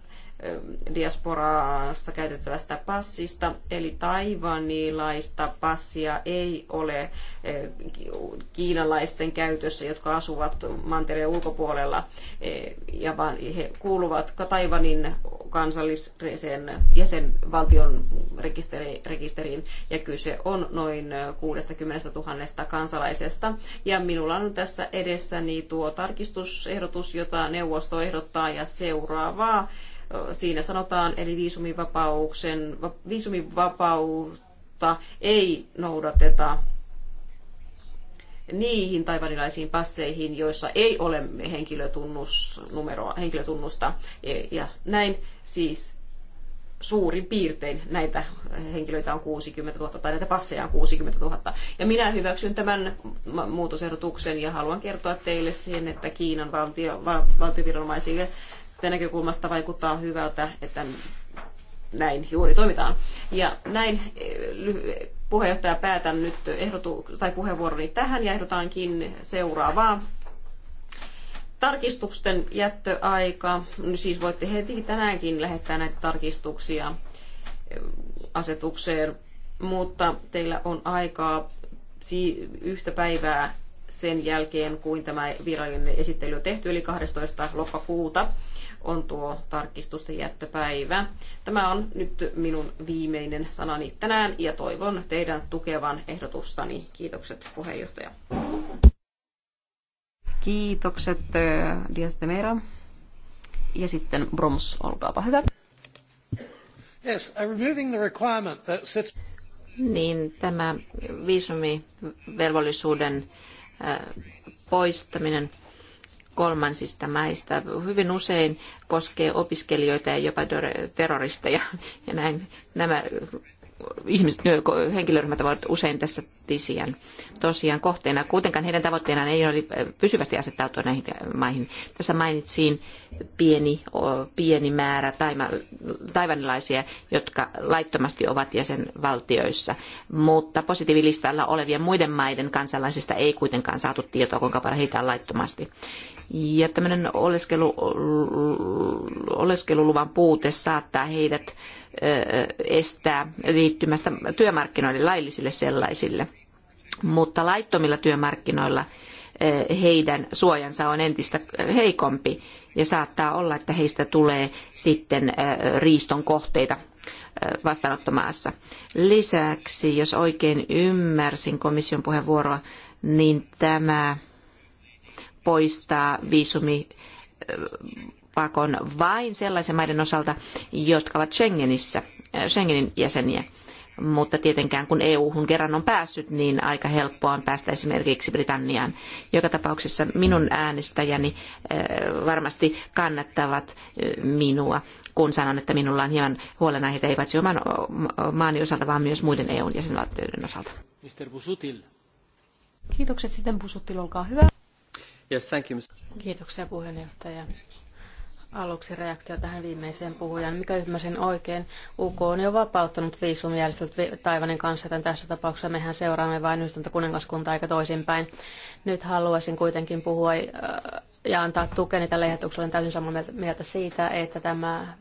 diasporaassa käytettävästä passista, eli taivanilaista passia ei ole eh, kiinalaisten käytössä, jotka asuvat mantereen ulkopuolella, eh, ja vaan he kuuluvat Taivanin kansallisen jäsenvaltion rekisteriin, ja kyse on noin 60 000 kansalaisesta. Ja minulla on tässä edessäni tuo tarkistusehdotus, jota neuvosto ehdottaa, ja seuraavaa Siinä sanotaan, eli viisumivapauksen, viisumivapautta ei noudateta niihin taivanilaisiin passeihin, joissa ei ole henkilötunnusnumeroa, henkilötunnusta. Ja näin siis suurin piirtein näitä henkilöitä on 60 000 tai näitä passeja on 60 000. Ja minä hyväksyn tämän muutosehdotuksen ja haluan kertoa teille sen, että Kiinan valtio, valtioviranomaisille näkökulmasta vaikuttaa hyvältä, että näin juuri toimitaan. Ja näin eh, puheenjohtaja päätän nyt ehdotu, tai puheenvuoroni tähän ja ehdotaankin seuraavaa. Tarkistusten jättöaika, no siis voitte heti tänäänkin lähettää näitä tarkistuksia eh, asetukseen, mutta teillä on aikaa yhtä päivää sen jälkeen, kuin tämä virallinen esittely on tehty, eli 12. lokakuuta on tuo tarkistusten jättöpäivä. Tämä on nyt minun viimeinen sanani tänään ja toivon teidän tukevan ehdotustani. Kiitokset puheenjohtaja. Kiitokset äh, Dias de Mera. Ja sitten Broms, olkaapa hyvä. Yes, removing the requirement that sits... Niin, tämä viisumivelvollisuuden äh, poistaminen kolmansista maista. Hyvin usein koskee opiskelijoita ja jopa terroristeja. Ja näin nämä ihmis, henkilöryhmät ovat usein tässä tisian tosiaan kohteena. Kuitenkaan heidän tavoitteenaan ei ole pysyvästi asettautua näihin maihin. Tässä mainitsin pieni, pieni määrä taivanilaisia, jotka laittomasti ovat jäsenvaltioissa, mutta positiivilistalla olevien muiden maiden kansalaisista ei kuitenkaan saatu tietoa, kuinka paljon heitä on laittomasti. Ja tämmöinen oleskelu, oleskeluluvan puute saattaa heidät estää liittymästä työmarkkinoille laillisille sellaisille. Mutta laittomilla työmarkkinoilla heidän suojansa on entistä heikompi ja saattaa olla, että heistä tulee sitten riiston kohteita vastaanottomaassa. Lisäksi, jos oikein ymmärsin komission puheenvuoroa, niin tämä poistaa viisumi pakon vain sellaisen maiden osalta, jotka ovat Schengenissä, äh, Schengenin jäseniä. Mutta tietenkään kun EU-hun kerran on päässyt, niin aika helppoa on päästä esimerkiksi Britanniaan. Joka tapauksessa minun äänestäjäni äh, varmasti kannattavat äh, minua, kun sanon, että minulla on hieman huolenaiheita ei paitsi oman maani osalta, vaan myös muiden EUn jäsenvaltioiden osalta. Mr. Busutil. Kiitokset sitten Busutil, olkaa hyvä. Yes, thank you. Kiitoksia puheenjohtaja. Aluksi reaktio tähän viimeiseen puhujaan. Mikä ymmärsin oikein, UK on jo vapauttanut viisumijärjestelyt Taivanin kanssa, joten tässä tapauksessa mehän seuraamme vain yhdistöntä kuningaskuntaa eikä toisinpäin. Nyt haluaisin kuitenkin puhua äh, ja antaa tukeni tälle ehdotukselle. täysin samaa mieltä siitä, että tämä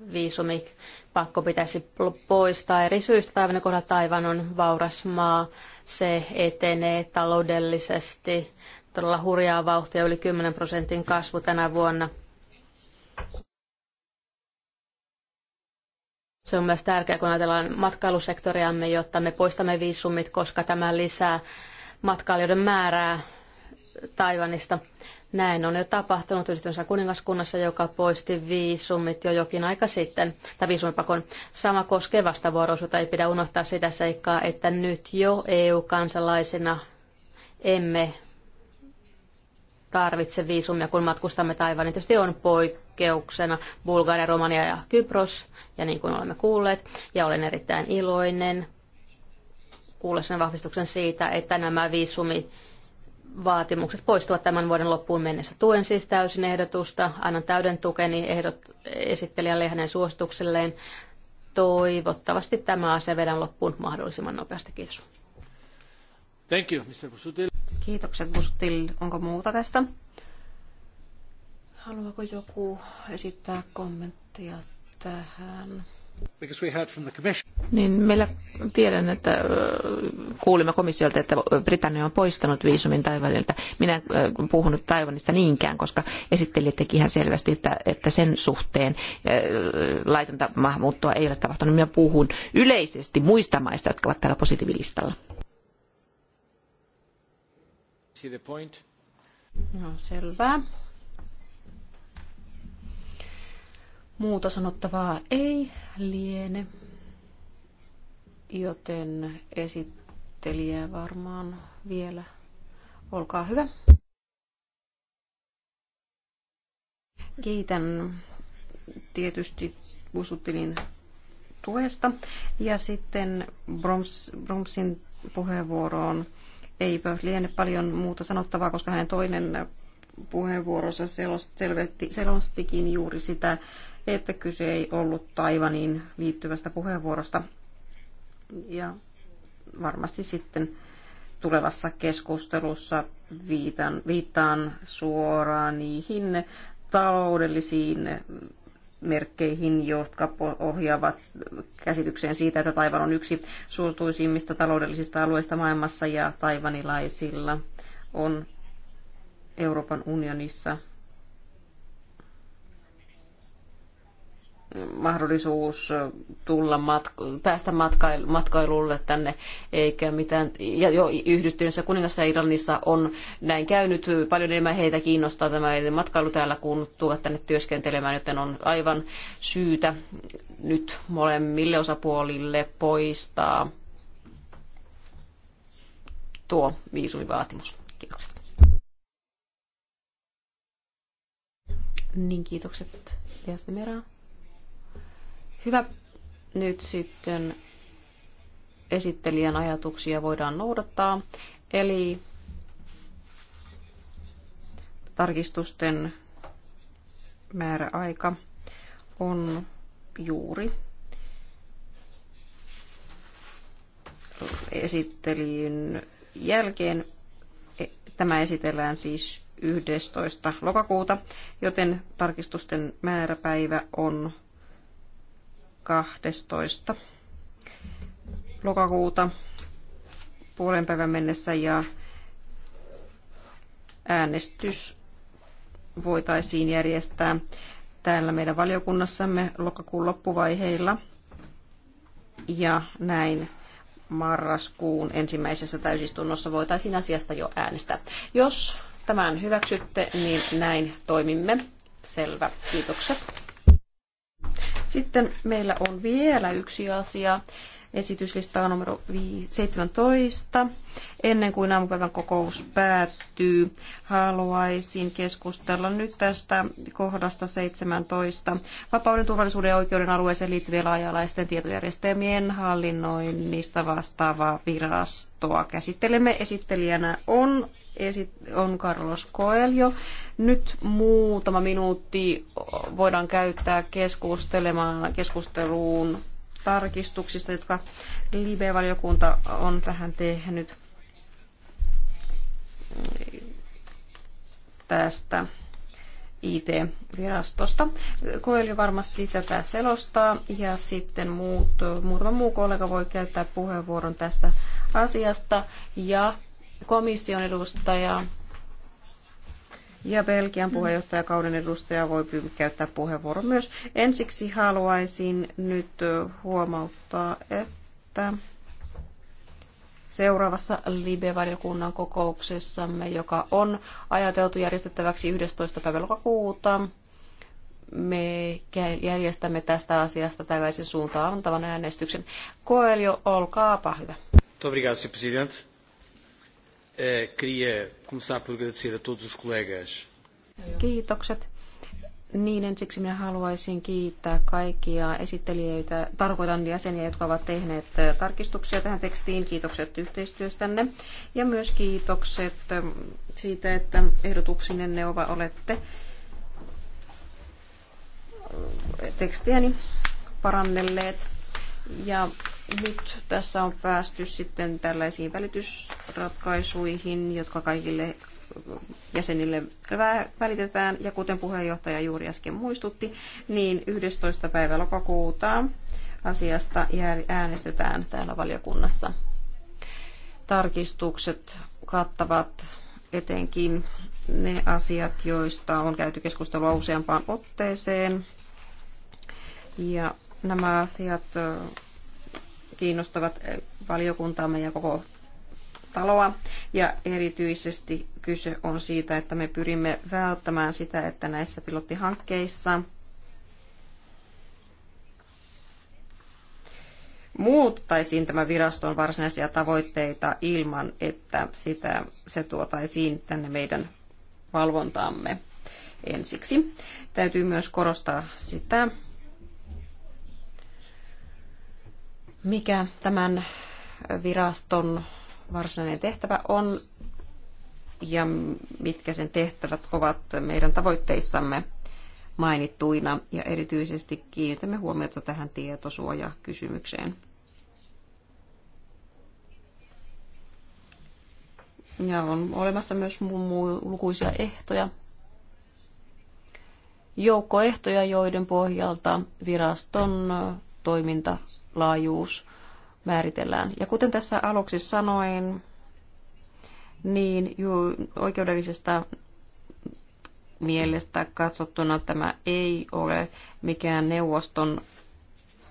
pakko pitäisi poistaa eri syistä. Taivanin kohdalla Taivan on vauras maa. Se etenee taloudellisesti todella hurjaa vauhtia, yli 10 prosentin kasvu tänä vuonna – se on myös tärkeää, kun ajatellaan matkailusektoriamme, jotta me poistamme viisumit, koska tämä lisää matkailijoiden määrää Taivanista. Näin on jo tapahtunut yhdistyneessä kuningaskunnassa, joka poisti viisumit jo jokin aika sitten, tai viisumipakon. Sama koskee vastavuoroisuutta. Ei pidä unohtaa sitä seikkaa, että nyt jo EU-kansalaisina emme tarvitse viisumia, kun matkustamme niin Tietysti on poikkeuksena Bulgaria, Romania ja Kypros, ja niin kuin olemme kuulleet. Ja olen erittäin iloinen kuullessani vahvistuksen siitä, että nämä viisumi vaatimukset poistuvat tämän vuoden loppuun mennessä. Tuen siis täysin ehdotusta, annan täyden tukeni ehdot esittelijälle ja hänen suostukselleen. Toivottavasti tämä asia vedän loppuun mahdollisimman nopeasti. Kiitos. Thank you, Mr. Kiitokset Bustil. Onko muuta tästä? Haluaako joku esittää kommenttia tähän? Niin meillä tiedän, että kuulimme komissiolta, että Britannia on poistanut viisumin Taivanilta. Minä en puhunut Taivanista niinkään, koska esittelijätkin ihan selvästi, että, että sen suhteen laitonta maahanmuuttoa ei ole tapahtunut. Minä puhun yleisesti muista maista, jotka ovat täällä positiivilistalla see the point? No, selvä. Muuta sanottavaa ei liene, joten esittelijä varmaan vielä. Olkaa hyvä. Kiitän tietysti Busuttilin tuesta. Ja sitten Broms, Bromsin puheenvuoroon eipä liene paljon muuta sanottavaa, koska hänen toinen puheenvuoronsa selosti, selostikin juuri sitä, että kyse ei ollut Taivaniin liittyvästä puheenvuorosta. Ja varmasti sitten tulevassa keskustelussa viitan, viittaan suoraan niihin taloudellisiin merkkeihin, jotka ohjaavat käsitykseen siitä, että Taivan on yksi suosituisimmista taloudellisista alueista maailmassa ja taivanilaisilla on Euroopan unionissa mahdollisuus tulla matk- päästä matkail- matkailulle tänne, eikä mitään, ja jo yhdistyneessä kuningassa ja Irlannissa on näin käynyt, paljon enemmän heitä kiinnostaa tämä matkailu täällä, kun tulla tänne työskentelemään, joten on aivan syytä nyt molemmille osapuolille poistaa tuo viisumivaatimus. Kiitos. Niin, kiitokset. Ja sitten Hyvä. Nyt sitten esittelijän ajatuksia voidaan noudattaa. Eli tarkistusten määräaika on juuri esittelyn jälkeen. E, tämä esitellään siis 11. lokakuuta, joten tarkistusten määräpäivä on 12. lokakuuta puolen päivän mennessä ja äänestys voitaisiin järjestää täällä meidän valiokunnassamme lokakuun loppuvaiheilla ja näin marraskuun ensimmäisessä täysistunnossa voitaisiin asiasta jo äänestää. Jos tämän hyväksytte, niin näin toimimme. Selvä. Kiitokset. Sitten meillä on vielä yksi asia. Esityslista on numero 17. Ennen kuin aamupäivän kokous päättyy, haluaisin keskustella nyt tästä kohdasta 17. Vapauden, turvallisuuden ja oikeuden alueeseen liittyvien laajalaisten tietojärjestelmien hallinnoinnista vastaavaa virastoa. Käsittelemme esittelijänä on on Carlos Coelho. Nyt muutama minuutti voidaan käyttää keskustelemaan, keskusteluun tarkistuksista, jotka Libe-valiokunta on tähän tehnyt tästä IT-virastosta. Koelio varmasti tätä selostaa ja sitten muut, muutama muu kollega voi käyttää puheenvuoron tästä asiasta ja komission edustaja ja Belgian mm. puheenjohtajakauden edustaja voi käyttää puheenvuoron myös. Ensiksi haluaisin nyt huomauttaa, että seuraavassa Libe-valiokunnan kokouksessamme, joka on ajateltu järjestettäväksi 11. päivä lokakuuta, me järjestämme tästä asiasta tällaisen suuntaan antavan äänestyksen. Koelio, olkaapa hyvä. president. Eh, queria começar por agradecer a todos os colegas. Kiitokset. Niin ensiksi minä haluaisin kiittää kaikkia esittelijöitä, tarkoitan jäseniä, jotka ovat tehneet eh, tarkistuksia tähän tekstiin. Kiitokset yhteistyöstänne ja myös kiitokset eh, siitä, että ehdotuksinenne olette tekstiäni parannelleet. Ja nyt tässä on päästy sitten tällaisiin välitysratkaisuihin, jotka kaikille jäsenille välitetään. Ja kuten puheenjohtaja juuri äsken muistutti, niin 11. päivä lokakuuta asiasta äänestetään täällä valiokunnassa. Tarkistukset kattavat etenkin ne asiat, joista on käyty keskustelua useampaan otteeseen. Ja Nämä asiat kiinnostavat valiokuntaamme ja koko taloa. Ja erityisesti kyse on siitä, että me pyrimme välttämään sitä, että näissä pilottihankkeissa muuttaisiin tämän viraston varsinaisia tavoitteita ilman, että sitä, se tuotaisiin tänne meidän valvontaamme ensiksi. Täytyy myös korostaa sitä, Mikä tämän viraston varsinainen tehtävä on ja mitkä sen tehtävät ovat meidän tavoitteissamme mainittuina ja erityisesti kiinnitämme huomiota tähän tietosuojakysymykseen. Ja on olemassa myös lukuisia ehtoja, joukkoehtoja, joiden pohjalta viraston toiminta laajuus määritellään. Ja kuten tässä aluksi sanoin, niin oikeudellisesta mielestä katsottuna tämä ei ole mikään neuvoston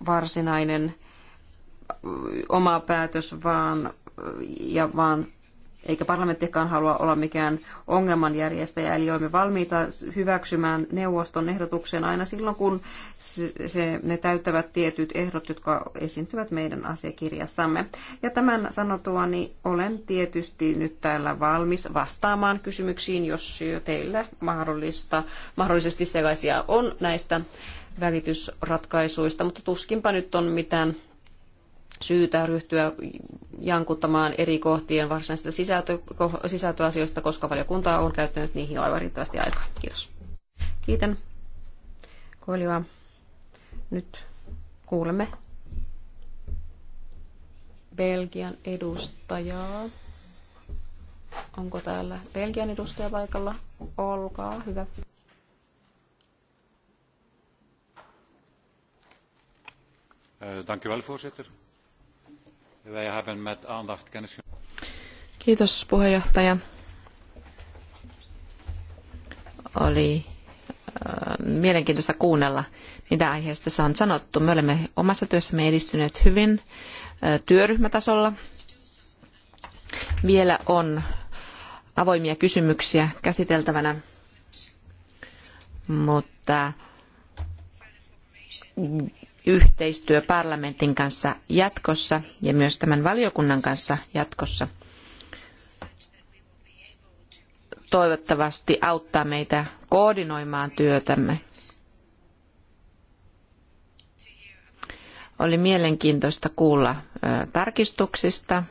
varsinainen oma päätös, vaan, ja vaan eikä parlamenttikaan halua olla mikään ongelmanjärjestäjä, eli olemme valmiita hyväksymään neuvoston ehdotuksen aina silloin, kun se, se, ne täyttävät tietyt ehdot, jotka esiintyvät meidän asiakirjassamme. Ja tämän sanotuani olen tietysti nyt täällä valmis vastaamaan kysymyksiin, jos teillä mahdollista, mahdollisesti sellaisia on näistä välitysratkaisuista, mutta tuskinpa nyt on mitään syytä ryhtyä jankuttamaan eri kohtien varsinaisista sisältö, sisältöasioista, koska valiokunta on käyttänyt niihin jo aivan riittävästi aikaa. Kiitos. Kiitän Koilioa. Nyt kuulemme Belgian edustajaa. Onko täällä Belgian edustaja paikalla? Olkaa hyvä. Eh, dank u wel, voorzitter. Kiitos puheenjohtaja. Oli äh, mielenkiintoista kuunnella, mitä aiheesta on sanottu. Me olemme omassa työssämme edistyneet hyvin äh, työryhmätasolla. Vielä on avoimia kysymyksiä käsiteltävänä, mutta yhteistyö parlamentin kanssa jatkossa ja myös tämän valiokunnan kanssa jatkossa toivottavasti auttaa meitä koordinoimaan työtämme. Oli mielenkiintoista kuulla tarkistuksista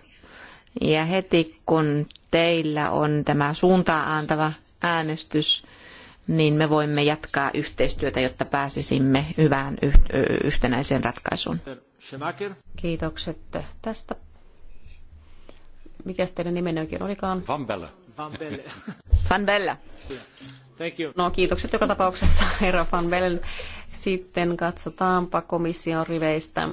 ja heti kun teillä on tämä suuntaa antava äänestys, niin me voimme jatkaa yhteistyötä, jotta pääsisimme hyvään yhtenäiseen ratkaisuun. Kiitokset tästä. Mikäs teidän nimenne oikein olikaan? Van Bella. Van Bella. Van Bella. Thank you. No kiitokset joka tapauksessa, <laughs> herra Van Bellen. Sitten katsotaanpa komission riveistä.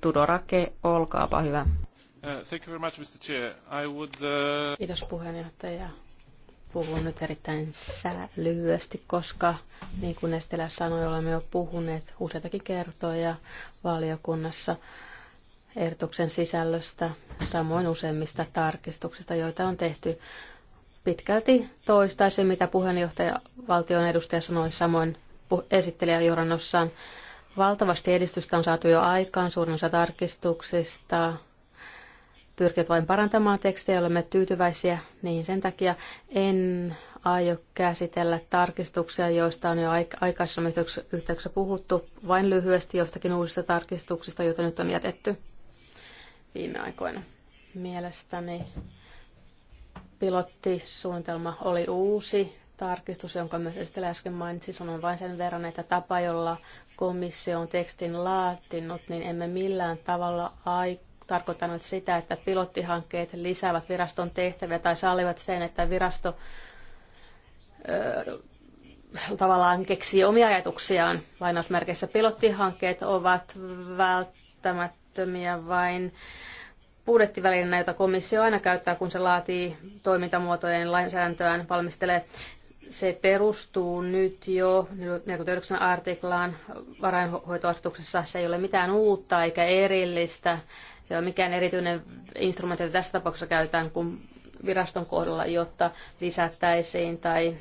Tudorake, olkaapa hyvä. Uh, thank you very much, Mr. Chair. I would, uh... Kiitos puheenjohtaja Puhun nyt erittäin lyhyesti, koska niin kuin Estelä sanoi, olemme jo puhuneet useitakin kertoja valiokunnassa ehdotuksen sisällöstä, samoin useimmista tarkistuksista, joita on tehty pitkälti toistaisin, mitä puheenjohtaja valtion edustaja sanoi, samoin esittelijä johdannossaan. Valtavasti edistystä on saatu jo aikaan, suurin osa tarkistuksista pyrkivät vain parantamaan tekstejä, olemme tyytyväisiä, niin sen takia en aio käsitellä tarkistuksia, joista on jo aikaisemmin yhteyksessä puhuttu, vain lyhyesti jostakin uusista tarkistuksista, joita nyt on jätetty viime aikoina. Mielestäni pilottisuunnitelma oli uusi tarkistus, jonka myös esitellä äsken mainitsin, sanon vain sen verran, että tapa, jolla komissio on tekstin laatinut, niin emme millään tavalla aik- tarkoittanut sitä, että pilottihankkeet lisäävät viraston tehtäviä tai sallivat sen, että virasto ö, tavallaan keksii omia ajatuksiaan. Lainausmerkeissä pilottihankkeet ovat välttämättömiä vain budjettivälineenä, jota komissio aina käyttää, kun se laatii toimintamuotojen lainsäädäntöään, valmistelee se perustuu nyt jo 49 artiklaan varainhoitoasetuksessa. Se ei ole mitään uutta eikä erillistä se mikään erityinen instrumentti, jota tässä tapauksessa käytetään kuin viraston kohdalla, jotta lisättäisiin tai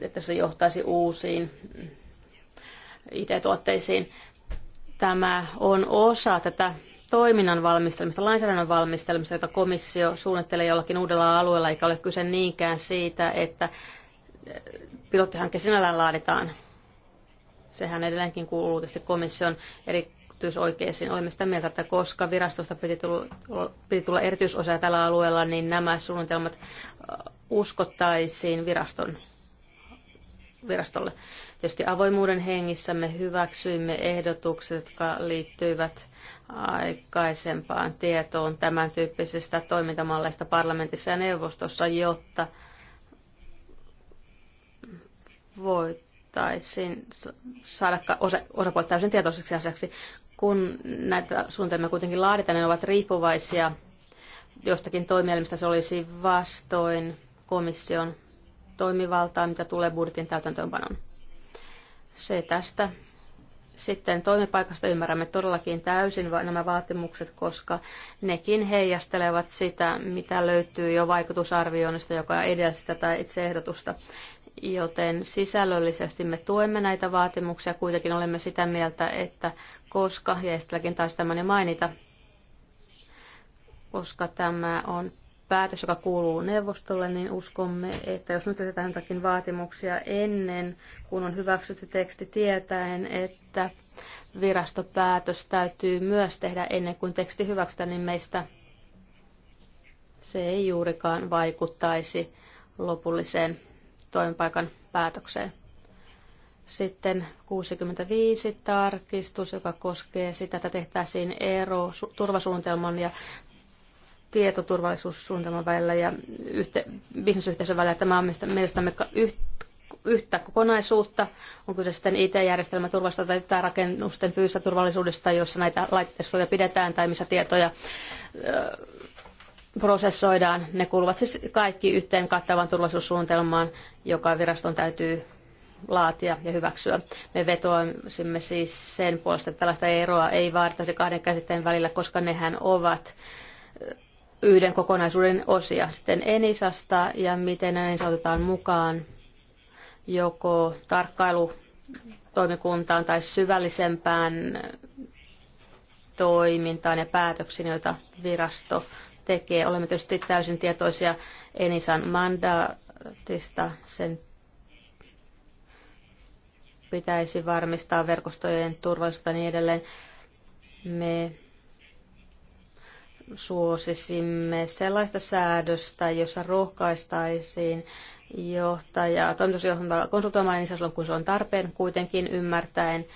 että se johtaisi uusiin IT-tuotteisiin. Tämä on osa tätä toiminnan valmistelmista, lainsäädännön valmistelmista, jota komissio suunnittelee jollakin uudella alueella, eikä ole kyse niinkään siitä, että pilottihanke sinällään laaditaan. Sehän edelleenkin kuuluu tietysti komission eri liittyisi oikeisiin. Olemme sitä mieltä, että koska virastosta piti tulla, piti tulla erityisosa tällä alueella, niin nämä suunnitelmat äh, uskottaisiin viraston, virastolle. Tietysti avoimuuden hengissä me hyväksyimme ehdotukset, jotka liittyivät aikaisempaan tietoon tämän tyyppisistä toimintamalleista parlamentissa ja neuvostossa, jotta voitaisiin saada osa, osapuolet täysin tietoiseksi asiaksi kun näitä suunnitelmia kuitenkin laaditaan, ne ovat riippuvaisia jostakin toimielimistä. Se olisi vastoin komission toimivaltaa, mitä tulee budjetin täytäntöönpanon. Se tästä. Sitten toimipaikasta ymmärrämme todellakin täysin nämä vaatimukset, koska nekin heijastelevat sitä, mitä löytyy jo vaikutusarvioinnista, joka edelsi tätä itse ehdotusta. Joten sisällöllisesti me tuemme näitä vaatimuksia, kuitenkin olemme sitä mieltä, että koska, ja Eestiläkin taisi tämmöinen mainita, koska tämä on päätös, joka kuuluu neuvostolle, niin uskomme, että jos nyt otetaan jotakin vaatimuksia ennen kuin on hyväksytty teksti tietäen, että virastopäätös täytyy myös tehdä ennen kuin teksti hyväksytään, niin meistä se ei juurikaan vaikuttaisi lopulliseen toimipaikan päätökseen. Sitten 65 tarkistus, joka koskee sitä, että tehtäisiin ero turvasuunnitelman ja tietoturvallisuussuunnitelman välillä ja yhte, bisnesyhteisön välillä. Tämä on mielestämme yhtä kokonaisuutta. On kyse sitten IT-järjestelmän turvallisuudesta tai rakennusten fyysistä turvallisuudesta, jossa näitä laitteistoja pidetään tai missä tietoja ö, prosessoidaan. Ne kuuluvat siis kaikki yhteen kattavaan turvallisuussuunnitelmaan, joka viraston täytyy laatia ja hyväksyä. Me vetoaisimme siis sen puolesta, että tällaista eroa ei vaadittaisi kahden käsitteen välillä, koska nehän ovat yhden kokonaisuuden osia. Sitten Enisasta ja miten Enisa otetaan mukaan joko tarkkailutoimikuntaan tai syvällisempään toimintaan ja päätöksiin, joita virasto tekee. Olemme tietysti täysin tietoisia Enisan mandaatista. Sen pitäisi varmistaa verkostojen turvallisuutta ja niin edelleen. Me suosisimme sellaista säädöstä, jossa rohkaistaisiin johtajaa, toimitusjohtajaa konsultoimaan Enisan silloin, kun se on tarpeen, kuitenkin ymmärtäen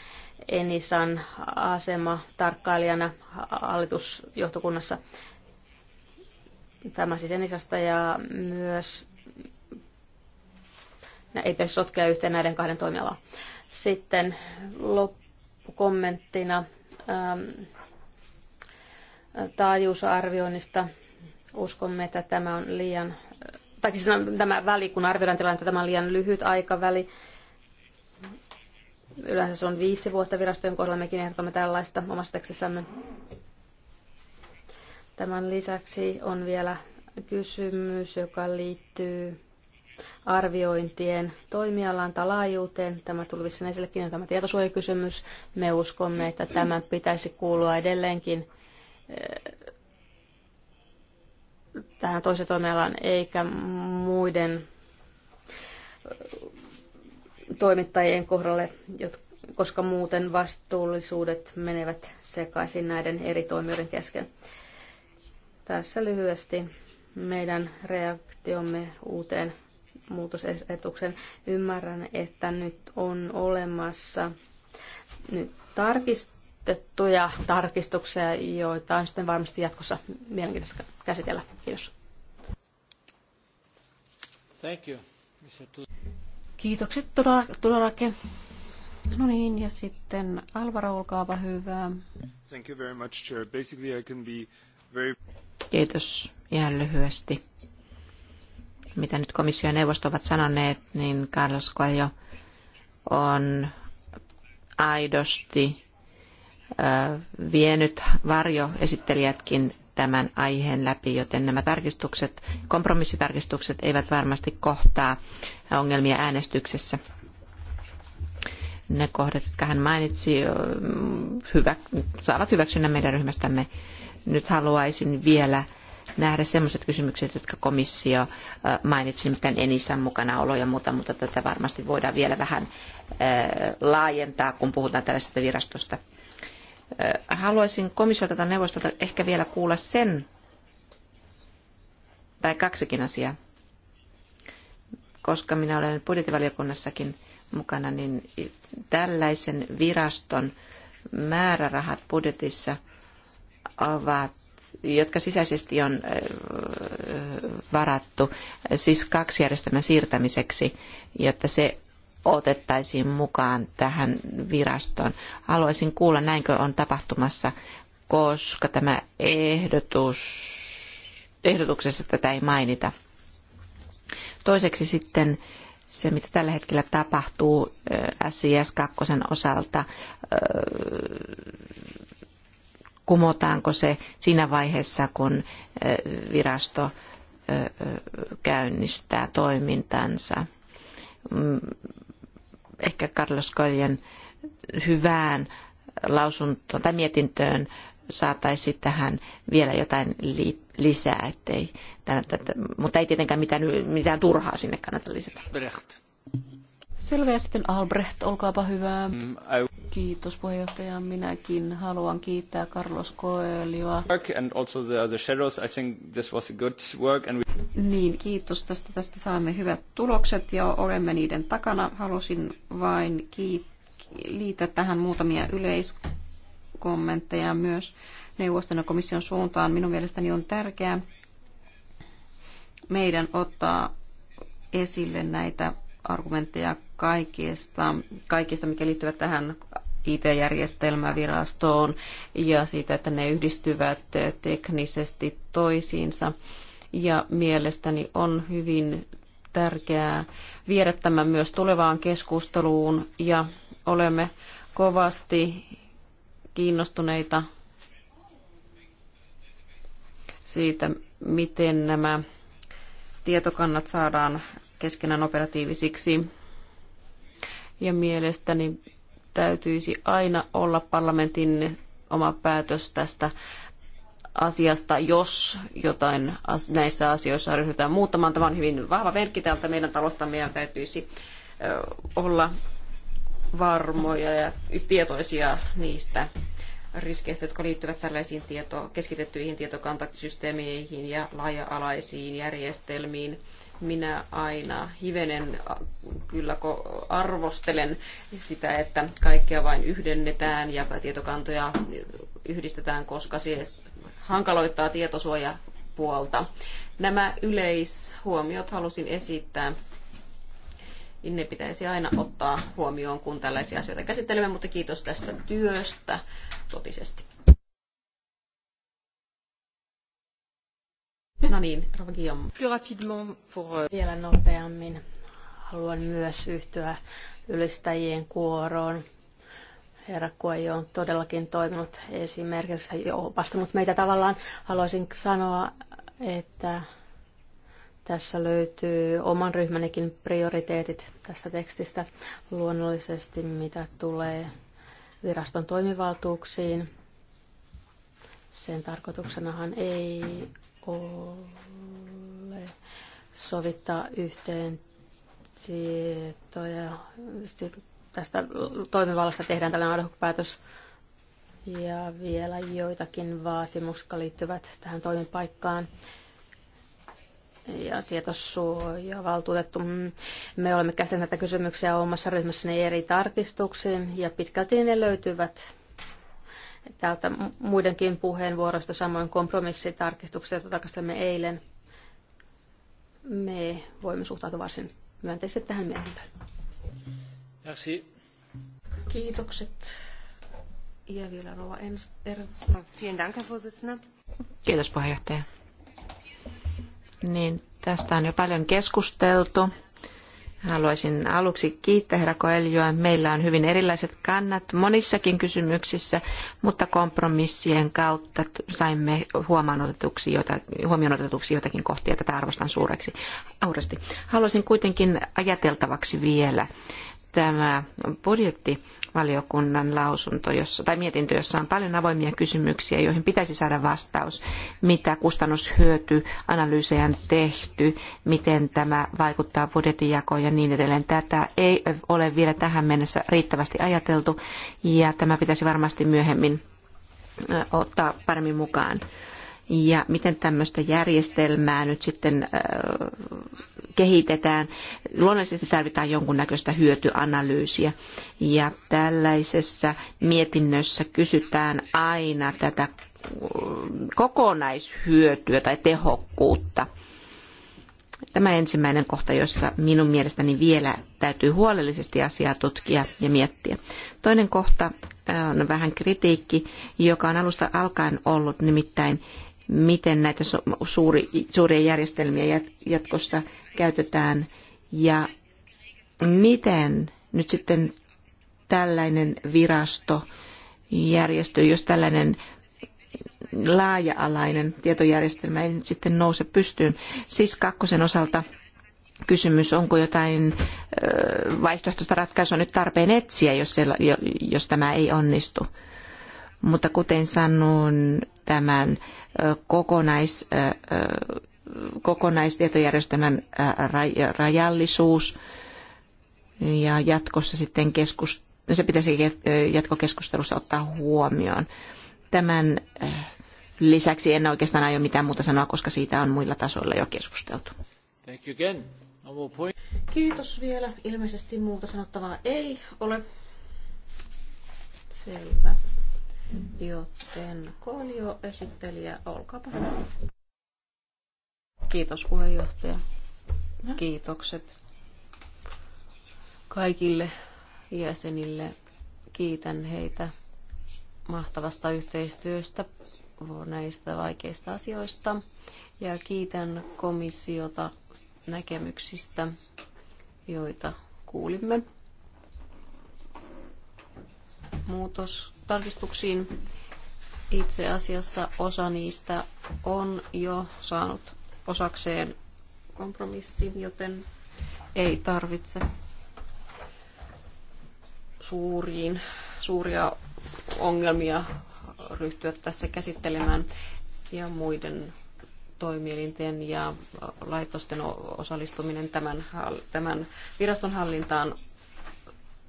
Enisan asema tarkkailijana hallitusjohtokunnassa. Tämä siis Enisasta ja myös no, ei pitäisi sotkea yhteen näiden kahden toimialaa. Sitten loppukommenttina. Ähm, taajuusarvioinnista. Uskomme, että tämä on liian, tai siis tämä väli, kun arvioidaan tilannetta, tämä on liian lyhyt aikaväli. Yleensä se on viisi vuotta virastojen kohdalla, mekin ehdotamme tällaista omassa tekstissämme. Tämän lisäksi on vielä kysymys, joka liittyy arviointien toimialan tai laajuuteen. Tämä tulvissa esillekin, on tämä tietosuojakysymys. Me uskomme, että tämän pitäisi kuulua edelleenkin tähän toisen toimialan eikä muiden toimittajien kohdalle, koska muuten vastuullisuudet menevät sekaisin näiden eri toimijoiden kesken. Tässä lyhyesti meidän reaktiomme uuteen muutosetuksen. Ymmärrän, että nyt on olemassa nyt tarkist, ehdotettuja tarkistuksia, joita on sitten varmasti jatkossa mielenkiintoista käsitellä. Kiitos. Thank you. Kiitokset todellakin. No niin, ja sitten Alvaro, olkaapa hyvä. Thank you very much, Chair. Basically I can be very... Kiitos ihan lyhyesti. Mitä nyt komissio ja neuvosto ovat sanoneet, niin Carlos Coelho on aidosti vienyt varjoesittelijätkin tämän aiheen läpi, joten nämä tarkistukset, kompromissitarkistukset eivät varmasti kohtaa ongelmia äänestyksessä. Ne kohdat, jotka hän mainitsi, hyvä, saavat hyväksynnän meidän ryhmästämme. Nyt haluaisin vielä nähdä sellaiset kysymykset, jotka komissio mainitsi, miten Enisan mukanaolo ja muuta, mutta tätä varmasti voidaan vielä vähän laajentaa, kun puhutaan tällaisesta virastosta. Äh, haluaisin komissiolta tai neuvostolta ehkä vielä kuulla sen, tai kaksikin asiaa, koska minä olen budjettivaliokunnassakin mukana, niin tällaisen viraston määrärahat budjetissa ovat jotka sisäisesti on äh, varattu, siis kaksi järjestelmän siirtämiseksi, jotta se otettaisiin mukaan tähän virastoon. Haluaisin kuulla, näinkö on tapahtumassa, koska tämä ehdotus, ehdotuksessa tätä ei mainita. Toiseksi sitten se, mitä tällä hetkellä tapahtuu äh, SIS 2 osalta, äh, kumotaanko se siinä vaiheessa, kun äh, virasto käynnistää toimintansa mm, ehkä Carlos Coelhon hyvään lausuntoon tai mietintöön saataisi tähän vielä jotain lisää, ettei, mutta ei tietenkään mitään, mitään turhaa sinne kannata lisätä. Selvä. Ja sitten Albrecht, olkaapa hyvä. Mm, Kiitos puheenjohtaja. Minäkin haluan kiittää Carlos Coelhoa. and also the, the shadows. I think this was a good work and we... Niin, kiitos tästä. Tästä saamme hyvät tulokset ja olemme niiden takana. Halusin vain liittää tähän muutamia yleiskommentteja myös neuvoston ja komission suuntaan. Minun mielestäni on tärkeää meidän ottaa esille näitä argumentteja kaikista, kaikista mikä liittyvät tähän IT-järjestelmävirastoon ja siitä, että ne yhdistyvät teknisesti toisiinsa ja mielestäni on hyvin tärkeää viedä tämä myös tulevaan keskusteluun ja olemme kovasti kiinnostuneita siitä, miten nämä tietokannat saadaan keskenään operatiivisiksi. Ja mielestäni täytyisi aina olla parlamentin oma päätös tästä asiasta, jos jotain näissä asioissa ryhdytään muuttamaan. Tämä on hyvin vahva merkki täältä meidän talostamme ja täytyisi olla varmoja ja tietoisia niistä riskeistä, jotka liittyvät tällaisiin tieto, keskitettyihin tietokantasysteemeihin ja laaja-alaisiin järjestelmiin. Minä aina hivenen kyllä arvostelen sitä, että kaikkea vain yhdennetään ja tietokantoja yhdistetään, koska se hankaloittaa tietosuojapuolta. Nämä yleishuomiot halusin esittää. Ne pitäisi aina ottaa huomioon, kun tällaisia asioita käsittelemme, mutta kiitos tästä työstä totisesti. No niin, Rova Plus rapidement pour... Euh, Vielä nopeammin haluan myös yhtyä ylistäjien kuoroon herra Kuei on todellakin toiminut esimerkiksi ja opastanut meitä tavallaan. Haluaisin sanoa, että tässä löytyy oman ryhmänikin prioriteetit tästä tekstistä luonnollisesti, mitä tulee viraston toimivaltuuksiin. Sen tarkoituksenahan ei ole sovittaa yhteen tietoja tästä toimivallasta tehdään tällainen ad päätös ja vielä joitakin vaatimuksia liittyvät tähän toimipaikkaan. Ja tietosuoja valtuutettu. Mm, me olemme käsitelleet näitä kysymyksiä omassa ryhmässäni eri tarkistuksiin ja pitkälti ne löytyvät täältä muidenkin puheenvuoroista, samoin kompromissitarkistuksia, joita tarkastelemme eilen. Me voimme suhtautua varsin myönteisesti tähän mietintöön. Merci. Kiitokset. Ja vielä Rova Ernst. Vielen Dank, Herr Vorsitzender. Kiitos puheenjohtaja. Niin, tästä on jo paljon keskusteltu. Haluaisin aluksi kiittää herra Koeljoa. Meillä on hyvin erilaiset kannat monissakin kysymyksissä, mutta kompromissien kautta saimme huomioon-otetuksi jota, huomioon jotakin kohtia. Tätä arvostan suureksi aurasti. Haluaisin kuitenkin ajateltavaksi vielä tämä budjettivaliokunnan lausunto, jossa, tai mietintö, jossa on paljon avoimia kysymyksiä, joihin pitäisi saada vastaus, mitä kustannushyöty analyysejä on tehty, miten tämä vaikuttaa jakoon ja niin edelleen. Tätä ei ole vielä tähän mennessä riittävästi ajateltu ja tämä pitäisi varmasti myöhemmin ottaa paremmin mukaan ja miten tämmöistä järjestelmää nyt sitten kehitetään. Luonnollisesti tarvitaan jonkunnäköistä hyötyanalyysiä ja tällaisessa mietinnössä kysytään aina tätä kokonaishyötyä tai tehokkuutta. Tämä ensimmäinen kohta, jossa minun mielestäni vielä täytyy huolellisesti asiaa tutkia ja miettiä. Toinen kohta on vähän kritiikki, joka on alusta alkaen ollut nimittäin miten näitä suuri, suuria järjestelmiä jatkossa käytetään ja miten nyt sitten tällainen virasto, järjestö, jos tällainen laaja-alainen tietojärjestelmä ei nyt sitten nouse pystyyn. Siis kakkosen osalta kysymys, onko jotain vaihtoehtoista ratkaisua nyt tarpeen etsiä, jos, siellä, jos tämä ei onnistu. Mutta kuten sanon, tämän kokonais, kokonaistietojärjestelmän rajallisuus ja jatkossa sitten keskus, se pitäisi jatkokeskustelussa ottaa huomioon. Tämän lisäksi en oikeastaan aio mitään muuta sanoa, koska siitä on muilla tasoilla jo keskusteltu. No Kiitos vielä. Ilmeisesti muuta sanottavaa ei ole. Selvä. Joten Koljo esittelijä, olkaapa hyvä. Kiitos puheenjohtaja. No. Kiitokset kaikille jäsenille. Kiitän heitä mahtavasta yhteistyöstä näistä vaikeista asioista ja kiitän komissiota näkemyksistä, joita kuulimme. Muutos tarkistuksiin. Itse asiassa osa niistä on jo saanut osakseen kompromissin, joten ei tarvitse suuriin, suuria ongelmia ryhtyä tässä käsittelemään ja muiden toimielinten ja laitosten osallistuminen tämän, tämän viraston hallintaan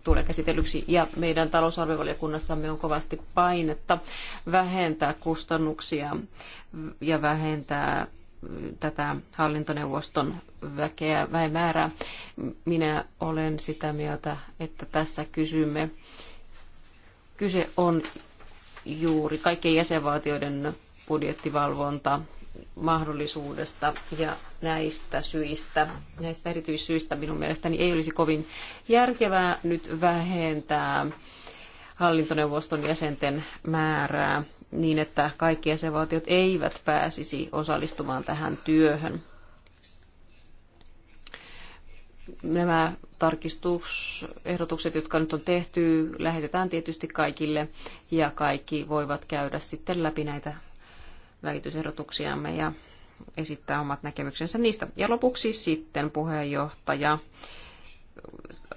tulee käsitellyksi. Ja meidän talousarviovaliokunnassamme on kovasti painetta vähentää kustannuksia ja vähentää tätä hallintoneuvoston väkeä väimäärää. Minä olen sitä mieltä, että tässä kysymme. Kyse on juuri kaikkien jäsenvaltioiden budjettivalvonta mahdollisuudesta ja näistä syistä, näistä erityissyistä minun mielestäni ei olisi kovin järkevää nyt vähentää hallintoneuvoston jäsenten määrää niin, että kaikki jäsenvaltiot eivät pääsisi osallistumaan tähän työhön. Nämä tarkistusehdotukset, jotka nyt on tehty, lähetetään tietysti kaikille ja kaikki voivat käydä sitten läpi näitä väitysehdotuksiamme ja esittää omat näkemyksensä niistä. Ja lopuksi sitten puheenjohtaja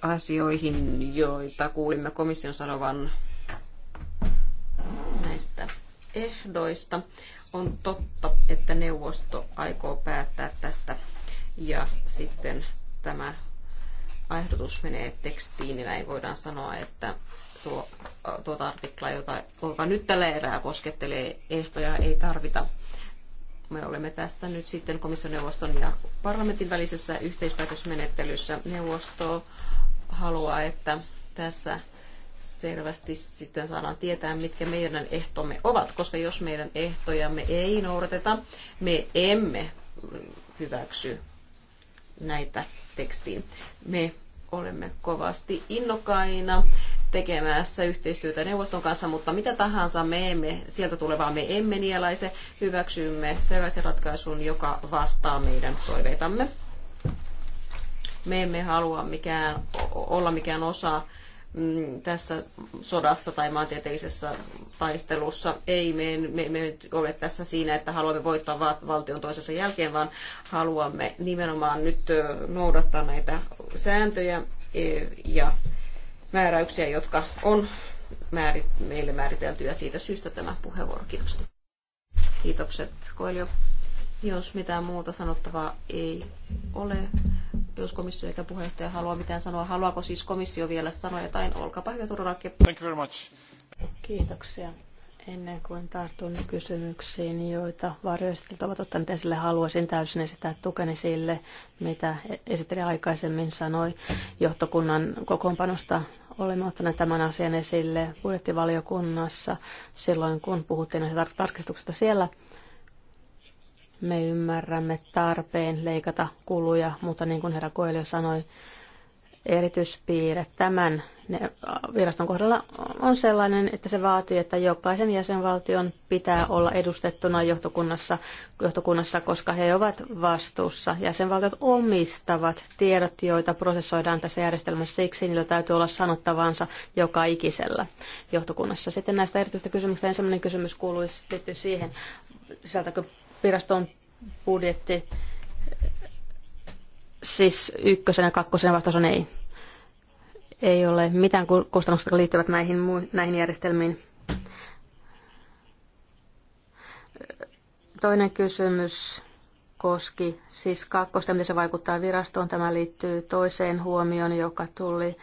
asioihin, joita kuulimme komission sanovan näistä ehdoista. On totta, että neuvosto aikoo päättää tästä ja sitten tämä ehdotus menee tekstiin, niin näin voidaan sanoa, että tuo, tuota artikla, jota, joka nyt tällä erää koskettelee ehtoja, ei tarvita me olemme tässä nyt sitten komissioneuvoston ja parlamentin välisessä yhteispäätösmenettelyssä. Neuvosto haluaa, että tässä selvästi sitten saadaan tietää, mitkä meidän ehtomme ovat, koska jos meidän ehtojamme ei noudateta, me emme hyväksy näitä tekstiin. Me olemme kovasti innokkaina tekemässä yhteistyötä neuvoston kanssa, mutta mitä tahansa me emme, sieltä tulevaa me emme nielaise, hyväksymme sellaisen ratkaisun, joka vastaa meidän toiveitamme. Me emme halua mikään, olla mikään osa mm, tässä sodassa tai maantieteellisessä taistelussa. Ei, me, me, me ole tässä siinä, että haluamme voittaa va- valtion toisensa jälkeen, vaan haluamme nimenomaan nyt noudattaa näitä sääntöjä e, ja määräyksiä, jotka on määrit, meille määritelty ja siitä syystä tämä puheenvuoro. Kiitokset. Kiitokset Koelio. Jos mitään muuta sanottavaa ei ole, jos komissio eikä puheenjohtaja halua mitään sanoa, haluaako siis komissio vielä sanoa jotain? Olkaapa hyvä, Tururakki. Thank you very much. Kiitoksia. Ennen kuin tartun kysymyksiin, joita varjoistelut ovat ottaneet esille, haluaisin täysin esittää tukeni sille, mitä esitteli aikaisemmin sanoi johtokunnan kokoonpanosta Olemme ottaneet tämän asian esille budjettivaliokunnassa silloin, kun puhuttiin näistä tarkistuksista siellä. Me ymmärrämme tarpeen leikata kuluja, mutta niin kuin herra Koelio sanoi, erityispiirre tämän viraston kohdalla on sellainen, että se vaatii, että jokaisen jäsenvaltion pitää olla edustettuna johtokunnassa, johtokunnassa koska he ovat vastuussa. Jäsenvaltiot omistavat tiedot, joita prosessoidaan tässä järjestelmässä, siksi niillä täytyy olla sanottavansa joka ikisellä johtokunnassa. Sitten näistä erityistä kysymyksistä ensimmäinen kysymys kuuluisi liittyy siihen, sisältäkö viraston budjetti Siis ykkösen ja kakkosen vastaus on ei. Ei ole mitään kustannuksia, jotka liittyvät näihin, näihin järjestelmiin. Toinen kysymys koski siis kakkosta, miten se vaikuttaa virastoon. Tämä liittyy toiseen huomioon, joka tuli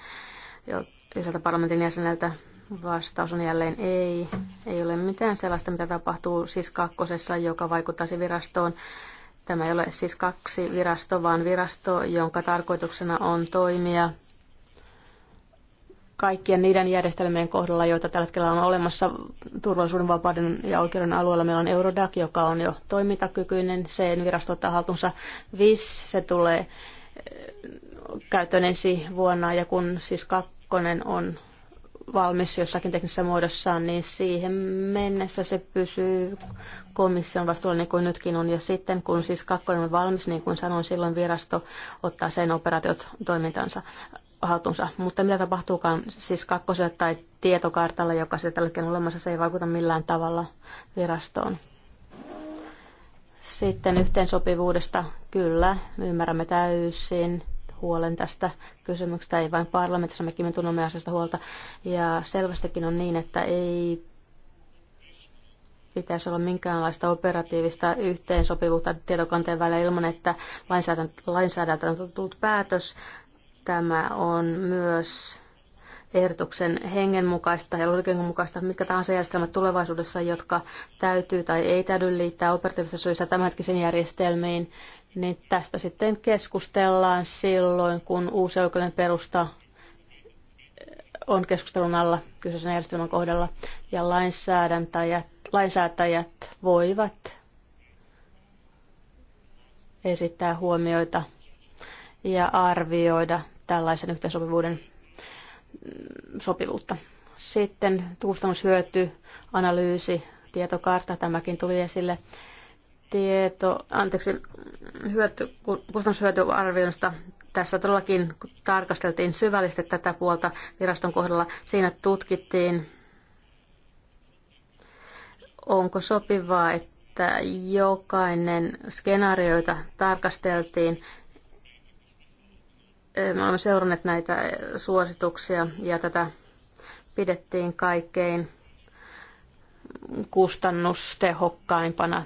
jo yhdeltä parlamentin jäseneltä. Vastaus on jälleen ei. Ei ole mitään sellaista, mitä tapahtuu siis kakkosessa, joka vaikuttaisi virastoon. Tämä ei ole siis kaksi virastoa, vaan virasto, jonka tarkoituksena on toimia kaikkien niiden järjestelmien kohdalla, joita tällä hetkellä on olemassa turvallisuuden, vapauden ja oikeuden alueella. Meillä on Eurodac, joka on jo toimintakykyinen. Sen virasto ottaa haltuunsa VIS. Se tulee eh, käyttöön ensi vuonna ja kun siis kakkonen on valmis jossakin teknisessä muodossaan, niin siihen mennessä se pysyy komission vastuulla niin kuin nytkin on. Ja sitten kun siis kakkonen on valmis, niin kuin sanoin, silloin virasto ottaa sen operaatiot toimintansa haltuunsa. Mutta mitä tapahtuukaan siis kakkoselle tai tietokartalle, joka se tällä hetkellä olemassa, se ei vaikuta millään tavalla virastoon. Sitten yhteensopivuudesta, kyllä, ymmärrämme täysin huolen tästä kysymyksestä, ei vain parlamentissa, mekin me tunnumme asiasta huolta. Ja selvästikin on niin, että ei pitäisi olla minkäänlaista operatiivista yhteensopivuutta tietokanteen välillä ilman, että lainsäädäntö, lainsäädäntö on tullut päätös. Tämä on myös ehdotuksen hengen mukaista ja logiikan mukaista, mitkä tahansa järjestelmät tulevaisuudessa, jotka täytyy tai ei täydy liittää operatiivisista syistä tämänhetkisiin järjestelmiin, niin tästä sitten keskustellaan silloin, kun uusi oikeuden perusta on keskustelun alla kyseisen järjestelmän kohdalla. Ja lainsäädäntäjät, lainsäätäjät voivat esittää huomioita ja arvioida tällaisen yhteensopivuuden sopivuutta. Sitten kustannushyöty, analyysi, tietokartta, tämäkin tuli esille tieto, anteeksi, hyöty, kustannushyötyarvioista tässä todellakin tarkasteltiin syvällisesti tätä puolta viraston kohdalla. Siinä tutkittiin, onko sopivaa, että jokainen skenaarioita tarkasteltiin. Me olemme seuranneet näitä suosituksia ja tätä pidettiin kaikkein kustannustehokkaimpana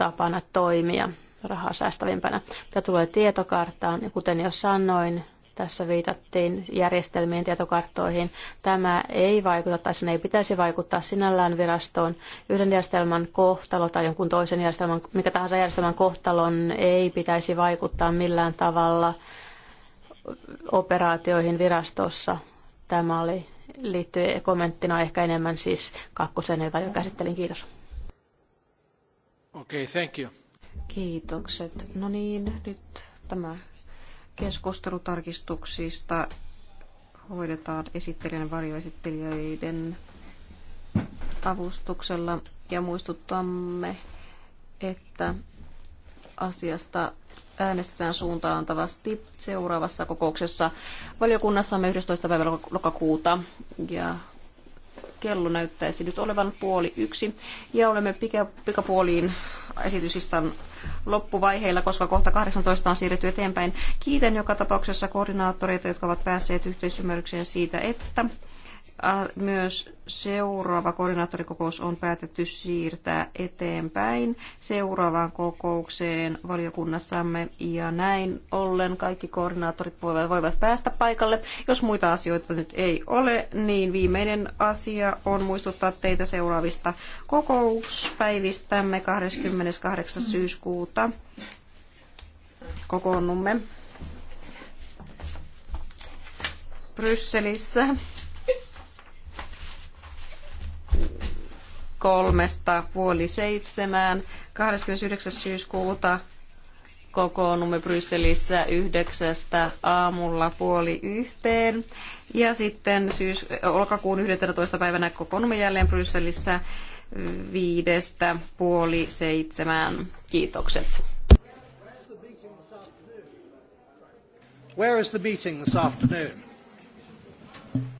tapana toimia rahaa säästävimpänä. Mitä tulee tietokarttaan, ja niin kuten jo sanoin, tässä viitattiin järjestelmien tietokarttoihin. Tämä ei vaikuta tai sen ei pitäisi vaikuttaa sinällään virastoon. Yhden järjestelmän kohtalo tai jonkun toisen järjestelmän, mikä tahansa järjestelmän kohtalon ei pitäisi vaikuttaa millään tavalla operaatioihin virastossa. Tämä oli liittyy kommenttina ehkä enemmän siis kakkoseen, jota jo käsittelin. Kiitos. Okei, okay, thank you. Kiitokset. No niin, nyt tämä keskustelutarkistuksista hoidetaan esittelijän varjoesittelijöiden avustuksella ja muistuttamme, että asiasta äänestetään antavasti seuraavassa kokouksessa valiokunnassamme 11. päivä lokakuuta ja kello näyttäisi nyt olevan puoli yksi. Ja olemme pika, pikapuoliin esitysistan loppuvaiheilla, koska kohta 18 on siirretty eteenpäin. Kiitän joka tapauksessa koordinaattoreita, jotka ovat päässeet yhteisymmärrykseen siitä, että myös seuraava koordinaattorikokous on päätetty siirtää eteenpäin seuraavaan kokoukseen valiokunnassamme ja näin ollen kaikki koordinaattorit voivat, päästä paikalle. Jos muita asioita nyt ei ole, niin viimeinen asia on muistuttaa teitä seuraavista kokouspäivistämme 28. syyskuuta. Kokoonnumme Brysselissä kolmesta puoli seitsemään. 29. syyskuuta kokoonnumme Brysselissä yhdeksästä aamulla puoli yhteen. Ja sitten syys, lokakuun 11. päivänä kokoonnumme jälleen Brysselissä viidestä puoli seitsemään. Kiitokset. Where is the meeting this afternoon?